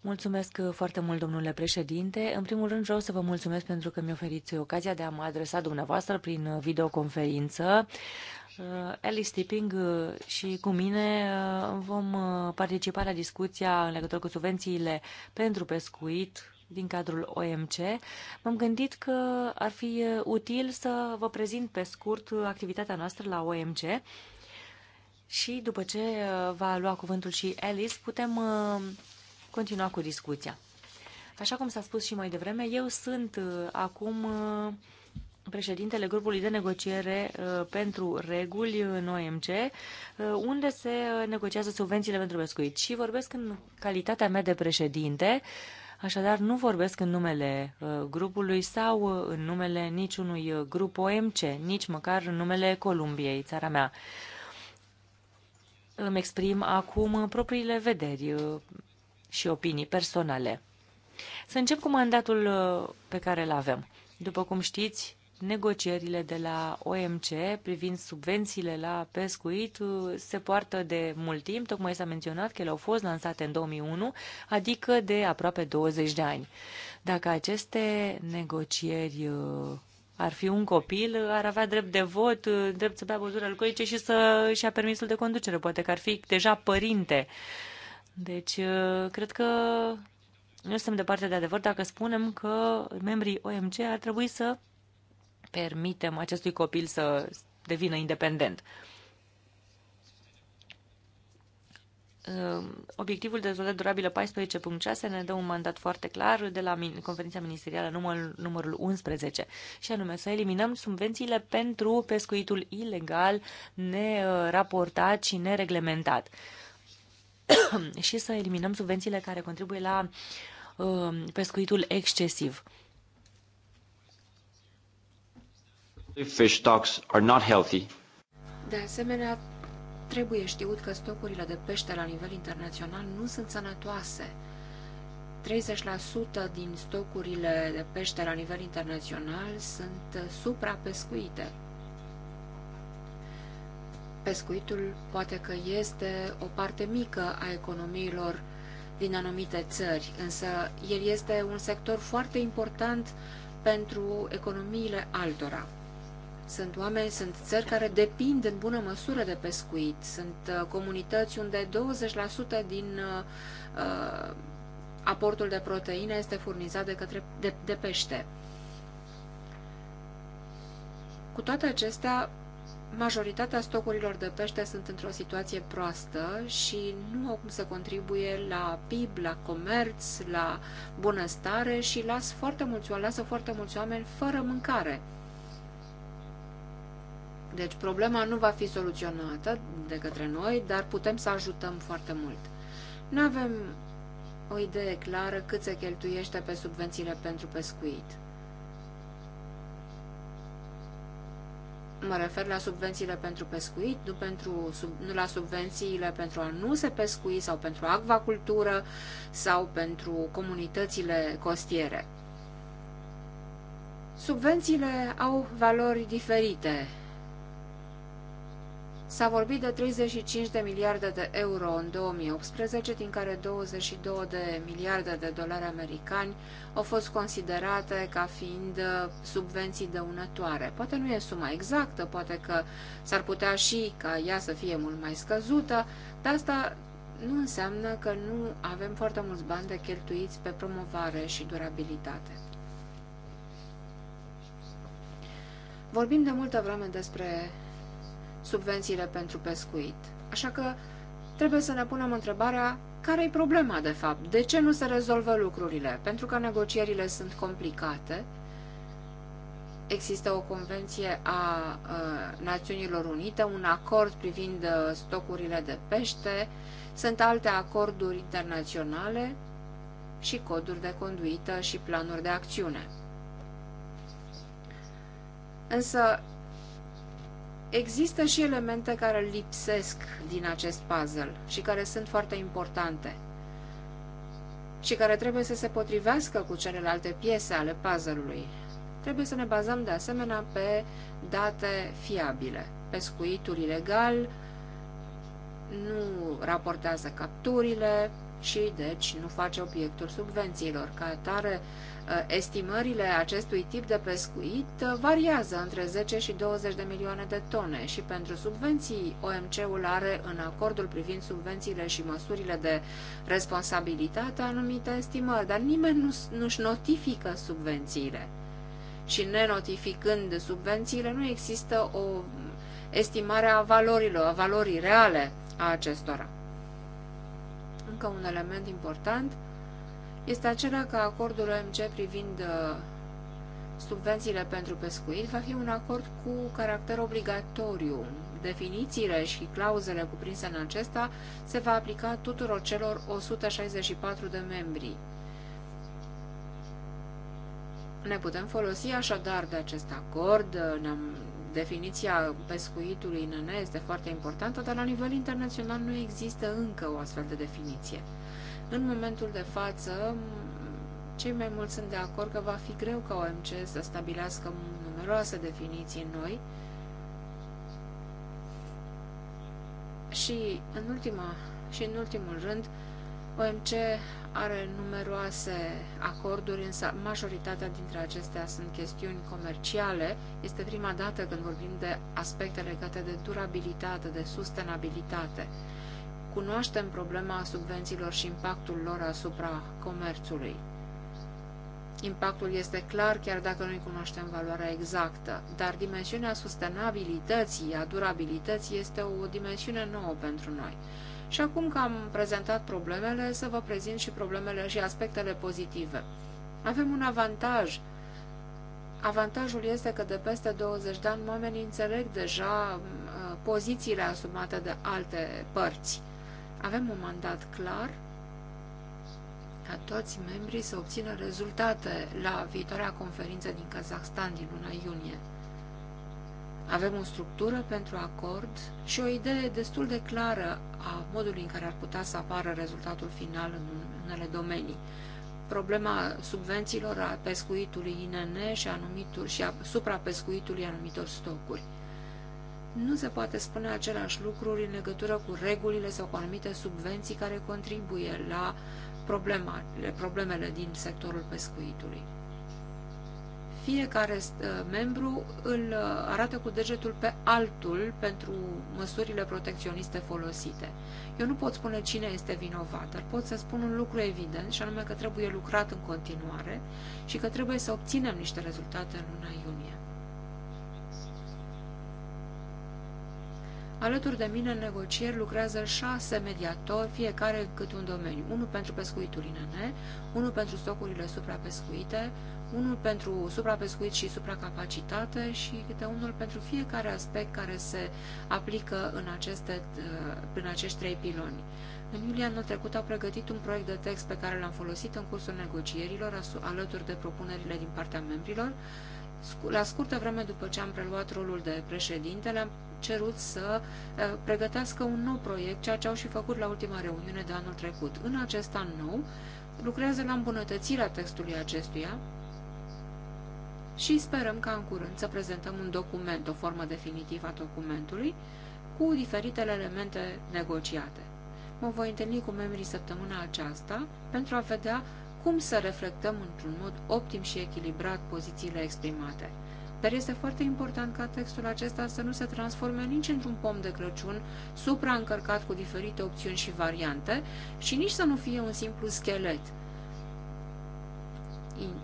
Mulțumesc uh, foarte mult, domnule președinte. În primul rând vreau să vă mulțumesc pentru că mi oferiți ocazia de a mă adresa dumneavoastră prin uh, videoconferință. Uh, Alice Tipping uh, și cu mine uh, vom participa la discuția în legătură cu subvențiile pentru pescuit din cadrul OMC. M-am gândit că ar fi util să vă prezint pe scurt activitatea noastră la OMC și după ce va lua cuvântul și Alice, putem continua cu discuția. Așa cum s-a spus și mai devreme, eu sunt acum președintele grupului de negociere uh, pentru reguli în OMC, uh, unde se uh, negociază subvențiile pentru pescuit. Și vorbesc în calitatea mea de președinte, așadar nu vorbesc în numele grupului sau în numele niciunui grup OMC, nici măcar în numele Columbiei, țara mea. Îmi exprim acum propriile vederi și opinii personale. Să încep cu mandatul pe care îl avem. După cum știți, negocierile de la OMC privind subvențiile la pescuit uh, se poartă de mult timp, tocmai s-a menționat că ele au fost lansate în 2001, adică de aproape 20 de ani. Dacă aceste negocieri uh, ar fi un copil, uh, ar avea drept de vot, drept să bea băutură alcoolice și să și-a permisul de conducere. Poate că ar fi deja părinte. Deci, cred că nu suntem departe de adevăr dacă spunem că membrii OMC ar trebui să permitem acestui copil să devină independent. Ehm, obiectivul de dezvoltare durabilă 14.6 ne dă un mandat foarte clar de la conferința ministerială numărul, numărul 11 și anume să eliminăm subvențiile pentru pescuitul ilegal, neraportat și nereglementat și să eliminăm subvențiile care contribuie la ehm, pescuitul excesiv. De asemenea, trebuie știut că stocurile de pește la nivel internațional nu sunt sănătoase. 30% din stocurile de pește la nivel internațional sunt suprapescuite. Pescuitul poate că este o parte mică a economiilor din anumite țări, însă el este un sector foarte important pentru economiile altora. Sunt oameni, sunt țări care depind în bună măsură de pescuit. Sunt uh, comunități unde 20% din uh, uh, aportul de proteine este furnizat de, către, de, de pește. Cu toate acestea, majoritatea stocurilor de pește sunt într-o situație proastă și nu au cum să contribuie la PIB, la comerț, la bunăstare și las foarte mulți, lasă foarte mulți oameni fără mâncare. Deci problema nu va fi soluționată de către noi, dar putem să ajutăm foarte mult. Nu avem o idee clară cât se cheltuiește pe subvențiile pentru pescuit. Mă refer la subvențiile pentru pescuit, nu, pentru, sub, nu la subvențiile pentru a nu se pescui sau pentru acvacultură sau pentru comunitățile costiere. Subvențiile au valori diferite S-a vorbit de 35 de miliarde de euro în 2018, din care 22 de miliarde de dolari americani au fost considerate ca fiind uh, subvenții dăunătoare. Poate nu e suma exactă, poate că s-ar putea și ca ea să fie mult mai scăzută, dar asta nu înseamnă că nu avem foarte mulți bani de cheltuiți pe promovare și durabilitate. Vorbim de multă vreme despre subvențiile pentru pescuit. Așa că trebuie să ne punem întrebarea care e problema, de fapt? De ce nu se rezolvă lucrurile? Pentru că negocierile sunt complicate. Există o convenție a, uh, Națiunilor Unite, un acord privind stocurile de pește, sunt alte acorduri internaționale și coduri de conduită și planuri de acțiune. Însă există și elemente care lipsesc din acest puzzle și care sunt foarte importante și care trebuie să se potrivească cu celelalte piese ale puzzle-ului. Trebuie să ne bazăm de asemenea pe date fiabile. Pescuitul ilegal nu raportează capturile, și deci nu face obiectul subvențiilor. Ca atare, ă, estimările acestui tip de pescuit ă, variază între 10 și 20 de milioane de tone și pentru subvenții OMC-ul are în acordul privind subvențiile și măsurile de responsabilitate anumite estimări, dar nimeni nu-și notifică subvențiile. Și nenotificând subvențiile nu există o estimare a valorilor, a valorii reale a acestora încă un element important este acela că acordul OMC privind uh, subvențiile pentru pescuit va fi un acord cu caracter obligatoriu. Definițiile și clauzele cuprinse în acesta se va aplica tuturor celor 164 de membri. Ne putem folosi așadar de acest acord, ne-am definiția pescuitului în ne este foarte importantă, dar la nivel internațional nu există încă o astfel de definiție. În momentul de față, cei mai mulți sunt de acord că va fi greu ca OMC să stabilească numeroase definiții noi și în, ultima, și în ultimul rând, OMC are numeroase acorduri, însă majoritatea dintre acestea sunt chestiuni comerciale. Este prima dată când vorbim de aspecte legate de durabilitate, de sustenabilitate. Cunoaștem problema subvențiilor și impactul lor asupra comerțului. Impactul este clar chiar dacă nu-i cunoaștem valoarea exactă, dar dimensiunea sustenabilității, a durabilității este o dimensiune nouă pentru noi. Și acum că am prezentat problemele, să vă prezint și problemele și aspectele pozitive. Avem un avantaj. Avantajul este că de peste 20 de ani oamenii înțeleg deja uh, pozițiile asumate de alte părți. Avem un mandat clar ca toți membrii să obțină rezultate la viitoarea conferință din Kazahstan din luna iunie. Avem o structură pentru acord și o idee destul de clară a modului în care ar putea să apară rezultatul final în unele domenii. Problema subvențiilor a pescuitului INN și, anumitul, și a suprapescuitului anumitor stocuri. Nu se poate spune același lucru în legătură cu regulile sau cu anumite subvenții care contribuie la problemele, problemele din sectorul pescuitului fiecare uh, membru îl uh, arată cu degetul pe altul pentru măsurile protecționiste folosite. Eu nu pot spune cine este vinovat, dar pot să spun un lucru evident, și anume că trebuie lucrat în continuare și că trebuie să obținem niște rezultate în luna iunie. Alături de mine în negocieri lucrează șase mediatori, fiecare câte un domeniu. Unul pentru pescuitul INN, unul pentru stocurile suprapescuite, unul pentru suprapescuit și supracapacitate și câte unul pentru fiecare aspect care se aplică în, aceste, în uh, acești trei piloni. În iulie anul trecut a pregătit un proiect de text pe care l-am folosit în cursul negocierilor alături de propunerile din partea membrilor. La scurtă vreme după ce am preluat rolul de președinte, le-am cerut să uh, pregătească un nou proiect, ceea ce au și făcut la ultima reuniune de anul trecut. În acest an nou, lucrează la îmbunătățirea textului acestuia, și sperăm ca în curând să prezentăm un document, o formă definitivă a documentului, cu diferitele elemente negociate. Mă voi întâlni cu membrii săptămâna aceasta pentru a vedea cum să reflectăm într-un mod optim și echilibrat pozițiile exprimate. Dar este foarte important ca textul acesta să nu se transforme nici într-un pom de Crăciun supraîncărcat cu diferite opțiuni și variante și nici să nu fie un simplu schelet,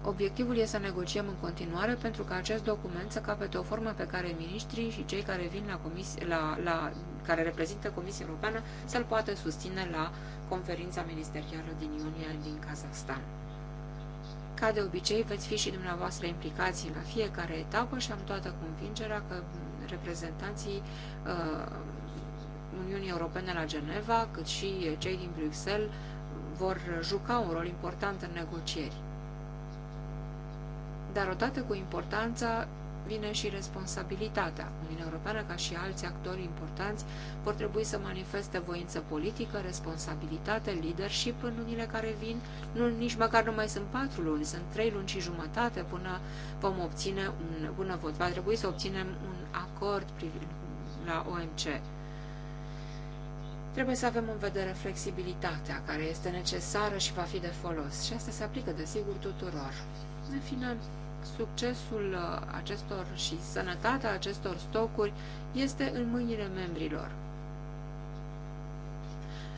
Obiectivul este să negociem în continuare pentru ca acest document să capete o formă pe care ministrii și cei care vin la, comis, la, la care reprezintă Comisia Europeană să-l poată susține la conferința ministerială din iunie din Kazahstan. Ca de obicei, veți fi și dumneavoastră implicați la fiecare etapă și am toată convingerea că reprezentanții uh, Uniunii Europene la Geneva, cât și cei din Bruxelles, vor juca un rol important în negocieri dar odată cu importanța vine și responsabilitatea. Uniunea Europeană, ca și alți actori importanți, vor trebui să manifeste voință politică, responsabilitate, leadership în lunile care vin. Nu, nici măcar nu mai sunt patru luni, sunt trei luni și jumătate până vom obține un, bună vot. Va trebui să obținem un acord privind la OMC. Trebuie să avem în vedere flexibilitatea care este necesară și va fi de folos. Și asta se aplică, desigur, tuturor. În final, succesul uh, acestor și sănătatea acestor stocuri este în mâinile membrilor.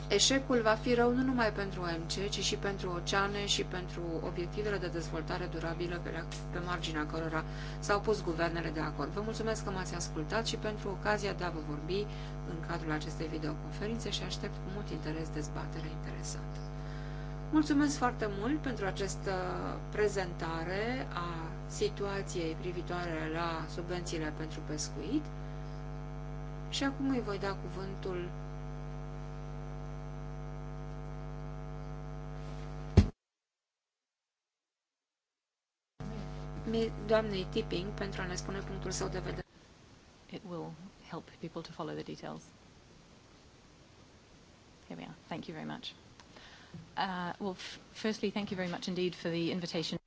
Eșecul va fi rău nu numai pentru OMC, ci și pentru oceane și pentru obiectivele de dezvoltare durabilă pe, la, pe marginea cărora s-au pus guvernele de acord. Vă mulțumesc că m-ați ascultat și pentru ocazia de a vă vorbi în cadrul acestei videoconferințe și aștept cu mult interes dezbaterea interesantă. Mulțumesc foarte mult pentru această prezentare a situației privitoare la subvențiile pentru pescuit și acum îi voi da cuvântul doamnei Tipping pentru a ne spune punctul său de vedere. It will help people to follow the details. Here we are. Thank you very much. Uh, well, firstly, thank you very much indeed for the invitation.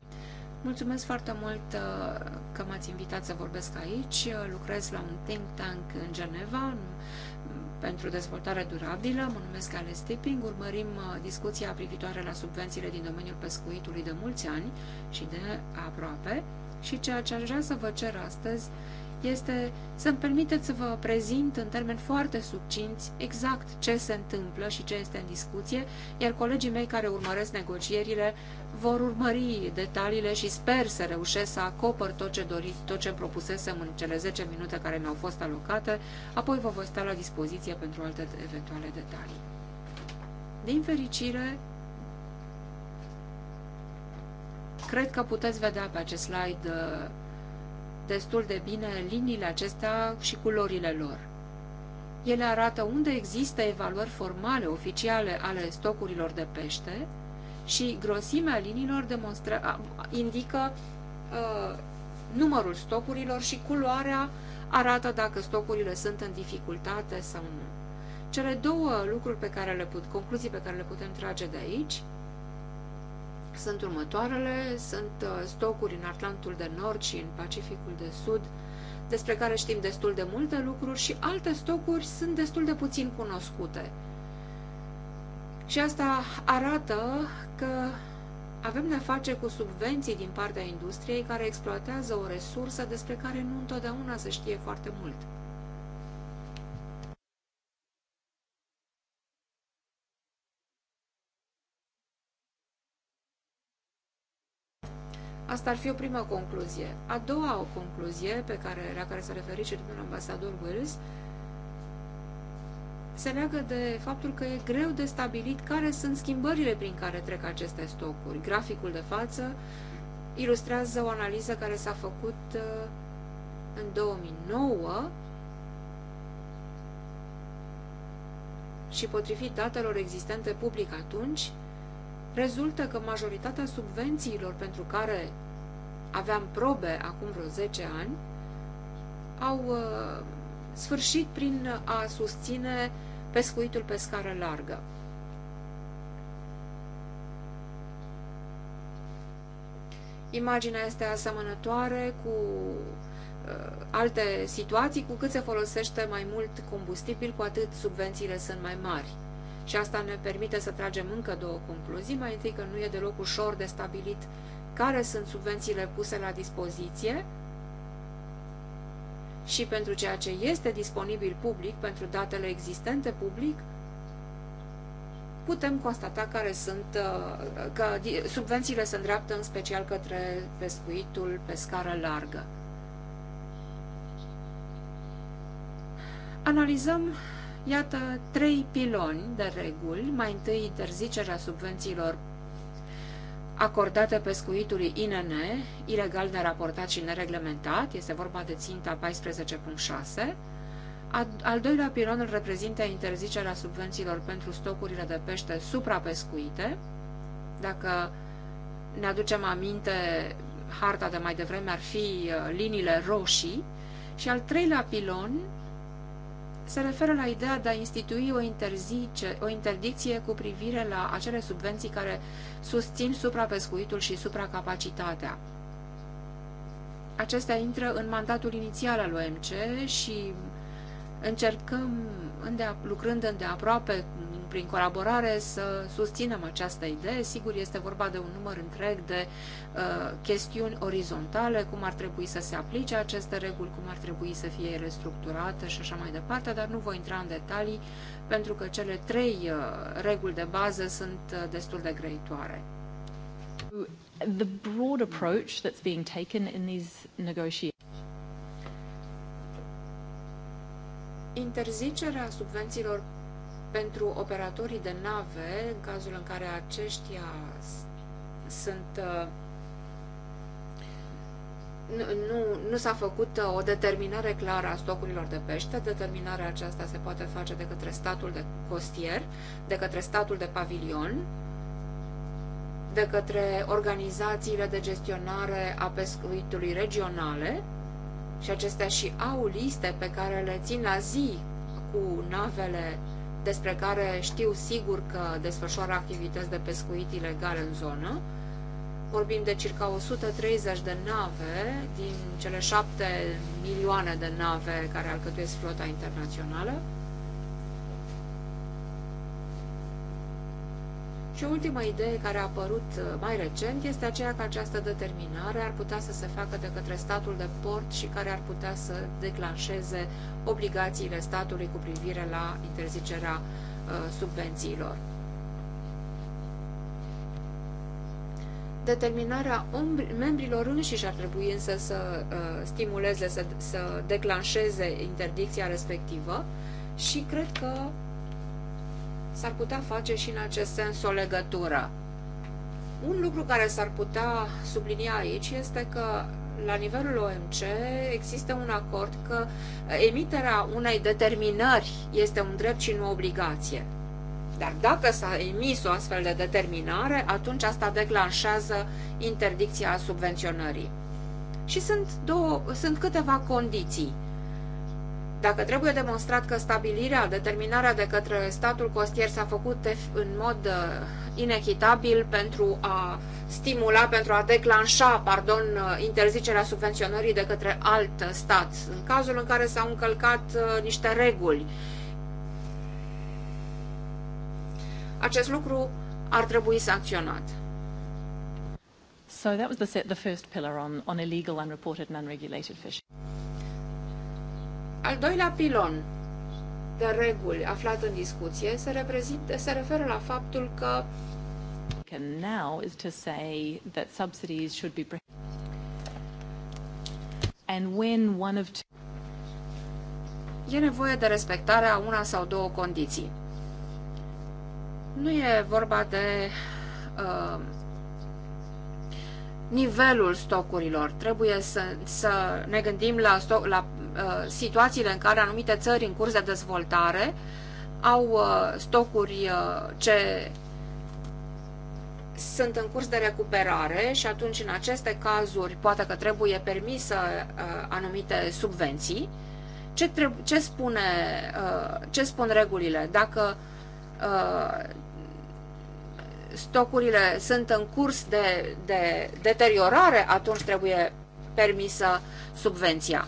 Mulțumesc foarte mult uh, că m-ați invitat să vorbesc aici. Uh, lucrez la un think tank în Geneva pentru dezvoltare durabilă. Mă numesc Ale Stipping, Urmărim uh, discuția privitoare la subvențiile din domeniul pescuitului de mulți ani și de aproape. Și ceea ce aș vrea să vă cer astăzi este să-mi permiteți să vă prezint în termeni foarte subcinți exact ce se întâmplă și ce este în discuție, iar colegii mei care urmăresc negocierile vor urmări detaliile și sper să reușesc să acopăr tot ce, dorit, tot ce propusesem în cele 10 minute care mi-au fost alocate, apoi vă voi sta la dispoziție pentru alte eventuale detalii. Din fericire, cred că puteți vedea pe acest slide uh, destul de bine liniile acestea și culorile lor. Ele arată unde există evaluări formale, oficiale ale stocurilor de pește și grosimea liniilor demonstră, indică uh, numărul stocurilor și culoarea arată dacă stocurile sunt în dificultate sau nu. Cele două lucruri pe care le put, concluzii pe care le putem trage de aici sunt următoarele. Sunt uh, stocuri în Atlantul de Nord și în Pacificul de Sud, despre care știm destul de multe lucruri și alte stocuri sunt destul de puțin cunoscute. Și asta arată că avem de-a face cu subvenții din partea industriei care exploatează o resursă despre care nu întotdeauna se știe foarte mult. Asta ar fi o primă concluzie. A doua o concluzie pe care, la care s-a referit și domnul ambasador Wills se leagă de faptul că e greu de stabilit care sunt schimbările prin care trec aceste stocuri. Graficul de față ilustrează o analiză care s-a făcut uh, în 2009 și potrivit datelor existente public atunci, rezultă că majoritatea subvențiilor pentru care aveam probe acum vreo 10 ani au uh, sfârșit prin a susține pescuitul pe scară largă. Imaginea este asemănătoare cu uh, alte situații, cu cât se folosește mai mult combustibil, cu atât subvențiile sunt mai mari. Și asta ne permite să tragem încă două concluzii. Mai întâi că nu e deloc ușor de stabilit care sunt subvențiile puse la dispoziție și pentru ceea ce este disponibil public, pentru datele existente public, putem constata care sunt, uh, că subvențiile se îndreaptă în special către pescuitul pe scară largă. Analizăm Iată trei piloni de reguli. Mai întâi interzicerea subvențiilor acordate pescuitului INN, ilegal de raportat și nereglementat, este vorba de ținta 14.6. Al doilea pilon îl reprezintă interzicerea subvențiilor pentru stocurile de pește suprapescuite. Dacă ne aducem aminte, harta de mai devreme ar fi uh, liniile roșii. Și al treilea pilon se referă la ideea de a institui o, interzice, o interdicție cu privire la acele subvenții care susțin suprapescuitul și supracapacitatea. Acestea intră în mandatul inițial al OMC și încercăm, lucrând îndeaproape prin colaborare să susținem această idee. Sigur, este vorba de un număr întreg de uh, chestiuni orizontale, cum ar trebui să se aplice aceste reguli, cum ar trebui să fie restructurate și așa mai departe, dar nu voi intra în detalii pentru că cele trei uh, reguli de bază sunt uh, destul de greitoare. The broad approach that's being taken in these negotiations interzicerea subvențiilor pentru operatorii de nave, în cazul în care aceștia sunt uh, nu, nu s-a făcut uh, o determinare clară a stocurilor de pește. Determinarea aceasta se poate face de către statul de costier, de către statul de pavilion, de către organizațiile de gestionare a pescuitului regionale și acestea și au liste pe care le țin la zi cu navele despre care știu sigur că desfășoară activități de pescuit ilegal în zonă. Vorbim de circa 130 de nave din cele 7 milioane de nave care alcătuiesc flota internațională. Și o ultimă idee care a apărut uh, mai recent este aceea că această determinare ar putea să se facă de către statul de port și care ar putea să declanșeze obligațiile statului cu privire la interzicerea uh, subvențiilor. Determinarea membrilor înșiși ar trebui însă să uh, stimuleze, să, să declanșeze interdicția respectivă și cred că s-ar putea face și în acest sens o legătură. Un lucru care s-ar putea sublinia aici este că la nivelul OMC există un acord că emiterea unei determinări este un drept și nu obligație. Dar dacă s-a emis o astfel de determinare, atunci asta declanșează interdicția subvenționării. Și sunt, două, sunt câteva condiții dacă trebuie demonstrat că stabilirea, determinarea de către statul costier s-a făcut în mod uh, inechitabil pentru a stimula, pentru a declanșa, pardon, uh, interzicerea subvenționării de către alt stat, în cazul în care s-au încălcat uh, niște reguli. Acest lucru ar trebui sancționat. So that was the, set, the first pillar on, on illegal, unreported and unregulated fishing. Al doilea pilon de reguli aflat în discuție se, reprezintă, se referă la faptul că now is to say that subsidies should be and when one of two... E nevoie de respectarea una sau două condiții. Nu e vorba de uh, nivelul stocurilor. Trebuie să, să ne gândim la, stoc, la Uh, situațiile în care anumite țări în curs de dezvoltare au uh, stocuri uh, ce sunt în curs de recuperare și atunci în aceste cazuri poate că trebuie permisă anumite subvenții. Ce, ce, spune, ce spun regulile? Dacă stocurile sunt în curs de, de deteriorare, atunci trebuie permisă subvenția.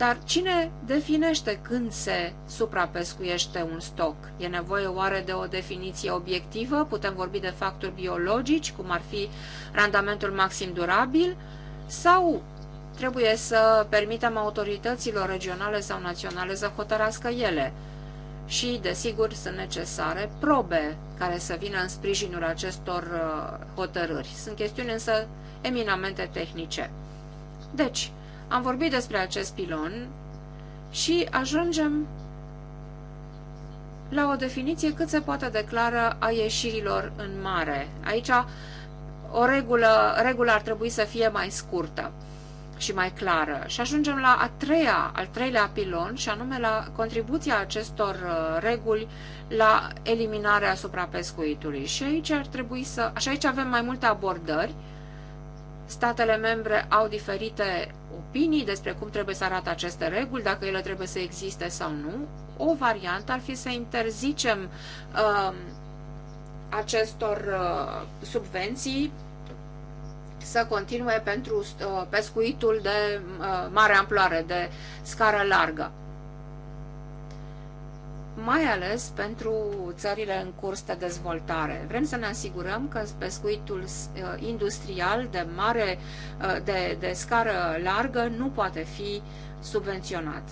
Dar cine definește când se suprapescuiește un stoc? E nevoie oare de o definiție obiectivă? Putem vorbi de factori biologici, cum ar fi randamentul maxim durabil? Sau trebuie să permitem autorităților regionale sau naționale să hotărască ele? Și, desigur, sunt necesare probe care să vină în sprijinul acestor uh, hotărâri. Sunt chestiuni însă eminamente tehnice. Deci, am vorbit despre acest pilon și ajungem la o definiție cât se poate declară a ieșirilor în mare. Aici o regulă, regulă ar trebui să fie mai scurtă și mai clară. Și ajungem la a treia, al treilea pilon, și anume la contribuția acestor uh, reguli la eliminarea suprapescuitului. Și aici ar trebui să. Și aici avem mai multe abordări Statele membre au diferite opinii despre cum trebuie să arate aceste reguli, dacă ele trebuie să existe sau nu. O variantă ar fi să interzicem uh, acestor uh, subvenții să continue pentru uh, pescuitul de uh, mare amploare, de scară largă mai ales pentru țările în curs de dezvoltare. Vrem să ne asigurăm că pescuitul uh, industrial de mare, uh, de, de scară largă nu poate fi subvenționat.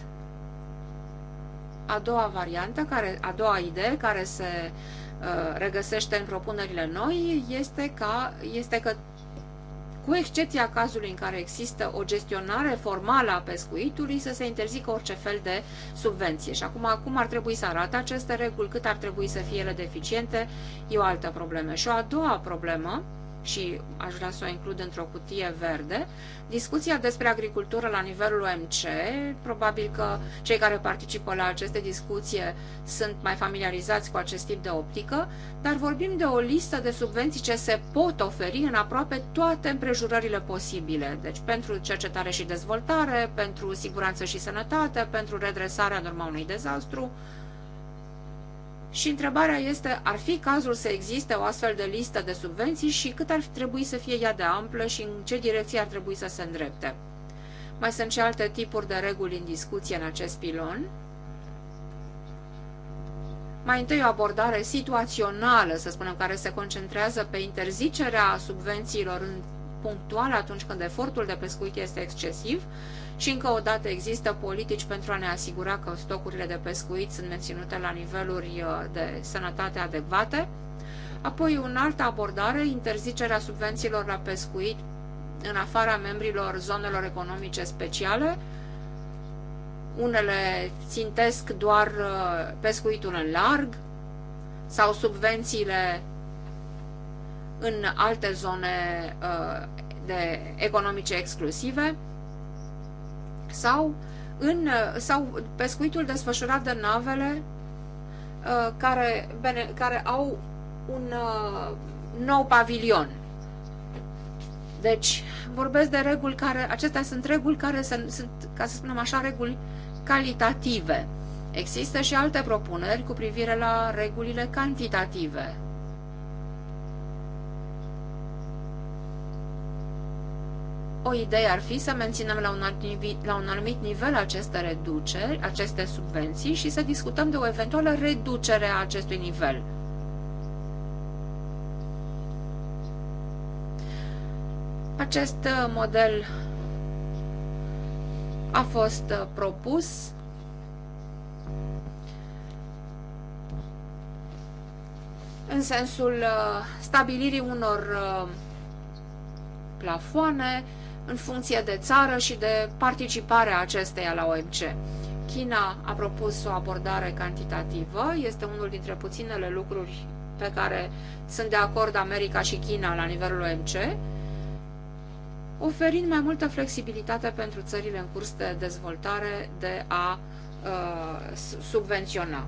A doua variantă, care, a doua idee care se uh, regăsește în propunerile noi este, ca, este că cu excepția cazului în care există o gestionare formală a pescuitului, să se interzică orice fel de subvenție. Și acum, cum ar trebui să arate aceste reguli, cât ar trebui să fie ele deficiente, e o altă problemă. Și o a doua problemă, și aș vrea să o includ într-o cutie verde, discuția despre agricultură la nivelul OMC. Probabil că cei care participă la aceste discuții sunt mai familiarizați cu acest tip de optică, dar vorbim de o listă de subvenții ce se pot oferi în aproape toate împrejurările posibile. Deci pentru cercetare și dezvoltare, pentru siguranță și sănătate, pentru redresarea în urma unui dezastru, și întrebarea este, ar fi cazul să existe o astfel de listă de subvenții și cât ar trebui să fie ea de amplă și în ce direcție ar trebui să se îndrepte? Mai sunt și alte tipuri de reguli în discuție în acest pilon. Mai întâi o abordare situațională, să spunem, care se concentrează pe interzicerea subvențiilor în punctual atunci când efortul de pescuit este excesiv și încă o dată există politici pentru a ne asigura că stocurile de pescuit sunt menținute la niveluri uh, de sănătate adecvate. Apoi, un altă abordare, interzicerea subvențiilor la pescuit în afara membrilor zonelor economice speciale. Unele țintesc doar uh, pescuitul în larg sau subvențiile în alte zone uh, de economice exclusive sau, în, sau pescuitul desfășurat de navele uh, care, bene, care au un uh, nou pavilion. Deci, vorbesc de reguli care, acestea sunt reguli care sunt, sunt ca să spunem așa, reguli calitative. Există și alte propuneri cu privire la regulile cantitative. O idee ar fi să menținem la un, alt nivel, la un anumit nivel aceste reduceri, aceste subvenții și să discutăm de o eventuală reducere a acestui nivel. Acest uh, model a fost uh, propus în sensul uh, stabilirii unor plafoane în funcție de țară și de participarea acesteia la OMC. China a propus o abordare cantitativă, este unul dintre puținele lucruri pe care sunt de acord America și China la nivelul OMC, oferind mai multă flexibilitate pentru țările în curs de dezvoltare de a uh, subvenționa.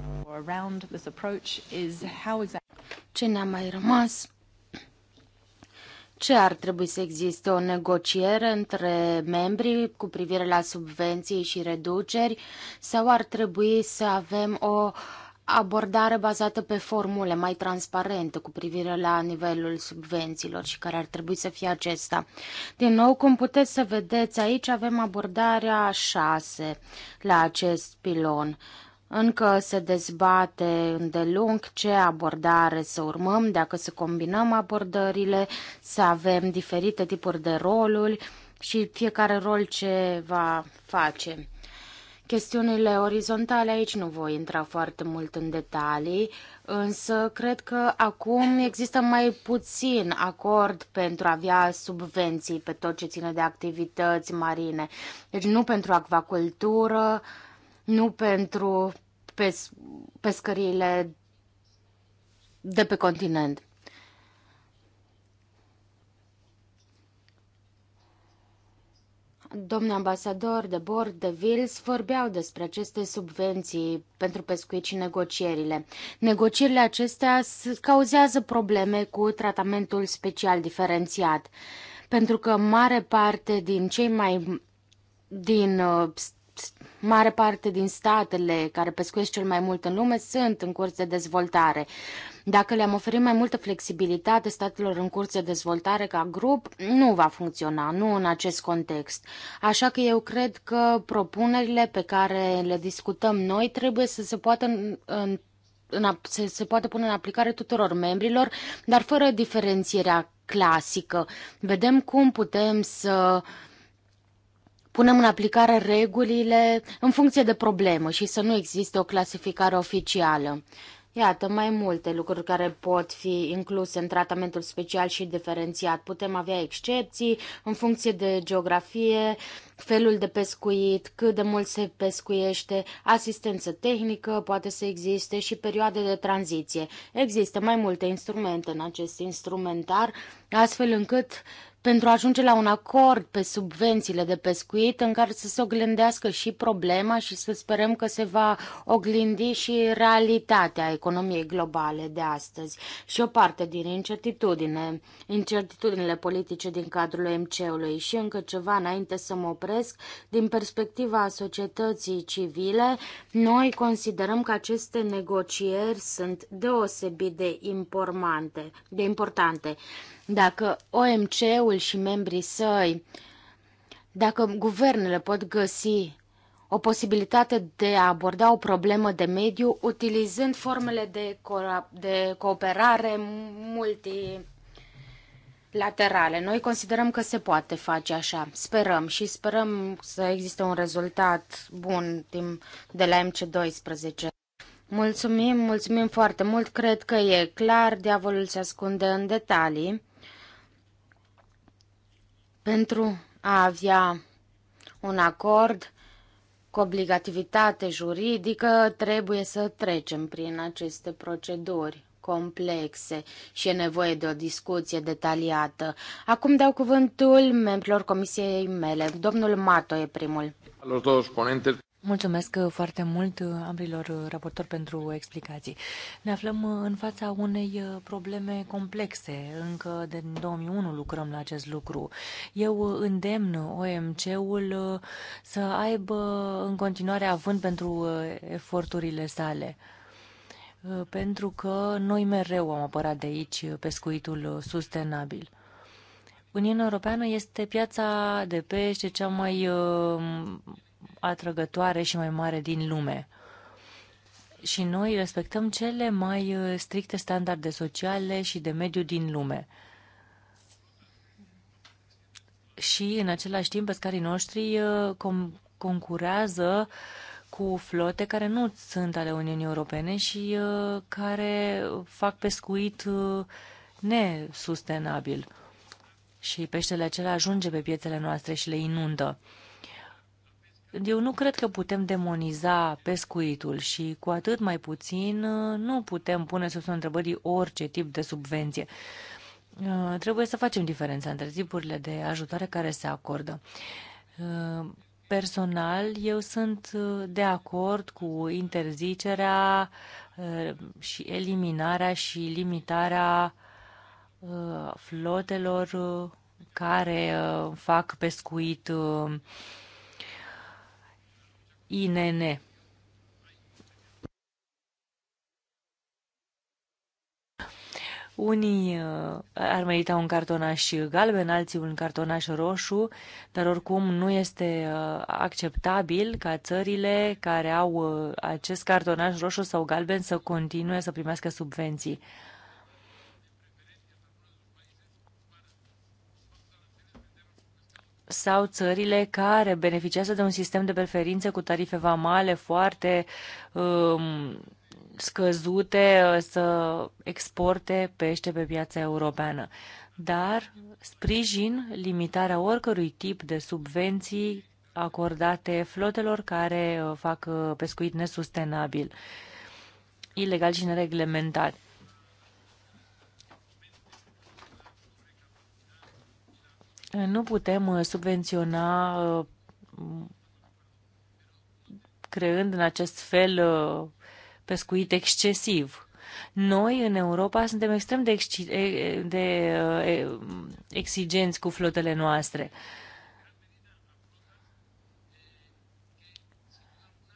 Exact- Ce ne-a mai rămas ce ar trebui să existe o negociere între membrii cu privire la subvenții și reduceri sau ar trebui să avem o abordare bazată pe formule mai transparentă cu privire la nivelul subvențiilor și care ar trebui să fie acesta. Din nou, cum puteți să vedeți aici, avem abordarea 6 la acest pilon. Încă se dezbate îndelung ce abordare să urmăm, dacă să combinăm abordările, să avem diferite tipuri de roluri și fiecare rol ce va face. Chestiunile orizontale aici nu voi intra foarte mult în detalii, însă cred că acum există mai puțin acord pentru a avea subvenții pe tot ce ține de activități marine. Deci nu pentru acvacultură, nu pentru pes- pescăriile de pe continent. Domnul ambasador de bord de Vils vorbeau despre aceste subvenții pentru pescuit și negocierile. Negocierile acestea cauzează probleme cu tratamentul special diferențiat, pentru că mare parte din cei mai din uh, mare parte din statele care pescuiesc cel mai mult în lume sunt în curs de dezvoltare. Dacă le-am oferit mai multă flexibilitate statelor în curs de dezvoltare ca grup, nu va funcționa, nu în acest context. Așa că eu cred că propunerile pe care le discutăm noi trebuie să se poată în, în, în, se, se poate pune în aplicare tuturor membrilor, dar fără diferențierea clasică. Vedem cum putem să uh, punem în aplicare regulile în funcție de problemă și să nu existe o clasificare oficială. Iată, mai multe lucruri care pot fi incluse în tratamentul special și diferențiat. Putem avea excepții în funcție de geografie, felul de pescuit, cât de mult se pescuiește, asistență tehnică, poate să existe și perioade de tranziție. Există mai multe instrumente în acest instrumentar, astfel încât uh, pentru a ajunge la un acord pe subvențiile de pescuit în care să se oglindească și problema și să sperăm că se va oglindi și realitatea economiei globale de astăzi și o parte din incertitudine, incertitudinile politice din cadrul OMC-ului și încă ceva înainte să mă opresc, din perspectiva societății civile, noi considerăm că aceste negocieri sunt deosebit de importante. De importante. Dacă OMC-ul și membrii săi, dacă guvernele pot găsi o posibilitate de a aborda o problemă de mediu utilizând formele de, co- de cooperare multi laterale. Noi considerăm că se poate face așa. Sperăm și sperăm să existe un rezultat bun timp de la MC12. Mulțumim, mulțumim foarte mult. Cred că e clar, diavolul se ascunde în detalii pentru a avea un acord cu obligativitate juridică, trebuie să trecem prin aceste proceduri complexe și e nevoie de o discuție detaliată. Acum dau cuvântul membrilor comisiei mele. Domnul Mato e primul. Los dos ponentes. Mulțumesc uh, foarte mult uh, ambrilor uh, raportori pentru explicații. Ne aflăm în fața unei probleme complexe. Încă din 2001 lucrăm la acest lucru. Eu îndemn OMC-ul să aibă în continuare avânt pentru eforturile sale pentru că noi mereu am apărat de aici pescuitul sustenabil. Uniunea Europeană este piața de pește cea mai atrăgătoare și mai mare din lume. Și noi respectăm cele mai uh, stricte standarde sociale și de mediu din lume. Și, în același timp, pescarii noștri uh, concurează cu flote care nu sunt ale Uniunii Europene și uh, care fac pescuit nesustenabil. Și peștele acela ajunge pe piețele noastre și le inundă. Eu nu cred că putem demoniza pescuitul și cu atât mai puțin uh, nu putem pune sub întrebării orice tip de subvenție. Uh, trebuie să facem diferența între tipurile de ajutoare care se acordă. Uh, personal, eu sunt de acord cu interzicerea și eliminarea și limitarea flotelor care fac pescuit uh, INN. Unii uh, ar merita un cartonaș galben, alții un cartonaș roșu, dar oricum nu este uh, acceptabil ca țările care au uh, acest cartonaș roșu sau galben să continue să primească subvenții. sau țările care beneficiază de un sistem de preferințe cu tarife vamale foarte um, scăzute uh, să exporte pește pe piața europeană. Dar sprijin limitarea oricărui tip de subvenții acordate flotelor care uh, fac uh, pescuit nesustenabil, ilegal și nereglementat. Nu putem uh, subvenționa uh, creând în acest fel uh, pescuit excesiv. Noi, în Europa, suntem extrem de, ex- de exigenți cu flotele noastre.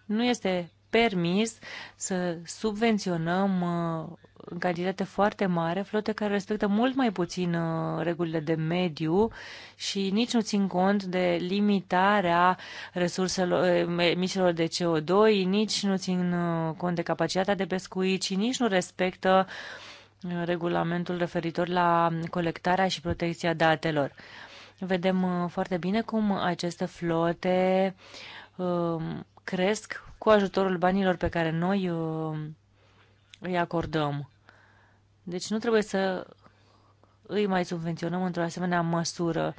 Nu este permis să subvenționăm în cantitate foarte mare flote care respectă mult mai puțin uh, regulile de mediu și nici nu țin cont de limitarea resurselor, uh, emisiilor de CO2, nici nu țin uh, cont de capacitatea de pescuit și nici nu respectă regulamentul referitor la colectarea și protecția datelor. Vedem foarte bine cum aceste flote cresc cu ajutorul banilor pe care noi îi acordăm. Deci nu trebuie să îi mai subvenționăm într-o asemenea măsură.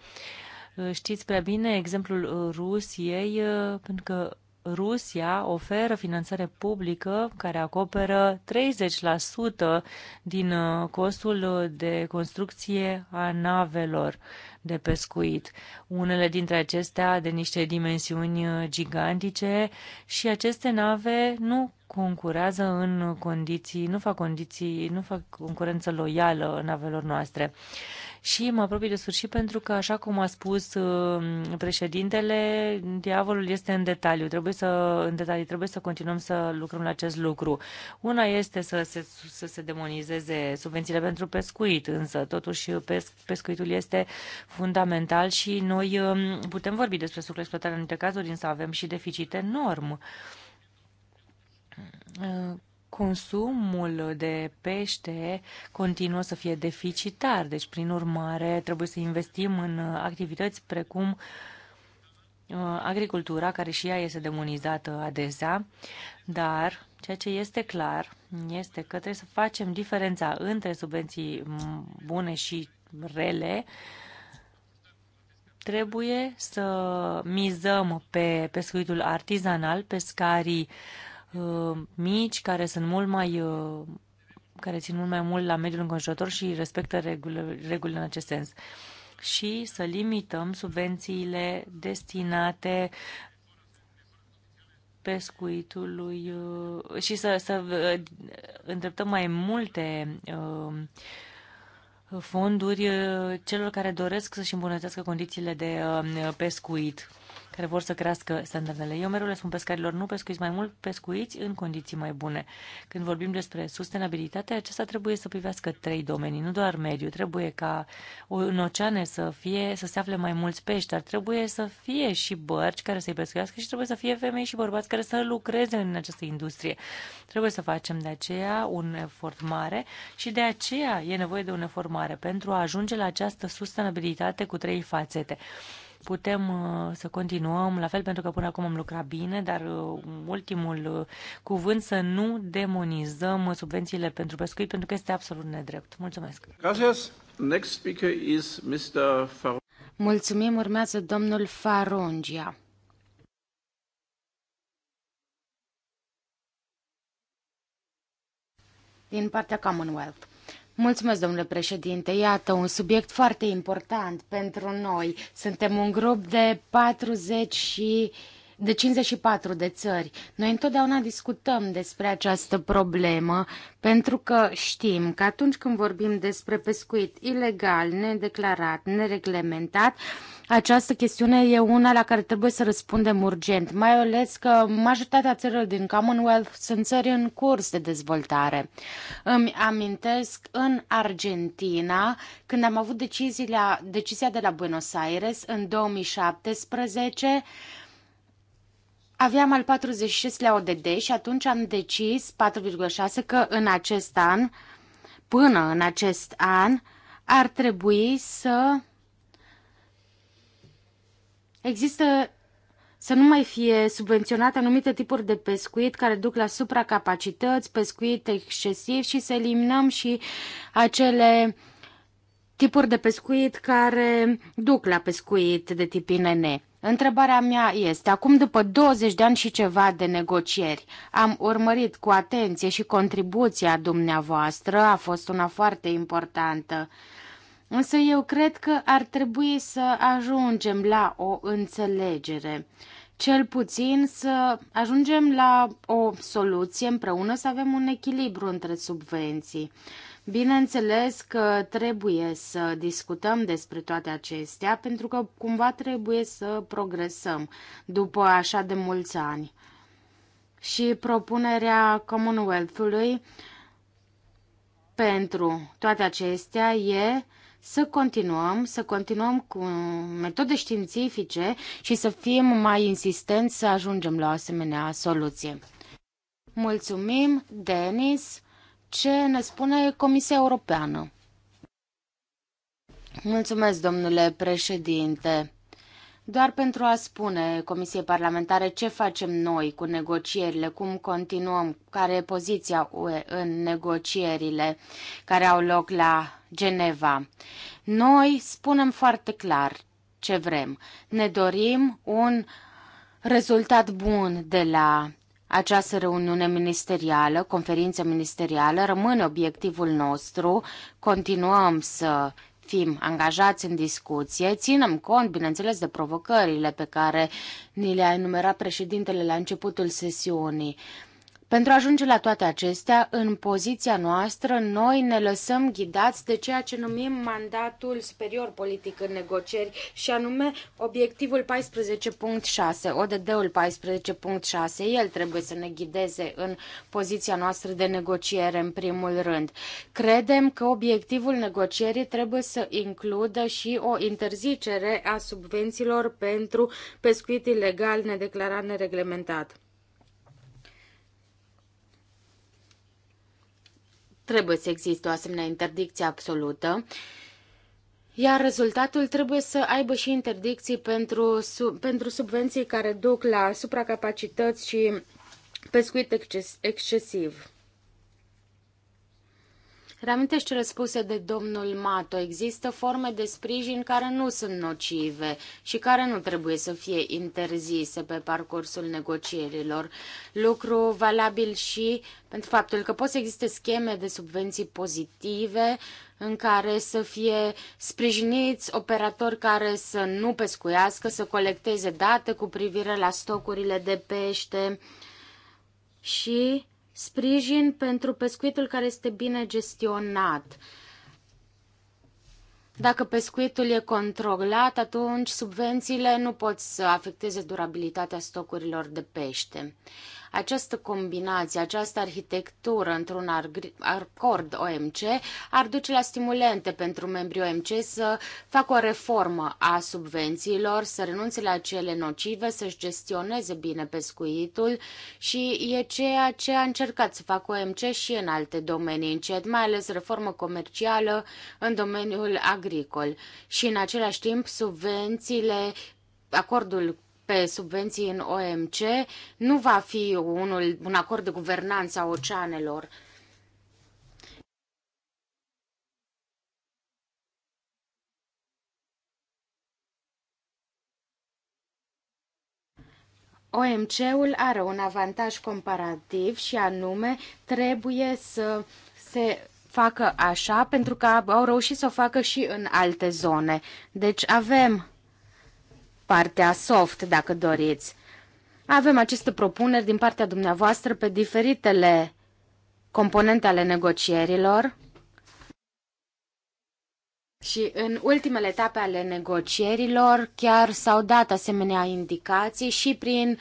Știți prea bine exemplul Rusiei, pentru că Rusia oferă finanțare publică care acoperă 30% din costul de construcție a navelor de pescuit. Unele dintre acestea de niște dimensiuni gigantice și aceste nave nu concurează în condiții, nu fac condiții, nu fac concurență loială navelor noastre. Și mă apropii de sfârșit pentru că, așa cum a spus um, președintele, diavolul este în detaliu. Trebuie să, în detaliu trebuie să continuăm să lucrăm la acest lucru. Una este să se, să se demonizeze subvențiile pentru pescuit, însă totuși pesc, pescuitul este fundamental și noi um, putem vorbi despre exploatare în anumite cazuri, însă avem și deficit enorm. Uh, Uh, consumul de pește continuă să fie deficitar, deci prin urmare trebuie să investim în uh, activități precum uh, agricultura, care și ea este demonizată adesea, dar ceea ce este clar este că trebuie să facem diferența între subvenții bune și rele, trebuie să mizăm pe pescuitul artizanal, pescarii uh, Uh, mici, care sunt mult mai uh, care țin mult mai mult la mediul înconjurător și respectă regulile, în acest sens. Și să limităm subvențiile destinate pescuitului uh, și să, să îndreptăm mai multe fonduri celor care doresc să-și îmbunătățească condițiile de pescuit care vor să crească standardele. Eu mereu le spun pescarilor, nu pescuiți mai mult, pescuiți în condiții mai bune. Când vorbim despre sustenabilitate, acesta trebuie să privească trei domenii, nu doar mediu. Trebuie ca în oceane să fie, să se afle mai mulți pești, dar trebuie să fie și bărci care să-i pescuiască și trebuie să fie femei și bărbați care să lucreze în această industrie. Trebuie să facem de aceea un efort mare și de aceea e nevoie de un efort mare pentru a ajunge la această sustenabilitate cu trei fațete putem uh, să continuăm la fel, pentru că până acum am lucrat bine, dar uh, ultimul uh, cuvânt să nu demonizăm subvențiile pentru pescuit, pentru că este absolut nedrept. Mulțumesc! Gracias. Next speaker is Mr. Far- Mulțumim, urmează domnul Farongia. Din partea Commonwealth. Mulțumesc, domnule președinte. Iată, un subiect foarte important pentru noi. Suntem un grup de 40 și de 54 de țări. Noi întotdeauna discutăm despre această problemă pentru că știm că atunci când vorbim despre pescuit ilegal, nedeclarat, nereglementat, această chestiune e una la care trebuie să răspundem urgent, mai ales că majoritatea țărilor din Commonwealth sunt țări în curs de dezvoltare. Îmi amintesc în Argentina, când am avut decizia, decizia de la Buenos Aires în 2017, Aveam al 46-lea ODD și atunci am decis 4,6 că în acest an, până în acest an, ar trebui să există să nu mai fie subvenționate anumite tipuri de pescuit care duc la supracapacități, pescuit excesiv și să eliminăm și acele uh, tipuri de pescuit care duc la pescuit de tip INN. Întrebarea mea este, acum după 20 de ani și ceva de negocieri, am urmărit cu atenție și contribuția dumneavoastră, a fost una foarte importantă. Însă eu cred că ar trebui să ajungem la o înțelegere, cel puțin să ajungem la o soluție împreună, să avem un echilibru între subvenții. Bineînțeles că trebuie să discutăm despre toate acestea, pentru că cumva trebuie să progresăm după așa de mulți ani. Și propunerea Commonwealth-ului pentru toate acestea e să continuăm, să continuăm cu metode științifice și să fim mai insistenți să ajungem la o asemenea soluție. Mulțumim, Denis! ce ne spune Comisia Europeană. Mulțumesc, domnule președinte. Doar pentru a spune Comisiei Parlamentare ce facem noi cu negocierile, cum continuăm, care e poziția UE în negocierile care au loc la Geneva. Noi spunem foarte clar ce vrem. Ne dorim un rezultat bun de la această reuniune ministerială, conferință ministerială, rămâne obiectivul nostru. Continuăm să fim angajați în discuție, ținem cont, bineînțeles, de provocările pe care ni le-a enumerat președintele la începutul sesiunii. Pentru a ajunge la toate acestea, în poziția noastră, noi ne lăsăm ghidați de ceea ce numim mandatul superior politic în negocieri și anume obiectivul 14.6, ODD-ul 14.6. El trebuie să ne ghideze în poziția noastră de negociere în primul rând. Credem că obiectivul negocierii trebuie să includă și o interzicere a subvențiilor pentru pescuit ilegal nedeclarat nereglementat. Trebuie să existe o asemenea interdicție absolută, iar rezultatul trebuie să aibă și interdicții pentru, sub, pentru subvenții care duc la supracapacități și pescuit exces, excesiv. Reamintești cele spuse de domnul Mato. Există forme de sprijin care nu sunt nocive și care nu trebuie să fie interzise pe parcursul negocierilor. Lucru valabil și pentru faptul că pot să existe scheme de subvenții pozitive în care să fie sprijiniți operatori care să nu pescuiască, să colecteze date cu privire la stocurile de pește și sprijin pentru pescuitul care este bine gestionat. Dacă pescuitul e controlat, atunci subvențiile nu pot să afecteze durabilitatea stocurilor de pește. Această combinație, această arhitectură într-un acord OMC ar duce la stimulente pentru membrii OMC să facă o reformă a subvențiilor, să renunțe la cele nocive, să-și gestioneze bine pescuitul și e ceea ce a încercat să facă OMC și în alte domenii încet, mai ales reformă comercială în domeniul agricol. Și în același timp subvențiile acordul pe subvenții în OMC nu va fi unul, un acord de guvernanță a oceanelor. OMC-ul are un avantaj comparativ și anume trebuie să se facă așa pentru că au reușit să o facă și în alte zone. Deci avem partea soft, dacă doriți. Avem aceste propuneri din partea dumneavoastră pe diferitele componente ale negocierilor. Și în ultimele etape ale negocierilor chiar s-au dat asemenea indicații și prin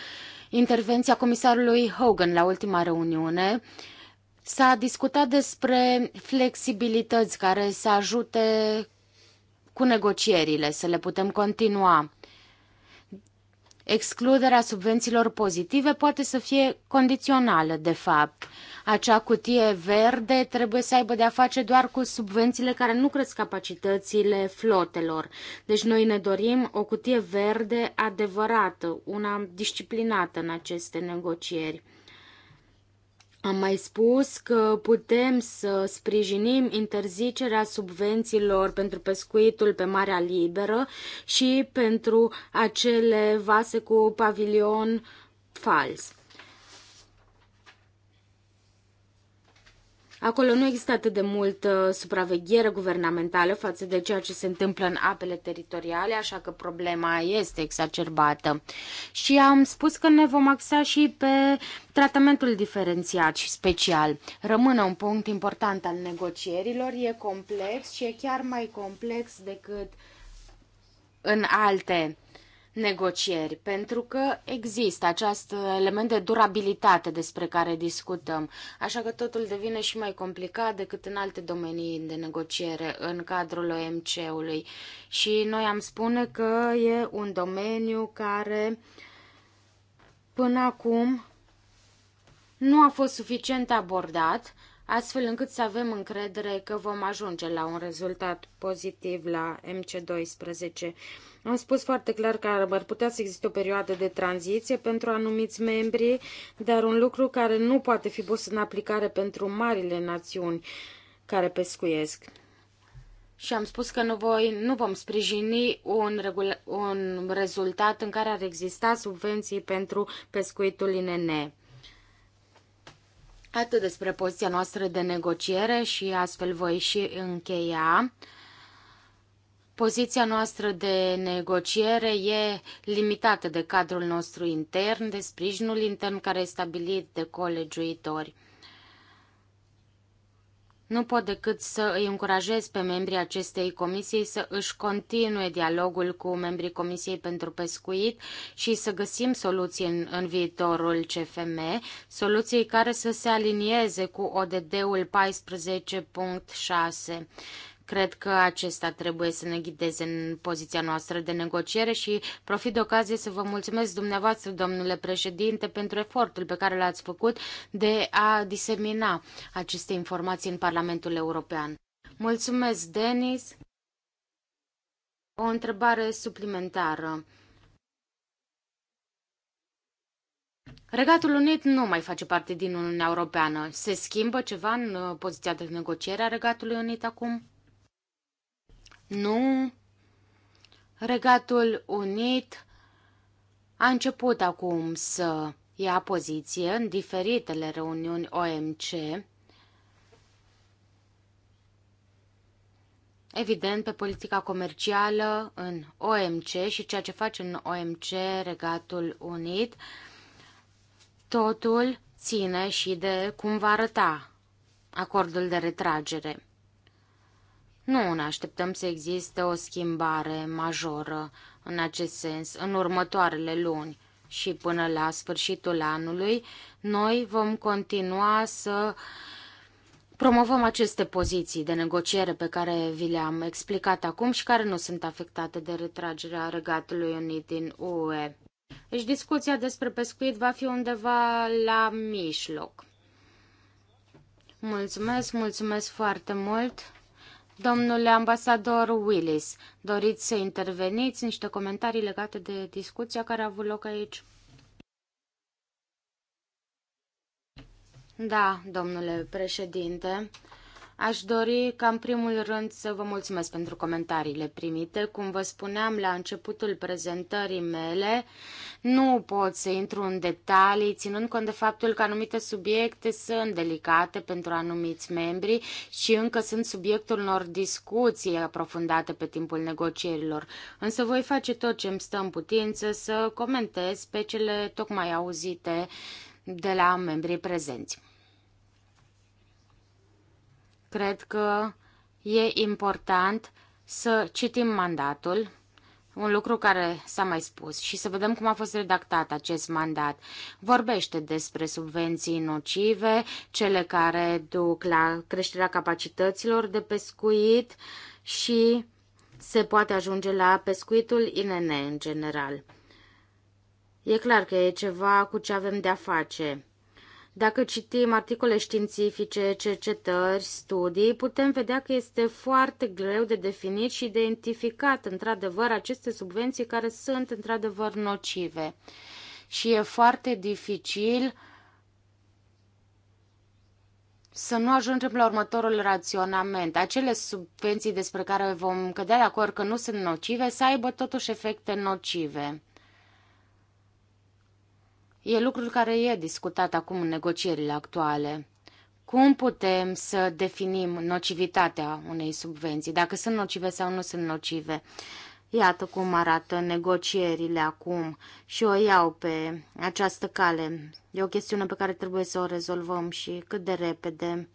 intervenția comisarului Hogan la ultima reuniune s-a discutat despre flexibilități care să ajute cu negocierile, să le putem continua. Excluderea subvențiilor pozitive poate să fie condițională, de fapt. Acea cutie verde trebuie să aibă de-a face doar cu subvențiile care nu cresc capacitățile flotelor. Deci noi ne dorim o cutie verde adevărată, una disciplinată în aceste negocieri. Am mai spus că putem să sprijinim interzicerea subvențiilor pentru pescuitul pe Marea Liberă și pentru acele vase cu pavilion fals. Acolo nu există atât de mult supraveghere guvernamentală față de ceea ce se întâmplă în apele teritoriale, așa că problema este exacerbată. Și am spus că ne vom axa și pe tratamentul diferențiat și special. Rămâne un punct important al negocierilor, e complex și e chiar mai complex decât în alte negocieri, pentru că există acest element de durabilitate despre care discutăm, așa că totul devine și mai complicat decât în alte domenii de negociere în cadrul OMC-ului. Și noi am spune că e un domeniu care până acum nu a fost suficient abordat, astfel încât să avem încredere că vom ajunge la un rezultat pozitiv la MC12. Am spus foarte clar că ar putea să existe o perioadă de tranziție pentru anumiți membri, dar un lucru care nu poate fi pus în aplicare pentru marile națiuni care pescuiesc. Și am spus că nu, voi, nu vom sprijini un, un rezultat în care ar exista subvenții pentru pescuitul INN. Atât despre poziția noastră de negociere și astfel voi și încheia. Poziția noastră de negociere e limitată de cadrul nostru intern, de sprijinul intern care e stabilit de colegiuitori. Nu pot decât să îi încurajez pe membrii acestei comisii să își continue dialogul cu membrii Comisiei pentru Pescuit și să găsim soluții în, în viitorul CFM, soluții care să se alinieze cu ODD-ul 14.6 Cred că acesta trebuie să ne ghideze în poziția noastră de negociere și profit de ocazie să vă mulțumesc dumneavoastră, domnule președinte, pentru efortul pe care l-ați făcut de a disemina aceste informații în Parlamentul European. Mulțumesc, Denis. O întrebare suplimentară. Regatul Unit nu mai face parte din Uniunea Europeană. Se schimbă ceva în uh, poziția de negociere a Regatului Unit acum? Nu. Regatul Unit a început acum să ia poziție în diferitele reuniuni OMC. Evident, pe politica comercială în OMC și ceea ce face în OMC Regatul Unit, totul ține și de cum va arăta acordul de retragere. Nu ne așteptăm să existe o schimbare majoră în acest sens în următoarele luni și până la sfârșitul anului. Noi vom continua să promovăm aceste poziții de negociere pe care vi le-am explicat acum și care nu sunt afectate de retragerea Regatului Unit din UE. Deci discuția despre pescuit va fi undeva la mijloc. Mulțumesc, mulțumesc foarte mult! Domnule ambasador Willis, doriți să interveniți niște comentarii legate de discuția care a avut loc aici? Da, domnule președinte. Aș dori ca în primul rând să vă mulțumesc pentru comentariile primite. Cum vă spuneam la începutul prezentării mele, nu pot să intru în detalii, ținând cont de faptul că anumite subiecte sunt delicate pentru anumiți membri și încă sunt subiectul unor discuții aprofundate pe timpul negocierilor. Însă voi face tot ce îmi stă în putință să comentez pe cele tocmai auzite de la membrii prezenți. Cred că e important să citim mandatul, un lucru care s-a mai spus, și să vedem cum a fost redactat acest mandat. Vorbește despre subvenții nocive, cele care duc la creșterea capacităților de pescuit și se poate ajunge la pescuitul INN în general. E clar că e ceva cu ce avem de-a face dacă citim articole științifice, cercetări, studii, putem vedea că este foarte greu de definit și identificat, într-adevăr, aceste subvenții care sunt, într-adevăr, nocive. Și e foarte dificil să nu ajungem la următorul raționament. Acele subvenții despre care vom cădea de acord că nu sunt nocive, să aibă totuși efecte nocive. E lucrul care e discutat acum în negocierile actuale. Cum putem să definim nocivitatea unei subvenții, dacă sunt nocive sau nu sunt nocive? Iată cum arată negocierile acum și o iau pe această cale. E o chestiune pe care trebuie să o rezolvăm și cât de repede.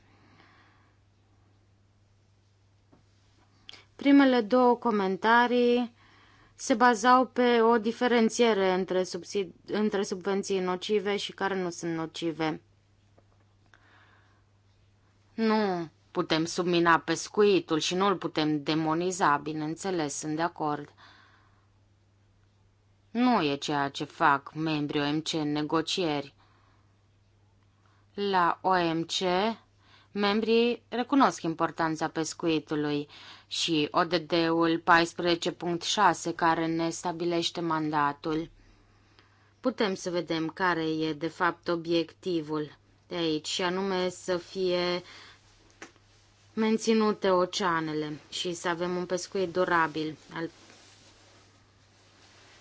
Primele două comentarii se bazau pe o diferențiere între, între subvenții nocive și care nu sunt nocive. Nu putem submina pescuitul și nu îl putem demoniza, bineînțeles, sunt de acord. Nu e ceea ce fac membrii OMC în negocieri. La OMC Membrii recunosc importanța pescuitului și ODD-ul 14.6 care ne stabilește mandatul. Putem să vedem care e de fapt obiectivul de aici și anume să fie menținute oceanele și să avem un pescuit durabil al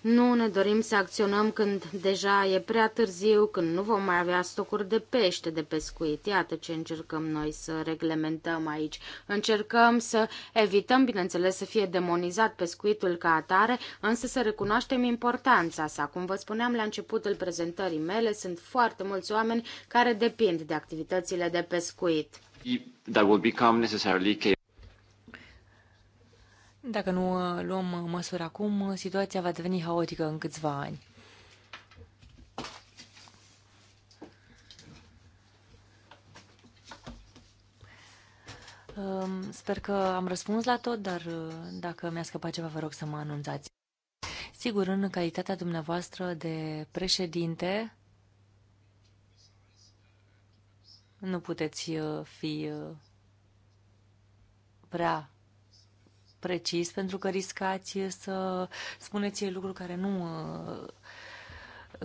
nu ne dorim să acționăm când deja e prea târziu, când nu vom mai avea stocuri de pește, de pescuit. Iată ce încercăm noi să reglementăm aici. Încercăm să evităm, bineînțeles, să fie demonizat pescuitul ca atare, însă să recunoaștem importanța sa. Cum vă spuneam la începutul prezentării mele, sunt foarte mulți oameni care depind de activitățile de pescuit. That will become necessarily dacă nu uh, luăm uh, măsuri acum, uh, situația va deveni haotică în câțiva ani. Um, sper că am răspuns la tot, dar dacă mi-a scăpat ceva, vă rog să mă anunțați. Sigur, în calitatea dumneavoastră de președinte, nu puteți fi prea precis, pentru că riscați să spuneți lucruri care nu uh,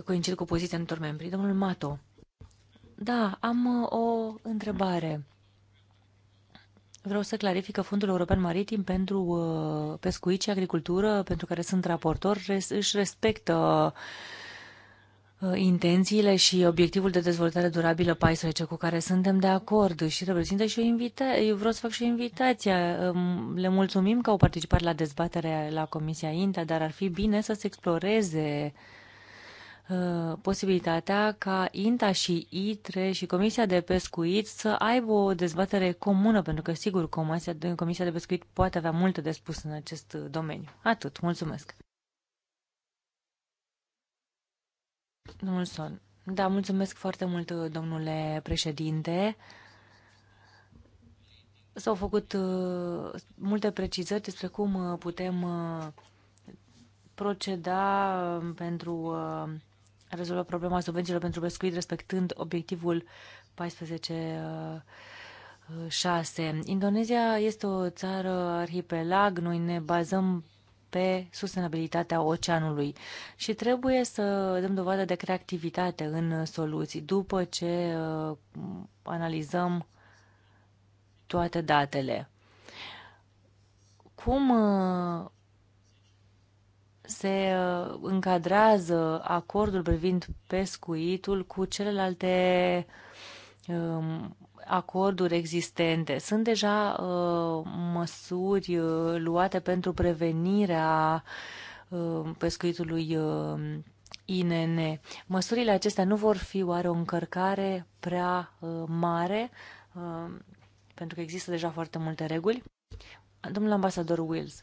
coincid cu poziția anumitor membri. Domnul Mato, da, am uh, o întrebare. Vreau să clarific că Fondul European Maritim pentru uh, pescuit și agricultură, pentru care sunt raportor, își respectă Uh, intențiile și obiectivul de dezvoltare durabilă 14 cu care suntem de acord și reprezintă și o invitație. Eu vreau să fac și o invitație. Um, le mulțumim că au participat la dezbaterea la Comisia INTA, dar ar fi bine să se exploreze uh, posibilitatea ca INTA și ITRE și Comisia de Pescuit să aibă o dezbatere comună, pentru că, sigur, Comisia de Pescuit poate avea multe de spus în acest domeniu. Atât. Mulțumesc! Domnul Son. Da, mulțumesc foarte mult, domnule președinte. S-au făcut uh, multe precizări despre cum uh, putem uh, proceda uh, pentru uh, a rezolva problema subvențiilor pentru pescuit, respectând obiectivul 14. 6. Uh, Indonezia este o țară arhipelag. Noi ne bazăm pe sustenabilitatea oceanului și trebuie să dăm dovadă de creativitate în soluții după ce uh, analizăm toate datele. Cum uh, se uh, încadrează acordul privind pescuitul cu celelalte um, acorduri existente? Sunt deja uh, măsuri uh, luate pentru prevenirea uh, pescuitului uh, INN? Măsurile acestea nu vor fi oare o încărcare prea uh, mare? Uh, pentru că există deja foarte multe reguli. Domnul ambasador Wills,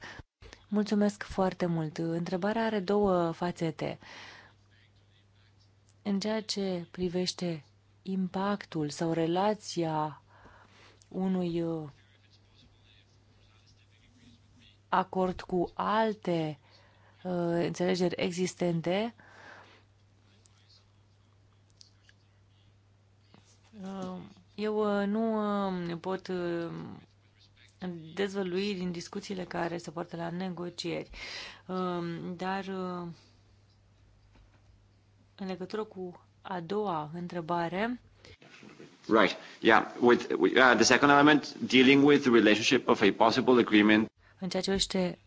mulțumesc foarte mult. Întrebarea are două fațete. În ceea ce privește impactul sau relația unui uh, acord cu alte uh, înțelegeri existente uh, Eu nu pot dezvălui din discuțiile care se poartă la negocieri, dar în legătură cu a doua întrebare. Right. Yeah. With, with uh, the second element dealing with the relationship of a possible agreement. În ceea ce privește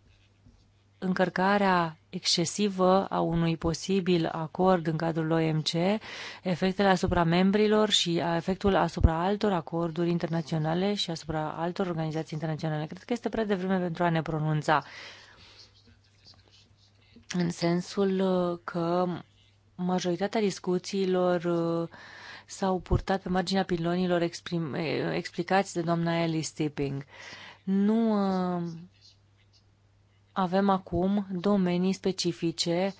încărcarea excesivă a unui posibil acord în cadrul OMC, efectele asupra membrilor și efectul asupra altor acorduri internaționale și asupra altor organizații internaționale. Cred că este prea devreme pentru a ne pronunța în sensul uh, că majoritatea discuțiilor uh, s-au purtat pe marginea pilonilor exprim, explicați de doamna Alice Tipping. Nu uh, avem acum domenii specifice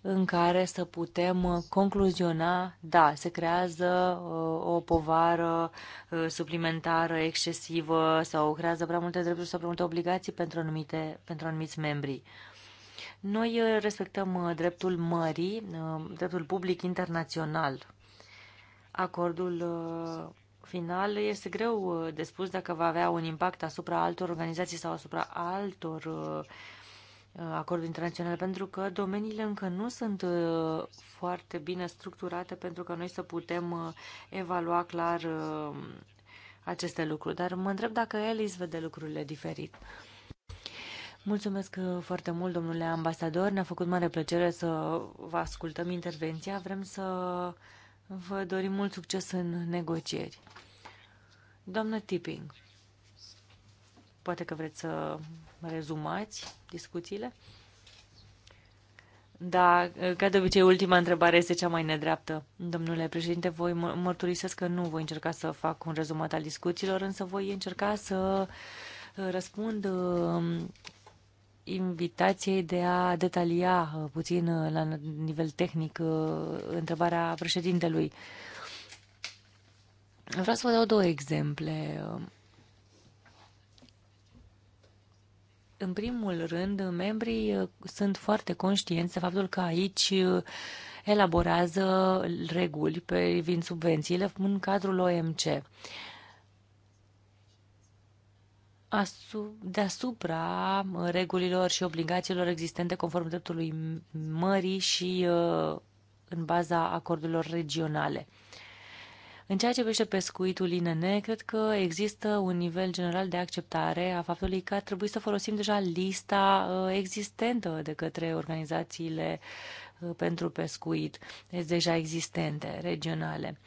în care să putem concluziona, da, se creează uh, o povară suplimentară excesivă sau creează prea multe drepturi sau prea multe obligații pentru, anumite, pentru anumiți membri. Noi uh, respectăm uh, dreptul mării, uh, dreptul public internațional. Acordul final este greu de spus dacă va avea un impact asupra altor organizații sau asupra altor acorduri internaționale, pentru că domeniile încă nu sunt foarte bine structurate pentru că noi să putem evalua clar aceste lucruri. Dar mă întreb dacă Elis vede lucrurile diferit. Mulțumesc uh, foarte mult, domnule ambasador. Ne-a făcut mare plăcere să vă ascultăm intervenția. Vrem să vă dorim mult succes în negocieri. Doamnă Tipping, poate că vreți să rezumați discuțiile? Da, ca de obicei, ultima întrebare este cea mai nedreaptă. Domnule președinte, voi mărturisesc că nu voi încerca să fac un rezumat al discuțiilor, însă voi încerca să răspund uh, invitației de a detalia uh, puțin uh, la nivel tehnic uh, întrebarea președintelui. Vreau să vă dau două exemple. În primul rând, membrii sunt foarte conștienți de faptul că aici elaborează reguli privind subvențiile în cadrul OMC deasupra uh, regulilor și obligațiilor existente conform dreptului mării și uh, în baza acordurilor regionale. În ceea ce privește pescuitul INN, cred că există un nivel general de acceptare a faptului că ar trebui să folosim deja lista uh, existentă de către organizațiile pentru pescuit, deci deja existente, regionale.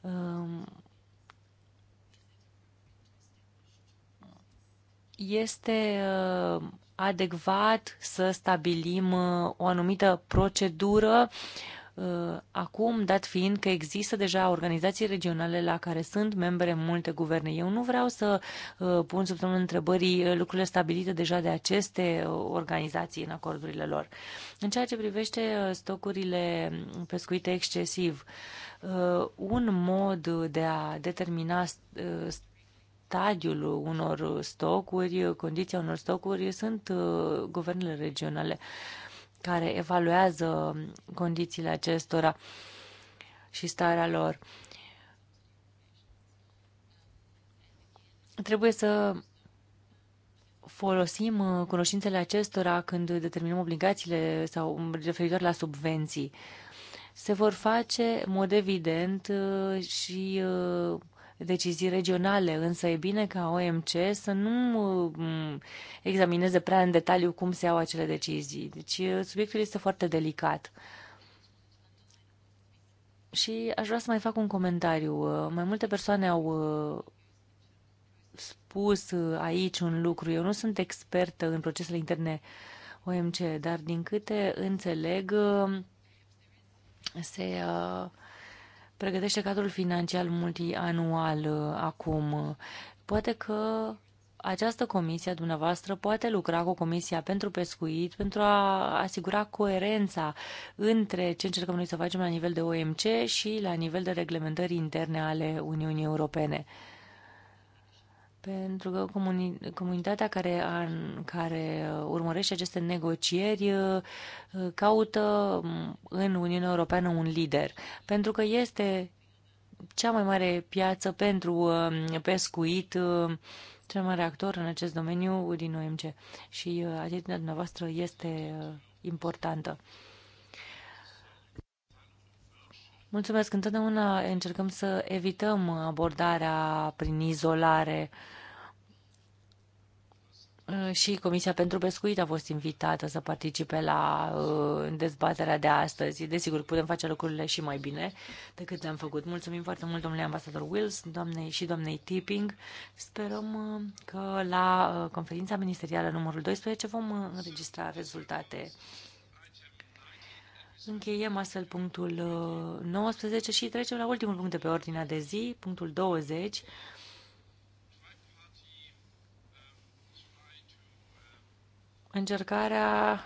Um, este uh, adecvat să stabilim uh, o anumită procedură uh, acum, dat fiind că există deja organizații regionale la care sunt membre multe guverne. Eu nu vreau să pun sub semnul întrebării lucrurile stabilite deja de aceste organizații în acordurile lor. În ceea ce privește stocurile pescuite excesiv, un mod de a determina stadiul unor stocuri, condiția unor stocuri, sunt uh, guvernele regionale care evaluează condițiile acestora și starea lor. Trebuie să folosim uh, cunoștințele acestora când determinăm obligațiile sau referitor la subvenții. Se vor face, în mod evident, uh, și decizii regionale, însă e bine ca OMC să nu examineze prea în detaliu cum se iau acele decizii. Deci uh, subiectul este foarte delicat. Și aș vrea să mai fac un comentariu. Uh, mai multe persoane au uh, spus aici un lucru. Eu nu sunt expertă în procesele interne OMC, dar din câte înțeleg, se uh, pregătește cadrul financiar multianual uh, acum. Poate că această comisie a dumneavoastră poate lucra cu Comisia pentru Pescuit pentru a asigura coerența între ce încercăm noi să facem la nivel de OMC și la nivel de reglementări interne ale Uniunii Europene. Pentru că comuni- comunitatea care, care urmărește aceste negocieri uh, caută mm, în Uniunea Europeană un lider. Pentru că este cea mai mare piață pentru uh, pescuit, uh, cel mai mare actor în acest domeniu din OMC. Și atitudinea dumneavoastră este importantă. Mulțumesc. Întotdeauna încercăm să evităm abordarea prin izolare. Uh, și Comisia pentru Pescuit a fost invitată să participe la uh, dezbaterea de astăzi. Desigur, putem face lucrurile și mai bine decât le-am făcut. Mulțumim foarte mult, domnule ambasador Wills doamnei și doamnei Tipping. Sperăm uh, că la conferința ministerială numărul 12 vom înregistra rezultate. Încheiem astfel punctul 19 și trecem la ultimul punct de pe ordinea de zi, punctul 20 încercarea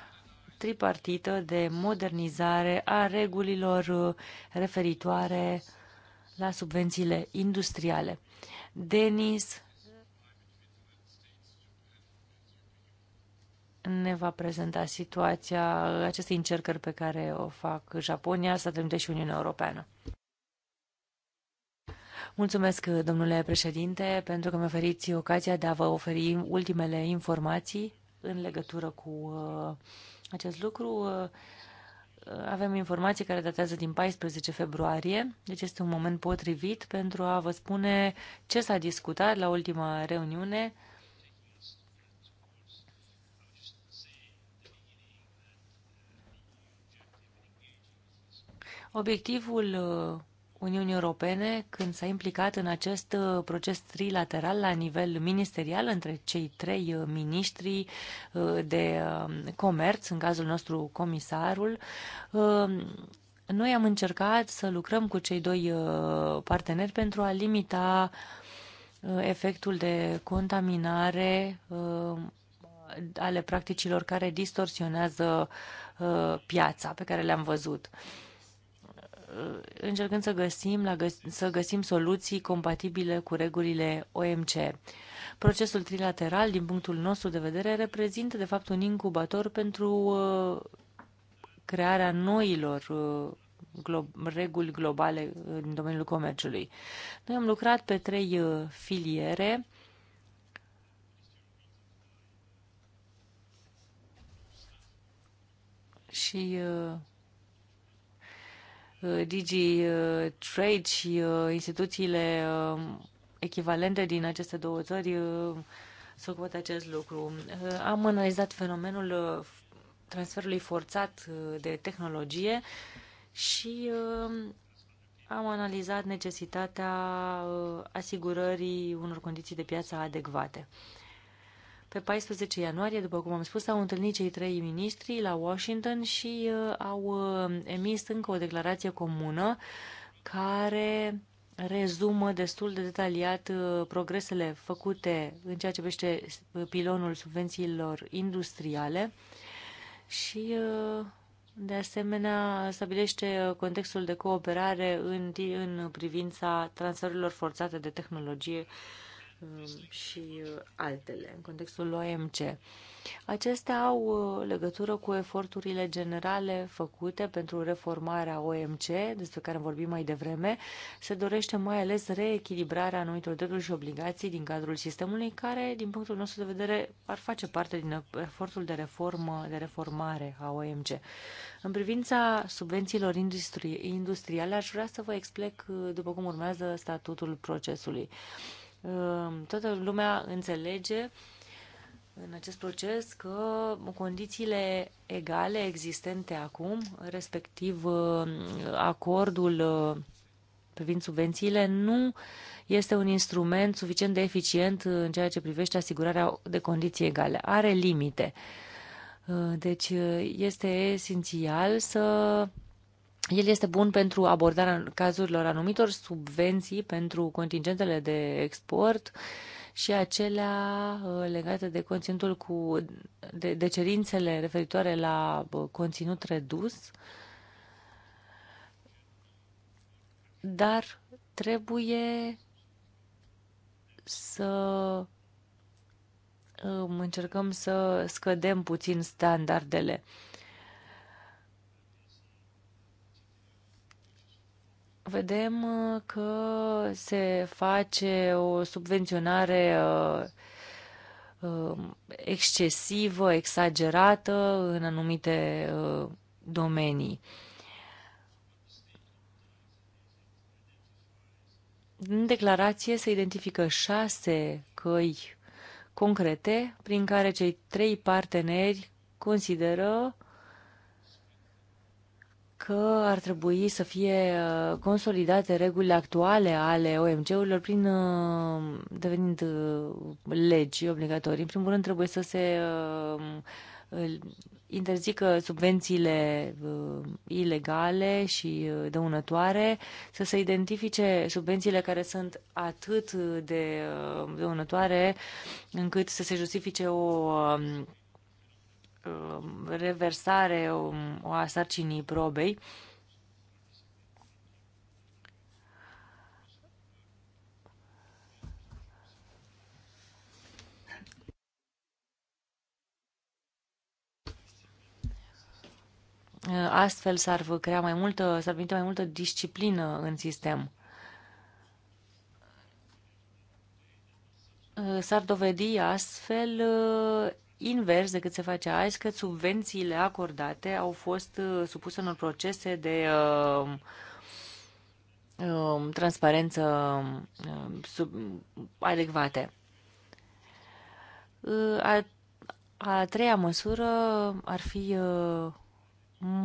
tripartită de modernizare a regulilor referitoare la subvențiile industriale. Denis ne va prezenta situația acestei încercări pe care o fac Japonia, Statele Unite și Uniunea Europeană. Mulțumesc, domnule președinte, pentru că mi-a oferit ocazia de a vă oferi ultimele informații în legătură cu uh, acest lucru. Uh, uh, avem informații care datează din 14 februarie, deci este un moment potrivit pentru a vă spune ce s-a discutat la ultima reuniune. Obiectivul Uniunii Europene când s-a implicat în acest uh, proces trilateral la nivel ministerial între cei trei uh, miniștri uh, de um, comerț, în cazul nostru comisarul. Um, noi am încercat să lucrăm cu cei doi parteneri pentru a limita efectul de contaminare um, ale practicilor care distorsionează piața pe care le-am văzut încercând să găsim, la găs- să găsim soluții compatibile cu regulile OMC. Procesul trilateral, din punctul nostru de vedere, reprezintă de fapt un incubator pentru uh, crearea noilor uh, glo- reguli globale în domeniul comerțului. Noi am lucrat pe trei uh, filiere. Și Uh, Digi uh, Trade și uh, instituțiile um, echivalente din aceste două țări să ocupă acest lucru. Am analizat fenomenul transferului forțat de tehnologie și um, am analizat necesitatea asigurării unor condiții de piață adecvate. Pe 14 ianuarie, după cum am spus, au întâlnit cei trei miniștri la Washington și uh, au uh, emis încă o declarație comună care rezumă destul de detaliat uh, progresele făcute în ceea ce privește pilonul subvențiilor industriale și de asemenea stabilește contextul de cooperare în, în privința transferurilor forțate de tehnologie uh, Um, și uh, altele în contextul OMC. Acestea au uh, legătură cu eforturile generale făcute pentru reformarea OMC, despre care am vorbit mai devreme. Se dorește mai ales reechilibrarea anumitor drepturi și obligații din cadrul sistemului, care, din punctul nostru de vedere, ar face parte din efortul de reformă, de reformare a OMC. În privința subvențiilor industri- industriale, aș vrea să vă explic uh, după cum urmează statutul procesului. Ehm, toată lumea înțelege în acest proces că condițiile egale existente acum, respectiv ehm, acordul ehm, privind subvențiile, nu este un instrument suficient de eficient în ceea ce privește asigurarea de condiții egale. Are limite. Deci este esențial să el este bun pentru abordarea cazurilor anumitor subvenții pentru contingentele de export și acelea uh, legate de conținutul cu de, de cerințele referitoare la uh, conținut redus. Dar trebuie să um, încercăm să scădem puțin standardele. vedem uh, că se face o subvenționare uh, um, excesivă, exagerată în anumite uh, domenii. În declarație se identifică șase căi concrete prin care cei trei parteneri consideră uh, că ar trebui să fie uh, consolidate regulile actuale ale OMG-urilor prin uh, devenind uh, legi obligatorii. În primul rând trebuie să se interzică subvențiile ilegale și dăunătoare, să se identifice subvențiile care sunt atât de dăunătoare încât să se justifice o um, Um, reversare o um, a sarcinii probei. Astfel s-ar crea mai multă, s-ar permite mai multă disciplină în sistem. S-ar dovedi astfel uh, invers decât se face azi, că subvențiile acordate au fost uh, supuse unor procese de uh, um, transparență um, adecvate. Uh, a, a treia măsură ar fi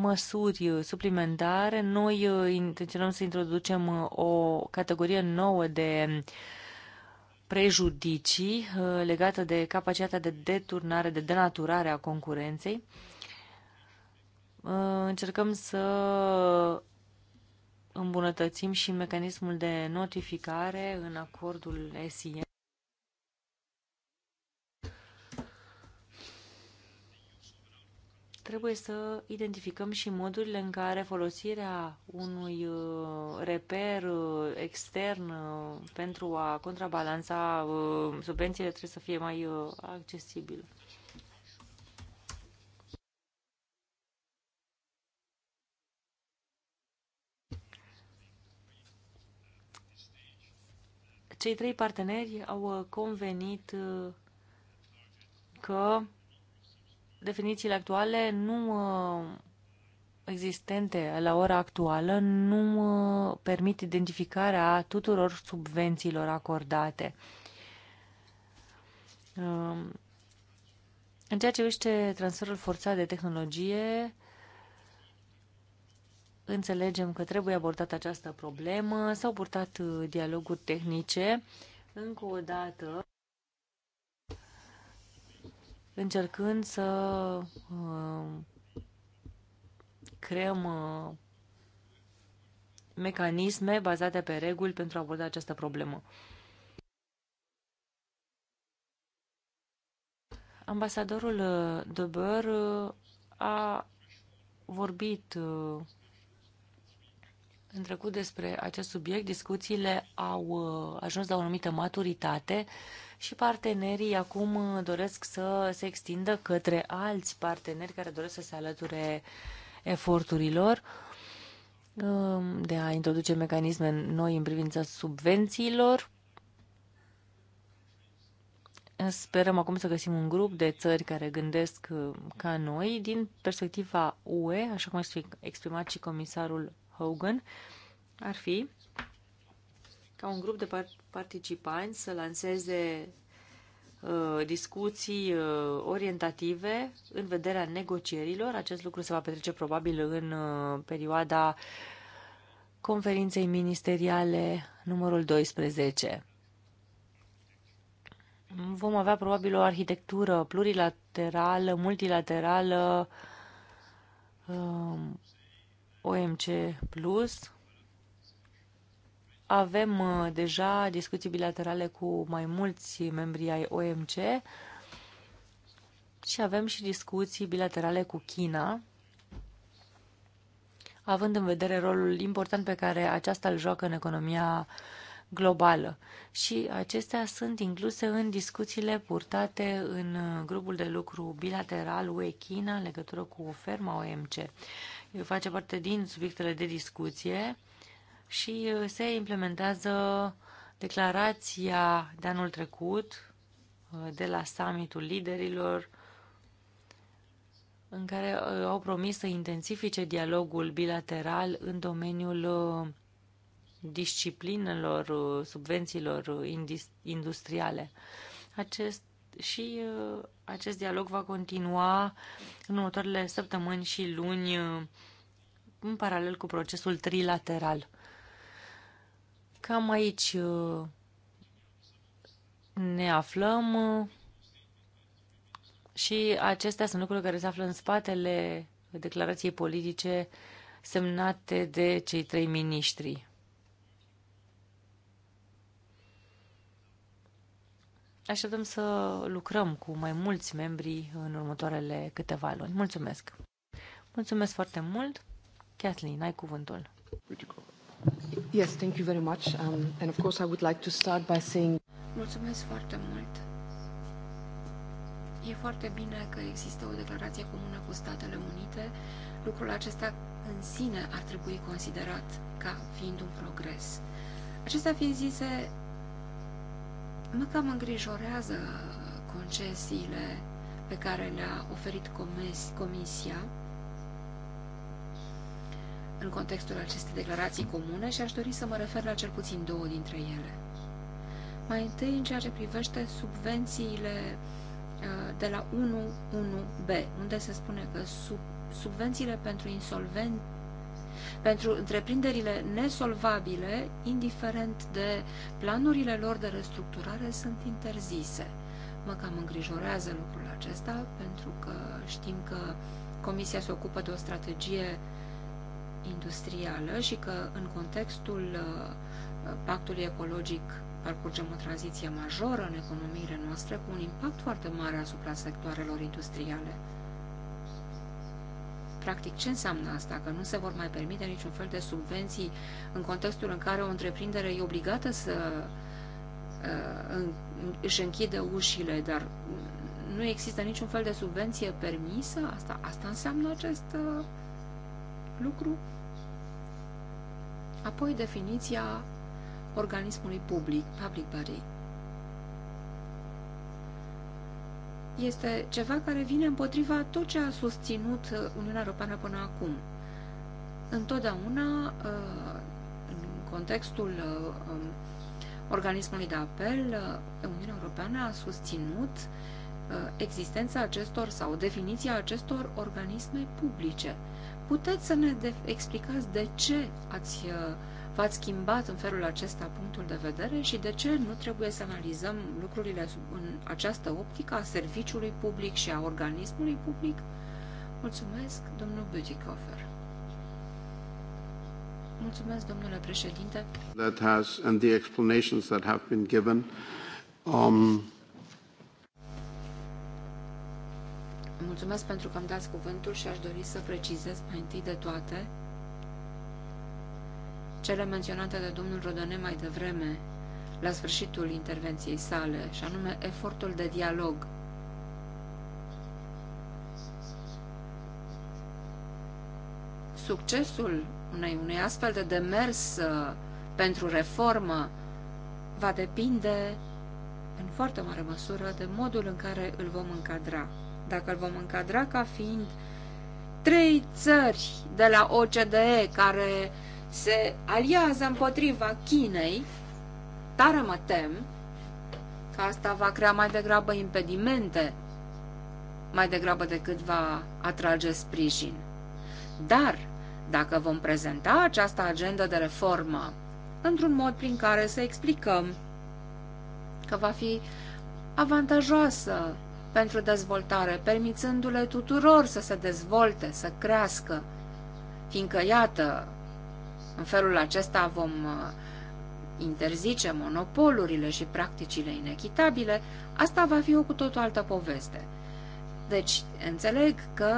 măsuri suplimentare. Noi intenționăm să introducem o categorie nouă de uh, prejudicii uh, legate de capacitatea de deturnare, de denaturare a concurenței. Uh, încercăm să îmbunătățim și mecanismul de notificare în acordul SIE. trebuie să identificăm și modurile în care folosirea unui uh, reper uh, extern uh, pentru a contrabalanța subvențiile trebuie să fie mai accesibil. Cei trei parteneri au convenit că definițiile actuale nu uh, existente la ora actuală nu uh, permit identificarea tuturor subvențiilor acordate. Um, în ceea ce privește transferul forțat de tehnologie, înțelegem că trebuie abordată această problemă, s-au purtat uh, dialoguri tehnice. Încă o dată, încercând să uh, creăm uh, mecanisme bazate pe reguli pentru a aborda această problemă. Ambasadorul uh, Dober uh, a vorbit uh, în trecut despre acest subiect, discuțiile au uh, ajuns la o anumită maturitate și partenerii acum uh, doresc să se extindă către alți parteneri care doresc să se alăture eforturilor um, de a introduce mecanisme noi în privința subvențiilor. Sperăm acum să găsim un grup de țări care gândesc uh, ca noi din perspectiva UE, așa cum a exprimat și comisarul Hogan ar fi ca un grup de participanți să lanseze uh, discuții uh, orientative în vederea negocierilor. Acest lucru se va petrece probabil în uh, perioada conferinței ministeriale numărul 12. Vom avea probabil o arhitectură plurilaterală, multilaterală, um, OMC Plus, avem uh, deja discuții bilaterale cu mai mulți membri ai OMC și avem și discuții bilaterale cu China, având în vedere rolul important pe care aceasta îl joacă în economia globală. Și acestea sunt incluse în discuțiile purtate în uh, grupul de lucru bilateral UE-China în legătură cu ferma OMC face parte din subiectele de discuție și uh, se implementează declarația de anul trecut uh, de la summitul liderilor în care uh, au promis să intensifice dialogul bilateral în domeniul disciplinelor, subvențiilor industriale. Acest și uh, acest dialog va continua în următoarele săptămâni și luni uh, în paralel cu procesul trilateral. Cam aici uh, ne aflăm și acestea sunt lucruri care se află în spatele declarației politice semnate de cei trei miniștri. așteptăm să lucrăm cu mai mulți membri în următoarele câteva luni. Mulțumesc! Mulțumesc foarte mult! Kathleen, ai cuvântul. Yes, thank you very much. Um, and of course I would like to start by saying... Mulțumesc foarte mult! E foarte bine că există o declarație comună cu Statele Unite. Lucrul acesta în sine ar trebui considerat ca fiind un progres. Acestea fiind zise, Mă cam îngrijorează concesiile pe care le-a oferit comis Comisia în contextul acestei declarații comune și aș dori să mă refer la cel puțin două dintre ele. Mai întâi, în ceea ce privește subvențiile uh, de la 1.1b, unde se spune că sub, subvențiile pentru insolvent, pentru întreprinderile nesolvabile, indiferent de planurile lor de restructurare, sunt interzise. Mă cam îngrijorează lucrul acesta, pentru că știm că Comisia se ocupă de o strategie industrială și că în contextul uh, pactului ecologic parcurgem o tranziție majoră în economiile noastre cu un impact foarte mare asupra sectoarelor industriale. Practic, ce înseamnă asta? Că nu se vor mai permite niciun fel de subvenții în contextul în care o întreprindere e obligată să uh, își închidă ușile, dar nu există niciun fel de subvenție permisă? Asta, asta înseamnă acest uh, lucru? Apoi definiția organismului public, public body. este ceva care vine împotriva tot ce a susținut uh, Uniunea Europeană până acum. Întotdeauna, uh, în contextul uh, um, organismului de apel, Uniunea Europeană a susținut existența acestor sau definiția acestor organisme publice. Puteți să ne explicați de ce ați uh, V-ați schimbat în felul acesta punctul de vedere și de ce nu trebuie să analizăm lucrurile în această optică a serviciului public și a organismului public? Mulțumesc, domnul Bütikofer. Mulțumesc, domnule președinte. That has, and the explanations that have been given. Um... Mulțumesc pentru că îmi dați cuvântul și aș dori să precizez mai întâi de toate cele menționate de domnul Rodone mai devreme, la sfârșitul intervenției sale, și anume efortul de dialog. Succesul unei, unei astfel de demers uh, pentru reformă va depinde în foarte mare măsură de modul în care îl vom încadra. Dacă îl vom încadra ca fiind trei țări de la OCDE care uh, se aliază împotriva Chinei, tare mă tem că asta va crea mai degrabă impedimente, mai degrabă decât va atrage sprijin. Dar, dacă vom prezenta această agendă de reformă într-un mod prin care să explicăm că va fi avantajoasă pentru dezvoltare, permițându-le tuturor să se dezvolte, să crească, fiindcă, iată, în felul acesta vom uh, interzice monopolurile și practicile inechitabile, asta va fi o cu totul altă poveste. Deci, înțeleg că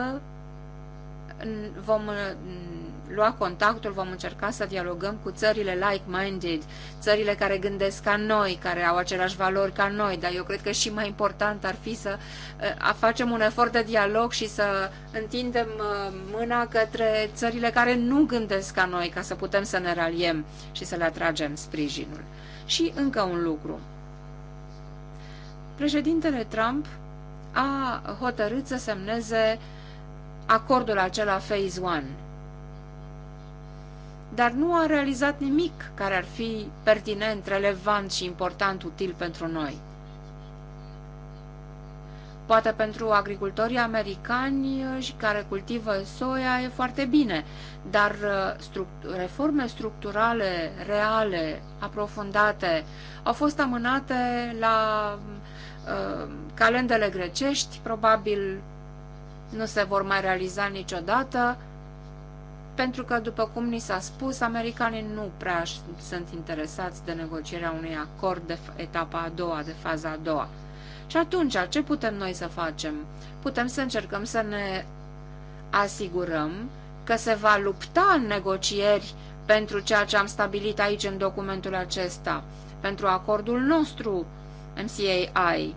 mm, vom mm, lua contactul, vom încerca să dialogăm cu țările like-minded, țările care gândesc ca noi, care au aceleași valori ca noi, dar eu cred că și mai important ar fi să eh, a facem un efort de dialog și să întindem eh, mâna către țările care nu gândesc ca noi, ca să putem să ne raliem și să le atragem sprijinul. Și încă un lucru. Președintele Trump a hotărât să semneze acordul acela Phase 1 dar nu a realizat nimic care ar fi pertinent, relevant și important util pentru noi. Poate pentru agricultorii americani uh, și care cultivă soia e foarte bine, dar uh, struct reforme structurale, reale, aprofundate, au fost amânate la uh, calendele grecești, probabil nu se vor mai realiza niciodată pentru că, după cum ni s-a spus, americanii nu prea sunt interesați de negocierea unui acord de etapa a doua, de faza a doua. Și atunci, ce putem noi să facem? Putem să încercăm să ne asigurăm că se va lupta în negocieri pentru ceea ce am stabilit aici în documentul acesta, pentru acordul nostru MCAI.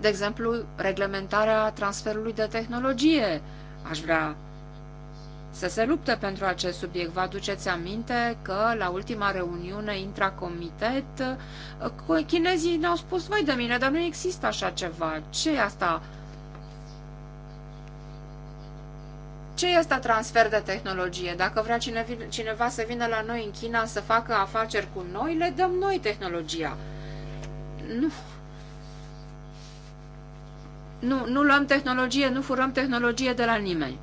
De exemplu, reglementarea transferului de tehnologie. Aș vrea să se lupte pentru acest subiect. Vă aduceți aminte că la ultima reuniune intracomitet chinezii ne-au spus, voi de mine, dar nu există așa ceva. ce e asta? Ce este transfer de tehnologie? Dacă vrea cineva să vină la noi în China să facă afaceri cu noi, le dăm noi tehnologia. Nu, nu, nu luăm tehnologie, nu furăm tehnologie de la nimeni.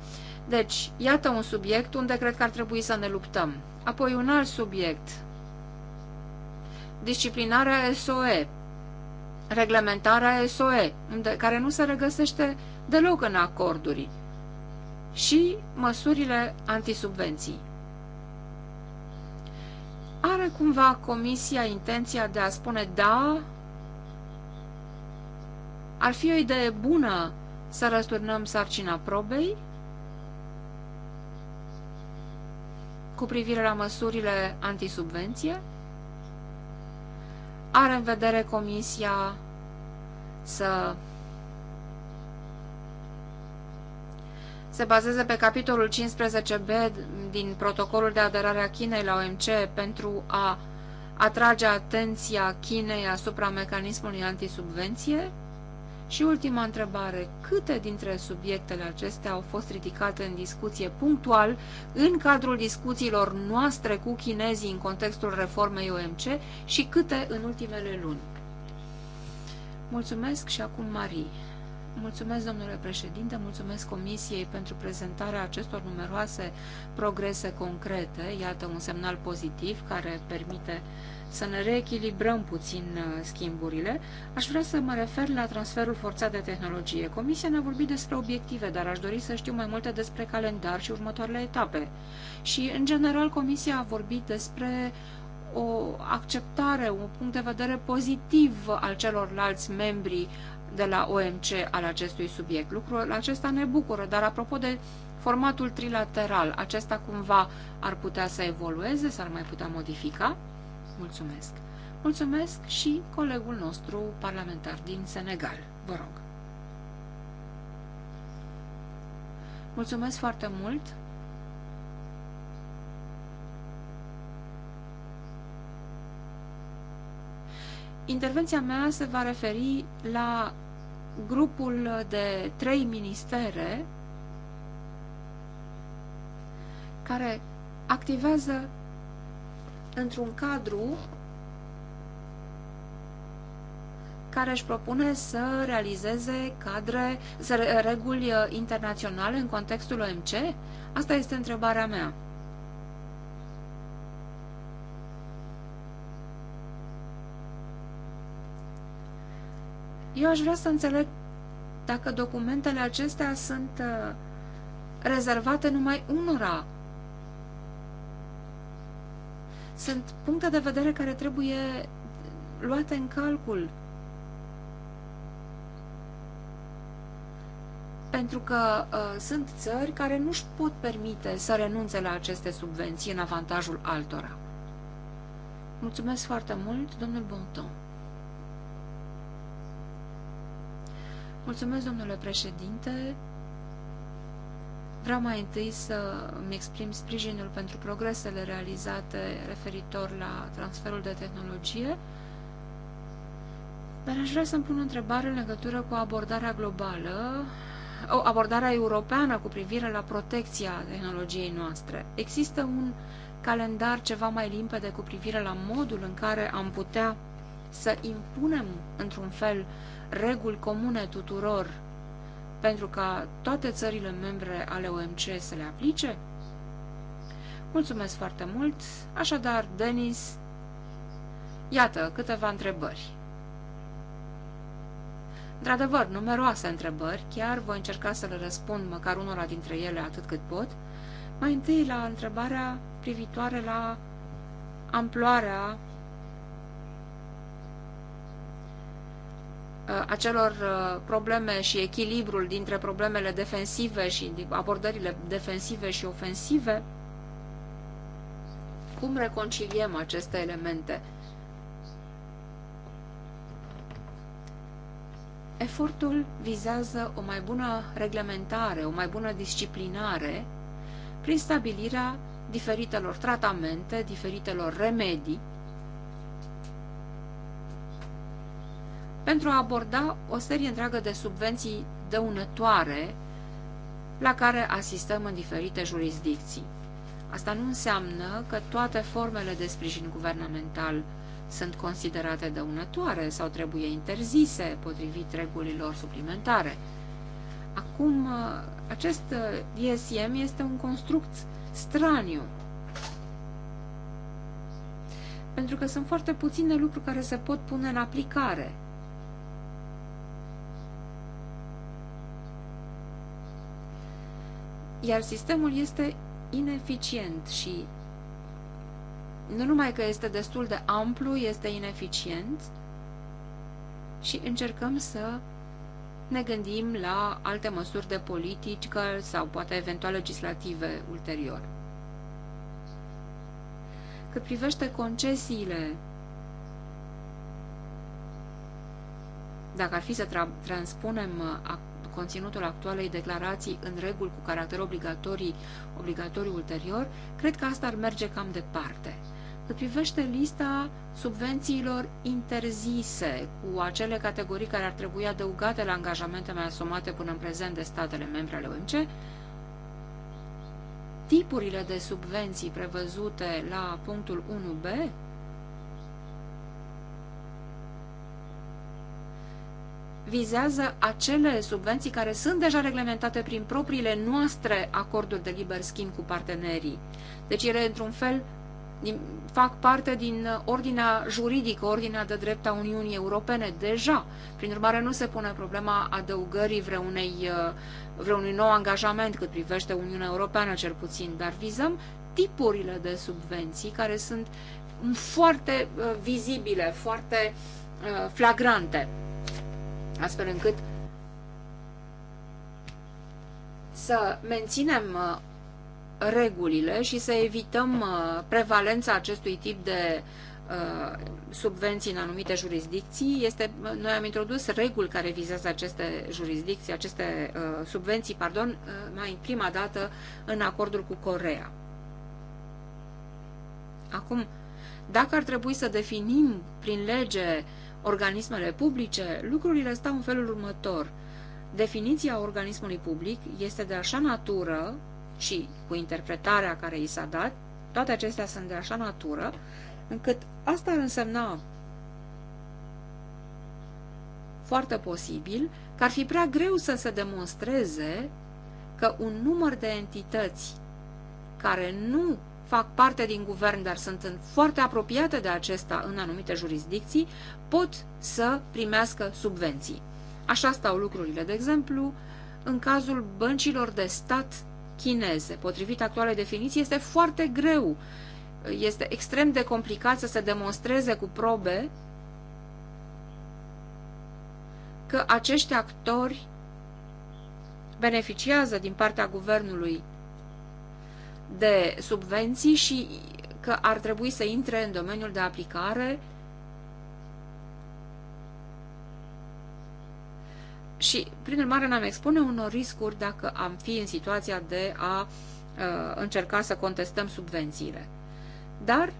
Deci, iată un subiect unde cred că ar trebui să ne luptăm. Apoi un alt subiect. Disciplinarea SOE. Reglementarea SOE, unde, care nu se regăsește deloc în acorduri. Și măsurile antisubvenții. Are cumva Comisia intenția de a spune da ar fi o idee bună să răsturnăm sarcina probei cu privire la măsurile antisubvenție? Are în vedere Comisia să se bazeze pe capitolul 15b din protocolul de aderare a Chinei la OMC pentru a atrage atenția Chinei asupra mecanismului antisubvenție? Și ultima întrebare, câte dintre subiectele acestea au fost ridicate în discuție punctual în cadrul discuțiilor noastre cu chinezii în contextul reformei OMC și câte în ultimele luni? Mulțumesc și acum Marie. Mulțumesc, domnule președinte, mulțumesc Comisiei pentru prezentarea acestor numeroase progrese concrete. Iată un semnal pozitiv care permite uh, să ne reechilibrăm puțin uh, schimburile, aș vrea să mă refer la transferul forțat de tehnologie. Comisia ne-a vorbit despre obiective, dar aș dori să știu mai multe despre calendar și următoarele etape. Și, în general, Comisia a vorbit despre o acceptare, un punct de vedere pozitiv al celorlalți membri de la OMC al acestui subiect. Lucrul acesta ne bucură, dar apropo de formatul trilateral, acesta cumva ar putea să evolueze, s-ar mai putea modifica? Mulțumesc! Mulțumesc și colegul nostru parlamentar din Senegal. Vă rog! Mulțumesc foarte mult! Intervenția mea se va referi la grupul de trei ministere care activează într-un cadru care își propune să realizeze cadre, să reguli uh, internaționale în contextul OMC? Asta este întrebarea mea. Eu aș vrea să înțeleg dacă documentele acestea sunt uh, rezervate numai unora sunt puncte de vedere care trebuie luate în calcul. Pentru că uh, sunt țări care nu-și pot permite să renunțe la aceste subvenții în avantajul altora. Mulțumesc foarte mult, domnul Bonton. Mulțumesc, domnule președinte. Vreau mai întâi să-mi exprim sprijinul pentru progresele realizate referitor la transferul de tehnologie, dar aș vrea să-mi pun o întrebare în legătură cu abordarea globală, o abordarea europeană cu privire la protecția tehnologiei noastre. Există un calendar ceva mai limpede cu privire la modul în care am putea să impunem, într-un fel, reguli comune tuturor pentru ca toate țările membre ale OMC să le aplice? Mulțumesc foarte mult. Așadar, Denis, iată câteva întrebări. Într-adevăr, numeroase întrebări, chiar voi încerca să le răspund măcar unora dintre ele atât cât pot. Mai întâi la întrebarea privitoare la amploarea Uh, acelor uh, probleme și echilibrul dintre problemele defensive și abordările defensive și ofensive, cum reconciliem aceste elemente? Efortul vizează o mai bună reglementare, o mai bună disciplinare prin stabilirea diferitelor tratamente, diferitelor remedii pentru a aborda o serie întreagă de subvenții dăunătoare la care asistăm în diferite jurisdicții. Asta nu înseamnă că toate formele de sprijin guvernamental sunt considerate dăunătoare sau trebuie interzise potrivit regulilor suplimentare. Acum, acest DSM este un construct straniu, pentru că sunt foarte puține lucruri care se pot pune în aplicare – Iar sistemul este ineficient și nu numai că este destul de amplu, este ineficient și încercăm să ne gândim la alte măsuri de politică sau poate eventual legislative ulterior. Cât privește concesiile, dacă ar fi să tra transpunem uh, conținutul actualei declarații în reguli cu caracter obligatorii, obligatoriu ulterior, cred că asta ar merge cam departe. Cât privește lista subvențiilor interzise cu acele categorii care ar trebui adăugate la angajamente mai asumate până în prezent de statele membre ale OMC, tipurile de subvenții prevăzute la punctul 1b vizează acele subvenții care sunt deja reglementate prin propriile noastre acorduri de liber schimb cu partenerii. Deci ele, într-un fel, fac parte din ordinea juridică, ordinea de drept a Uniunii Europene deja. Prin urmare, nu se pune problema adăugării vreunei, uh, vreunui nou angajament cât privește Uniunea Europeană, cel puțin, dar vizăm tipurile de subvenții care sunt mm, foarte uh, vizibile, foarte uh, flagrante astfel încât să menținem uh, regulile și să evităm uh, prevalența acestui tip de uh, subvenții în anumite jurisdicții. Este, noi am introdus reguli care vizează aceste jurisdicții, aceste subvenții, pardon, mai în prima dată în acordul cu Corea. Acum, dacă ar trebui să definim prin lege uh, organismele publice, lucrurile stau în felul următor. Definiția organismului public este de așa natură și cu interpretarea care i s-a dat, toate acestea sunt de așa natură, încât asta ar însemna foarte posibil că ar fi prea greu să se demonstreze că un număr de entități care nu fac parte din guvern, dar sunt foarte apropiate de acesta în anumite jurisdicții, pot să primească subvenții. Așa stau lucrurile, de exemplu, în cazul băncilor de stat chineze. Potrivit actualei definiții, este foarte greu, este extrem de complicat să se demonstreze cu probe că acești actori beneficiază din partea guvernului de subvenții și că ar trebui să intre în domeniul de aplicare și, prin urmare, ne-am expune unor riscuri dacă am fi în situația de a uh, încerca să contestăm subvențiile. Dar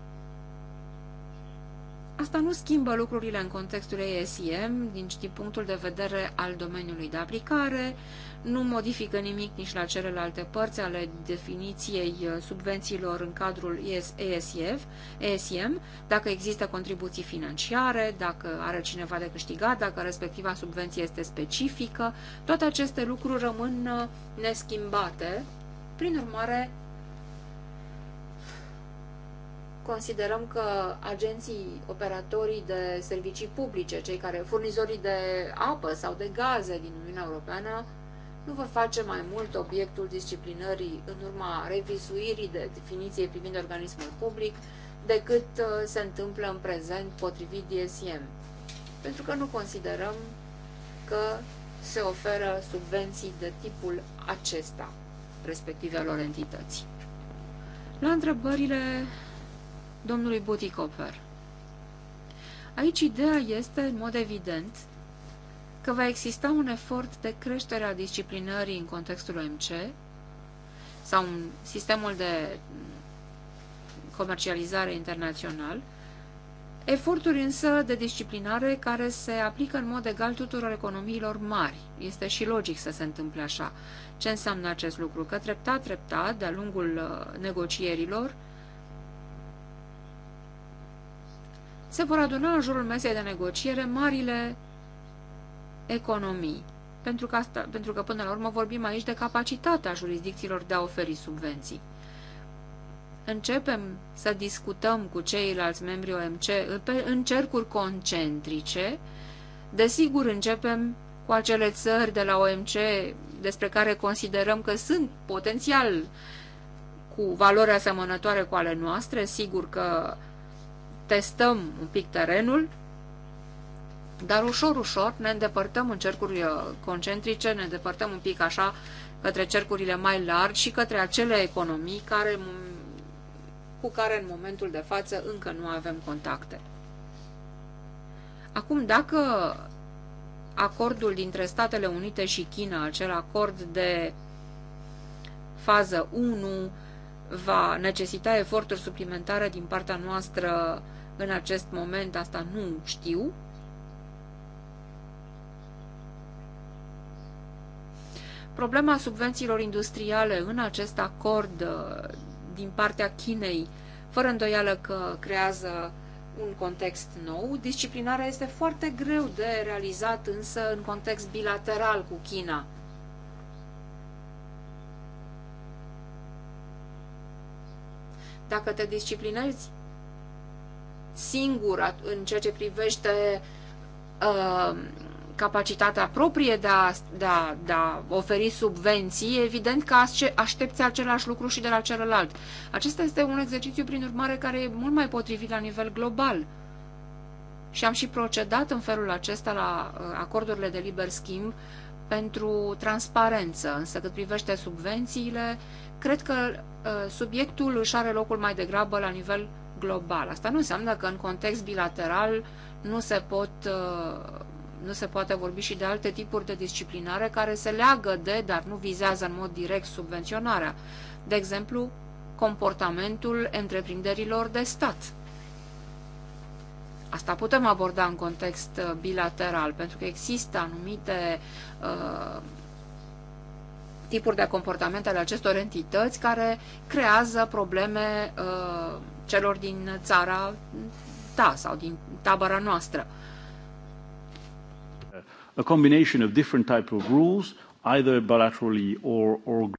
asta nu schimbă lucrurile în contextul ESM din, din punctul de vedere al domeniului de aplicare, uh, nu modifică nimic nici la celelalte părți ale definiției uh, subvențiilor în cadrul ESF, ESIM, dacă există contribuții financiare, dacă are cineva de câștigat, dacă respectiva subvenție este specifică, toate aceste lucruri rămân uh, neschimbate. Prin urmare, considerăm că agenții, operatorii de servicii publice, cei care furnizorii de apă sau de gaze din Uniunea Europeană, nu vor face mai mult obiectul disciplinării în urma revizuirii de definiție privind organismul public decât uh, se întâmplă în prezent potrivit DSM, pentru că nu considerăm că se oferă subvenții de tipul acesta respectivelor entități. La întrebările domnului Buticofer. Aici ideea este, în mod evident, că va exista un efort de creștere a disciplinării în contextul OMC sau în sistemul de comercializare internațional, eforturi însă de disciplinare care se aplică în mod egal tuturor economiilor mari. Este și logic să se întâmple așa. Ce înseamnă acest lucru? Că treptat, treptat, de-a lungul uh, negocierilor, se vor aduna în jurul mesei de negociere marile economii. Pentru că, asta, pentru că până la urmă vorbim aici de capacitatea jurisdicțiilor de a oferi subvenții. Începem să discutăm cu ceilalți membri OMC în cercuri concentrice. Desigur, începem cu acele țări de la OMC despre care considerăm că sunt potențial cu valori asemănătoare cu ale noastre, sigur că testăm un pic terenul, dar ușor, ușor ne îndepărtăm în cercuri uh, concentrice, ne îndepărtăm un pic așa către cercurile mai largi și către acele economii care, cu care în momentul de față încă nu avem contacte. Acum, dacă acordul dintre Statele Unite și China, acel acord de fază 1, va necesita eforturi suplimentare din partea noastră în acest moment, asta nu știu, Problema subvențiilor industriale în acest acord uh, din partea Chinei, fără îndoială că creează un context nou. Disciplinarea este foarte greu de realizat însă în context bilateral cu China. Dacă te disciplinezi singur în ceea ce privește uh, capacitatea proprie de a, de, a, de a oferi subvenții, evident că aștepți același lucru și de la celălalt. Acesta este un exercițiu, prin urmare, care e mult mai potrivit la nivel global. Și am și procedat în felul acesta la uh, acordurile de liber schimb pentru transparență. Însă cât privește subvențiile, cred că uh, subiectul își are locul mai degrabă la nivel global. Asta nu înseamnă că în context bilateral nu se pot uh, nu se poate vorbi și de alte tipuri de disciplinare care se leagă de, dar nu vizează în mod direct subvenționarea. De exemplu, comportamentul întreprinderilor de stat. Asta putem aborda în context uh, bilateral, pentru că există anumite uh, tipuri de comportament ale acestor entități care creează probleme uh, celor din țara ta sau din tabăra noastră. Uh, a combination of different type of rules, either bilaterally or, or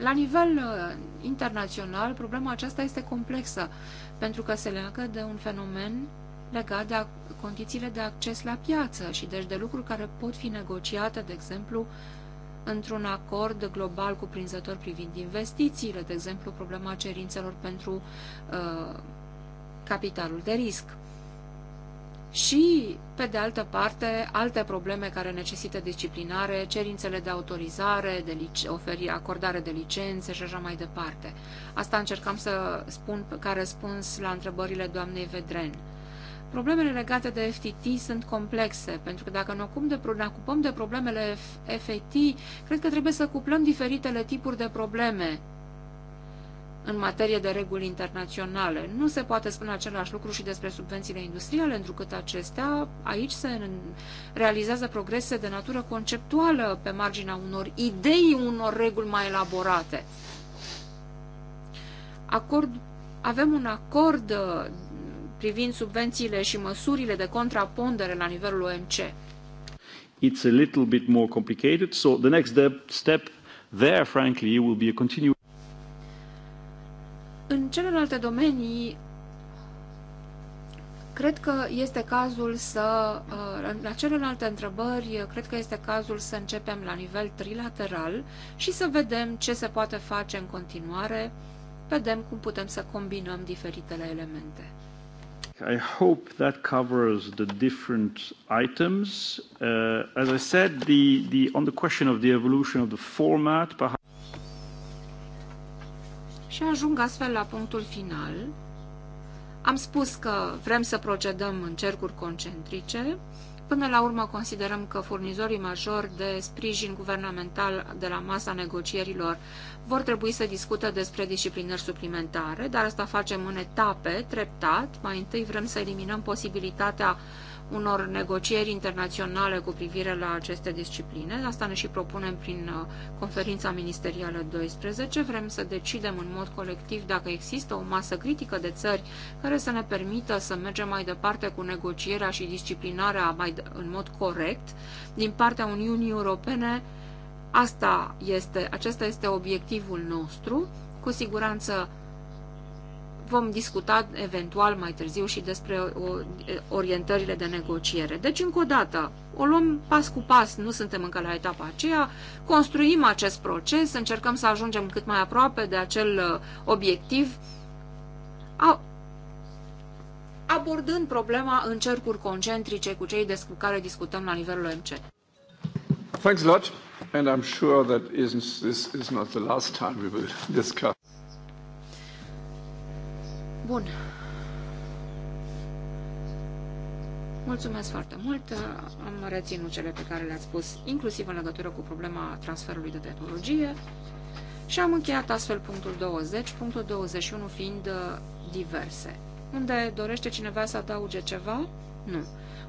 la nivel uh, internațional, problema aceasta este complexă, pentru că se leagă de un fenomen legat de condițiile de acces la piață și deci de lucruri care pot fi negociate, de exemplu, într-un acord global cuprinzător privind investițiile, de exemplu, problema cerințelor pentru uh, capitalul de risc și, pe de altă parte, alte probleme care necesită disciplinare, cerințele de autorizare, de oferi, acordare de licențe și așa mai departe. Asta încercam să spun ca răspuns la întrebările doamnei Vedren. Problemele legate de FTT sunt complexe, pentru că dacă ne ocupăm de, ne ocupăm de problemele FTT, cred că trebuie să cuplăm diferitele tipuri de probleme în materie de reguli internaționale. Nu se poate spune același lucru și despre subvențiile industriale, întrucât acestea aici se realizează progrese de natură conceptuală pe marginea unor idei, unor reguli mai elaborate. Acord, avem un acord uh, privind subvențiile și măsurile de contrapondere la nivelul OMC. It's a little bit more complicated, so the next step there, frankly, will be a continuation. În celelalte domenii, cred că este cazul să, uh, la celelalte întrebări, uh, cred că este cazul să începem la nivel trilateral și să vedem ce se poate face în continuare, vedem cum putem să combinăm diferitele elemente. I hope that covers the different items. Uh, as I said, the, the, on the question of the evolution of the format, perhaps și ajung astfel la punctul final. Am spus că vrem să procedăm în cercuri concentrice. Până la urmă considerăm că furnizorii majori de sprijin guvernamental de la masa negocierilor vor trebui să discută despre disciplinări suplimentare, dar asta facem în etape, treptat. Mai întâi vrem să eliminăm posibilitatea unor negocieri internaționale cu privire la aceste discipline. Asta ne și propunem prin uh, conferința ministerială 12. Vrem să decidem în mod colectiv dacă există o masă critică de țări care să ne permită să mergem mai departe cu negocierea și disciplinarea mai în mod corect din partea Uniunii Europene. Asta este, acesta este obiectivul nostru. Cu siguranță Vom discuta eventual mai târziu și despre orientările de negociere. Deci, încă o dată, o luăm pas cu pas, nu suntem încă la etapa aceea, construim acest proces, încercăm să ajungem cât mai aproape de acel uh, obiectiv, abordând problema în cercuri concentrice cu cei despre care discutăm la nivelul MC. Thanks a lot, and I'm sure that isn't, this is not the last time we will discuss. Bun. Mulțumesc foarte mult. Am reținut cele pe care le-ați spus, inclusiv în legătură cu problema transferului de tehnologie. Și am încheiat astfel punctul 20, punctul 21 fiind uh, diverse. Unde dorește cineva să adauge ceva? Nu.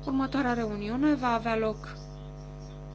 Următoarea reuniune va avea loc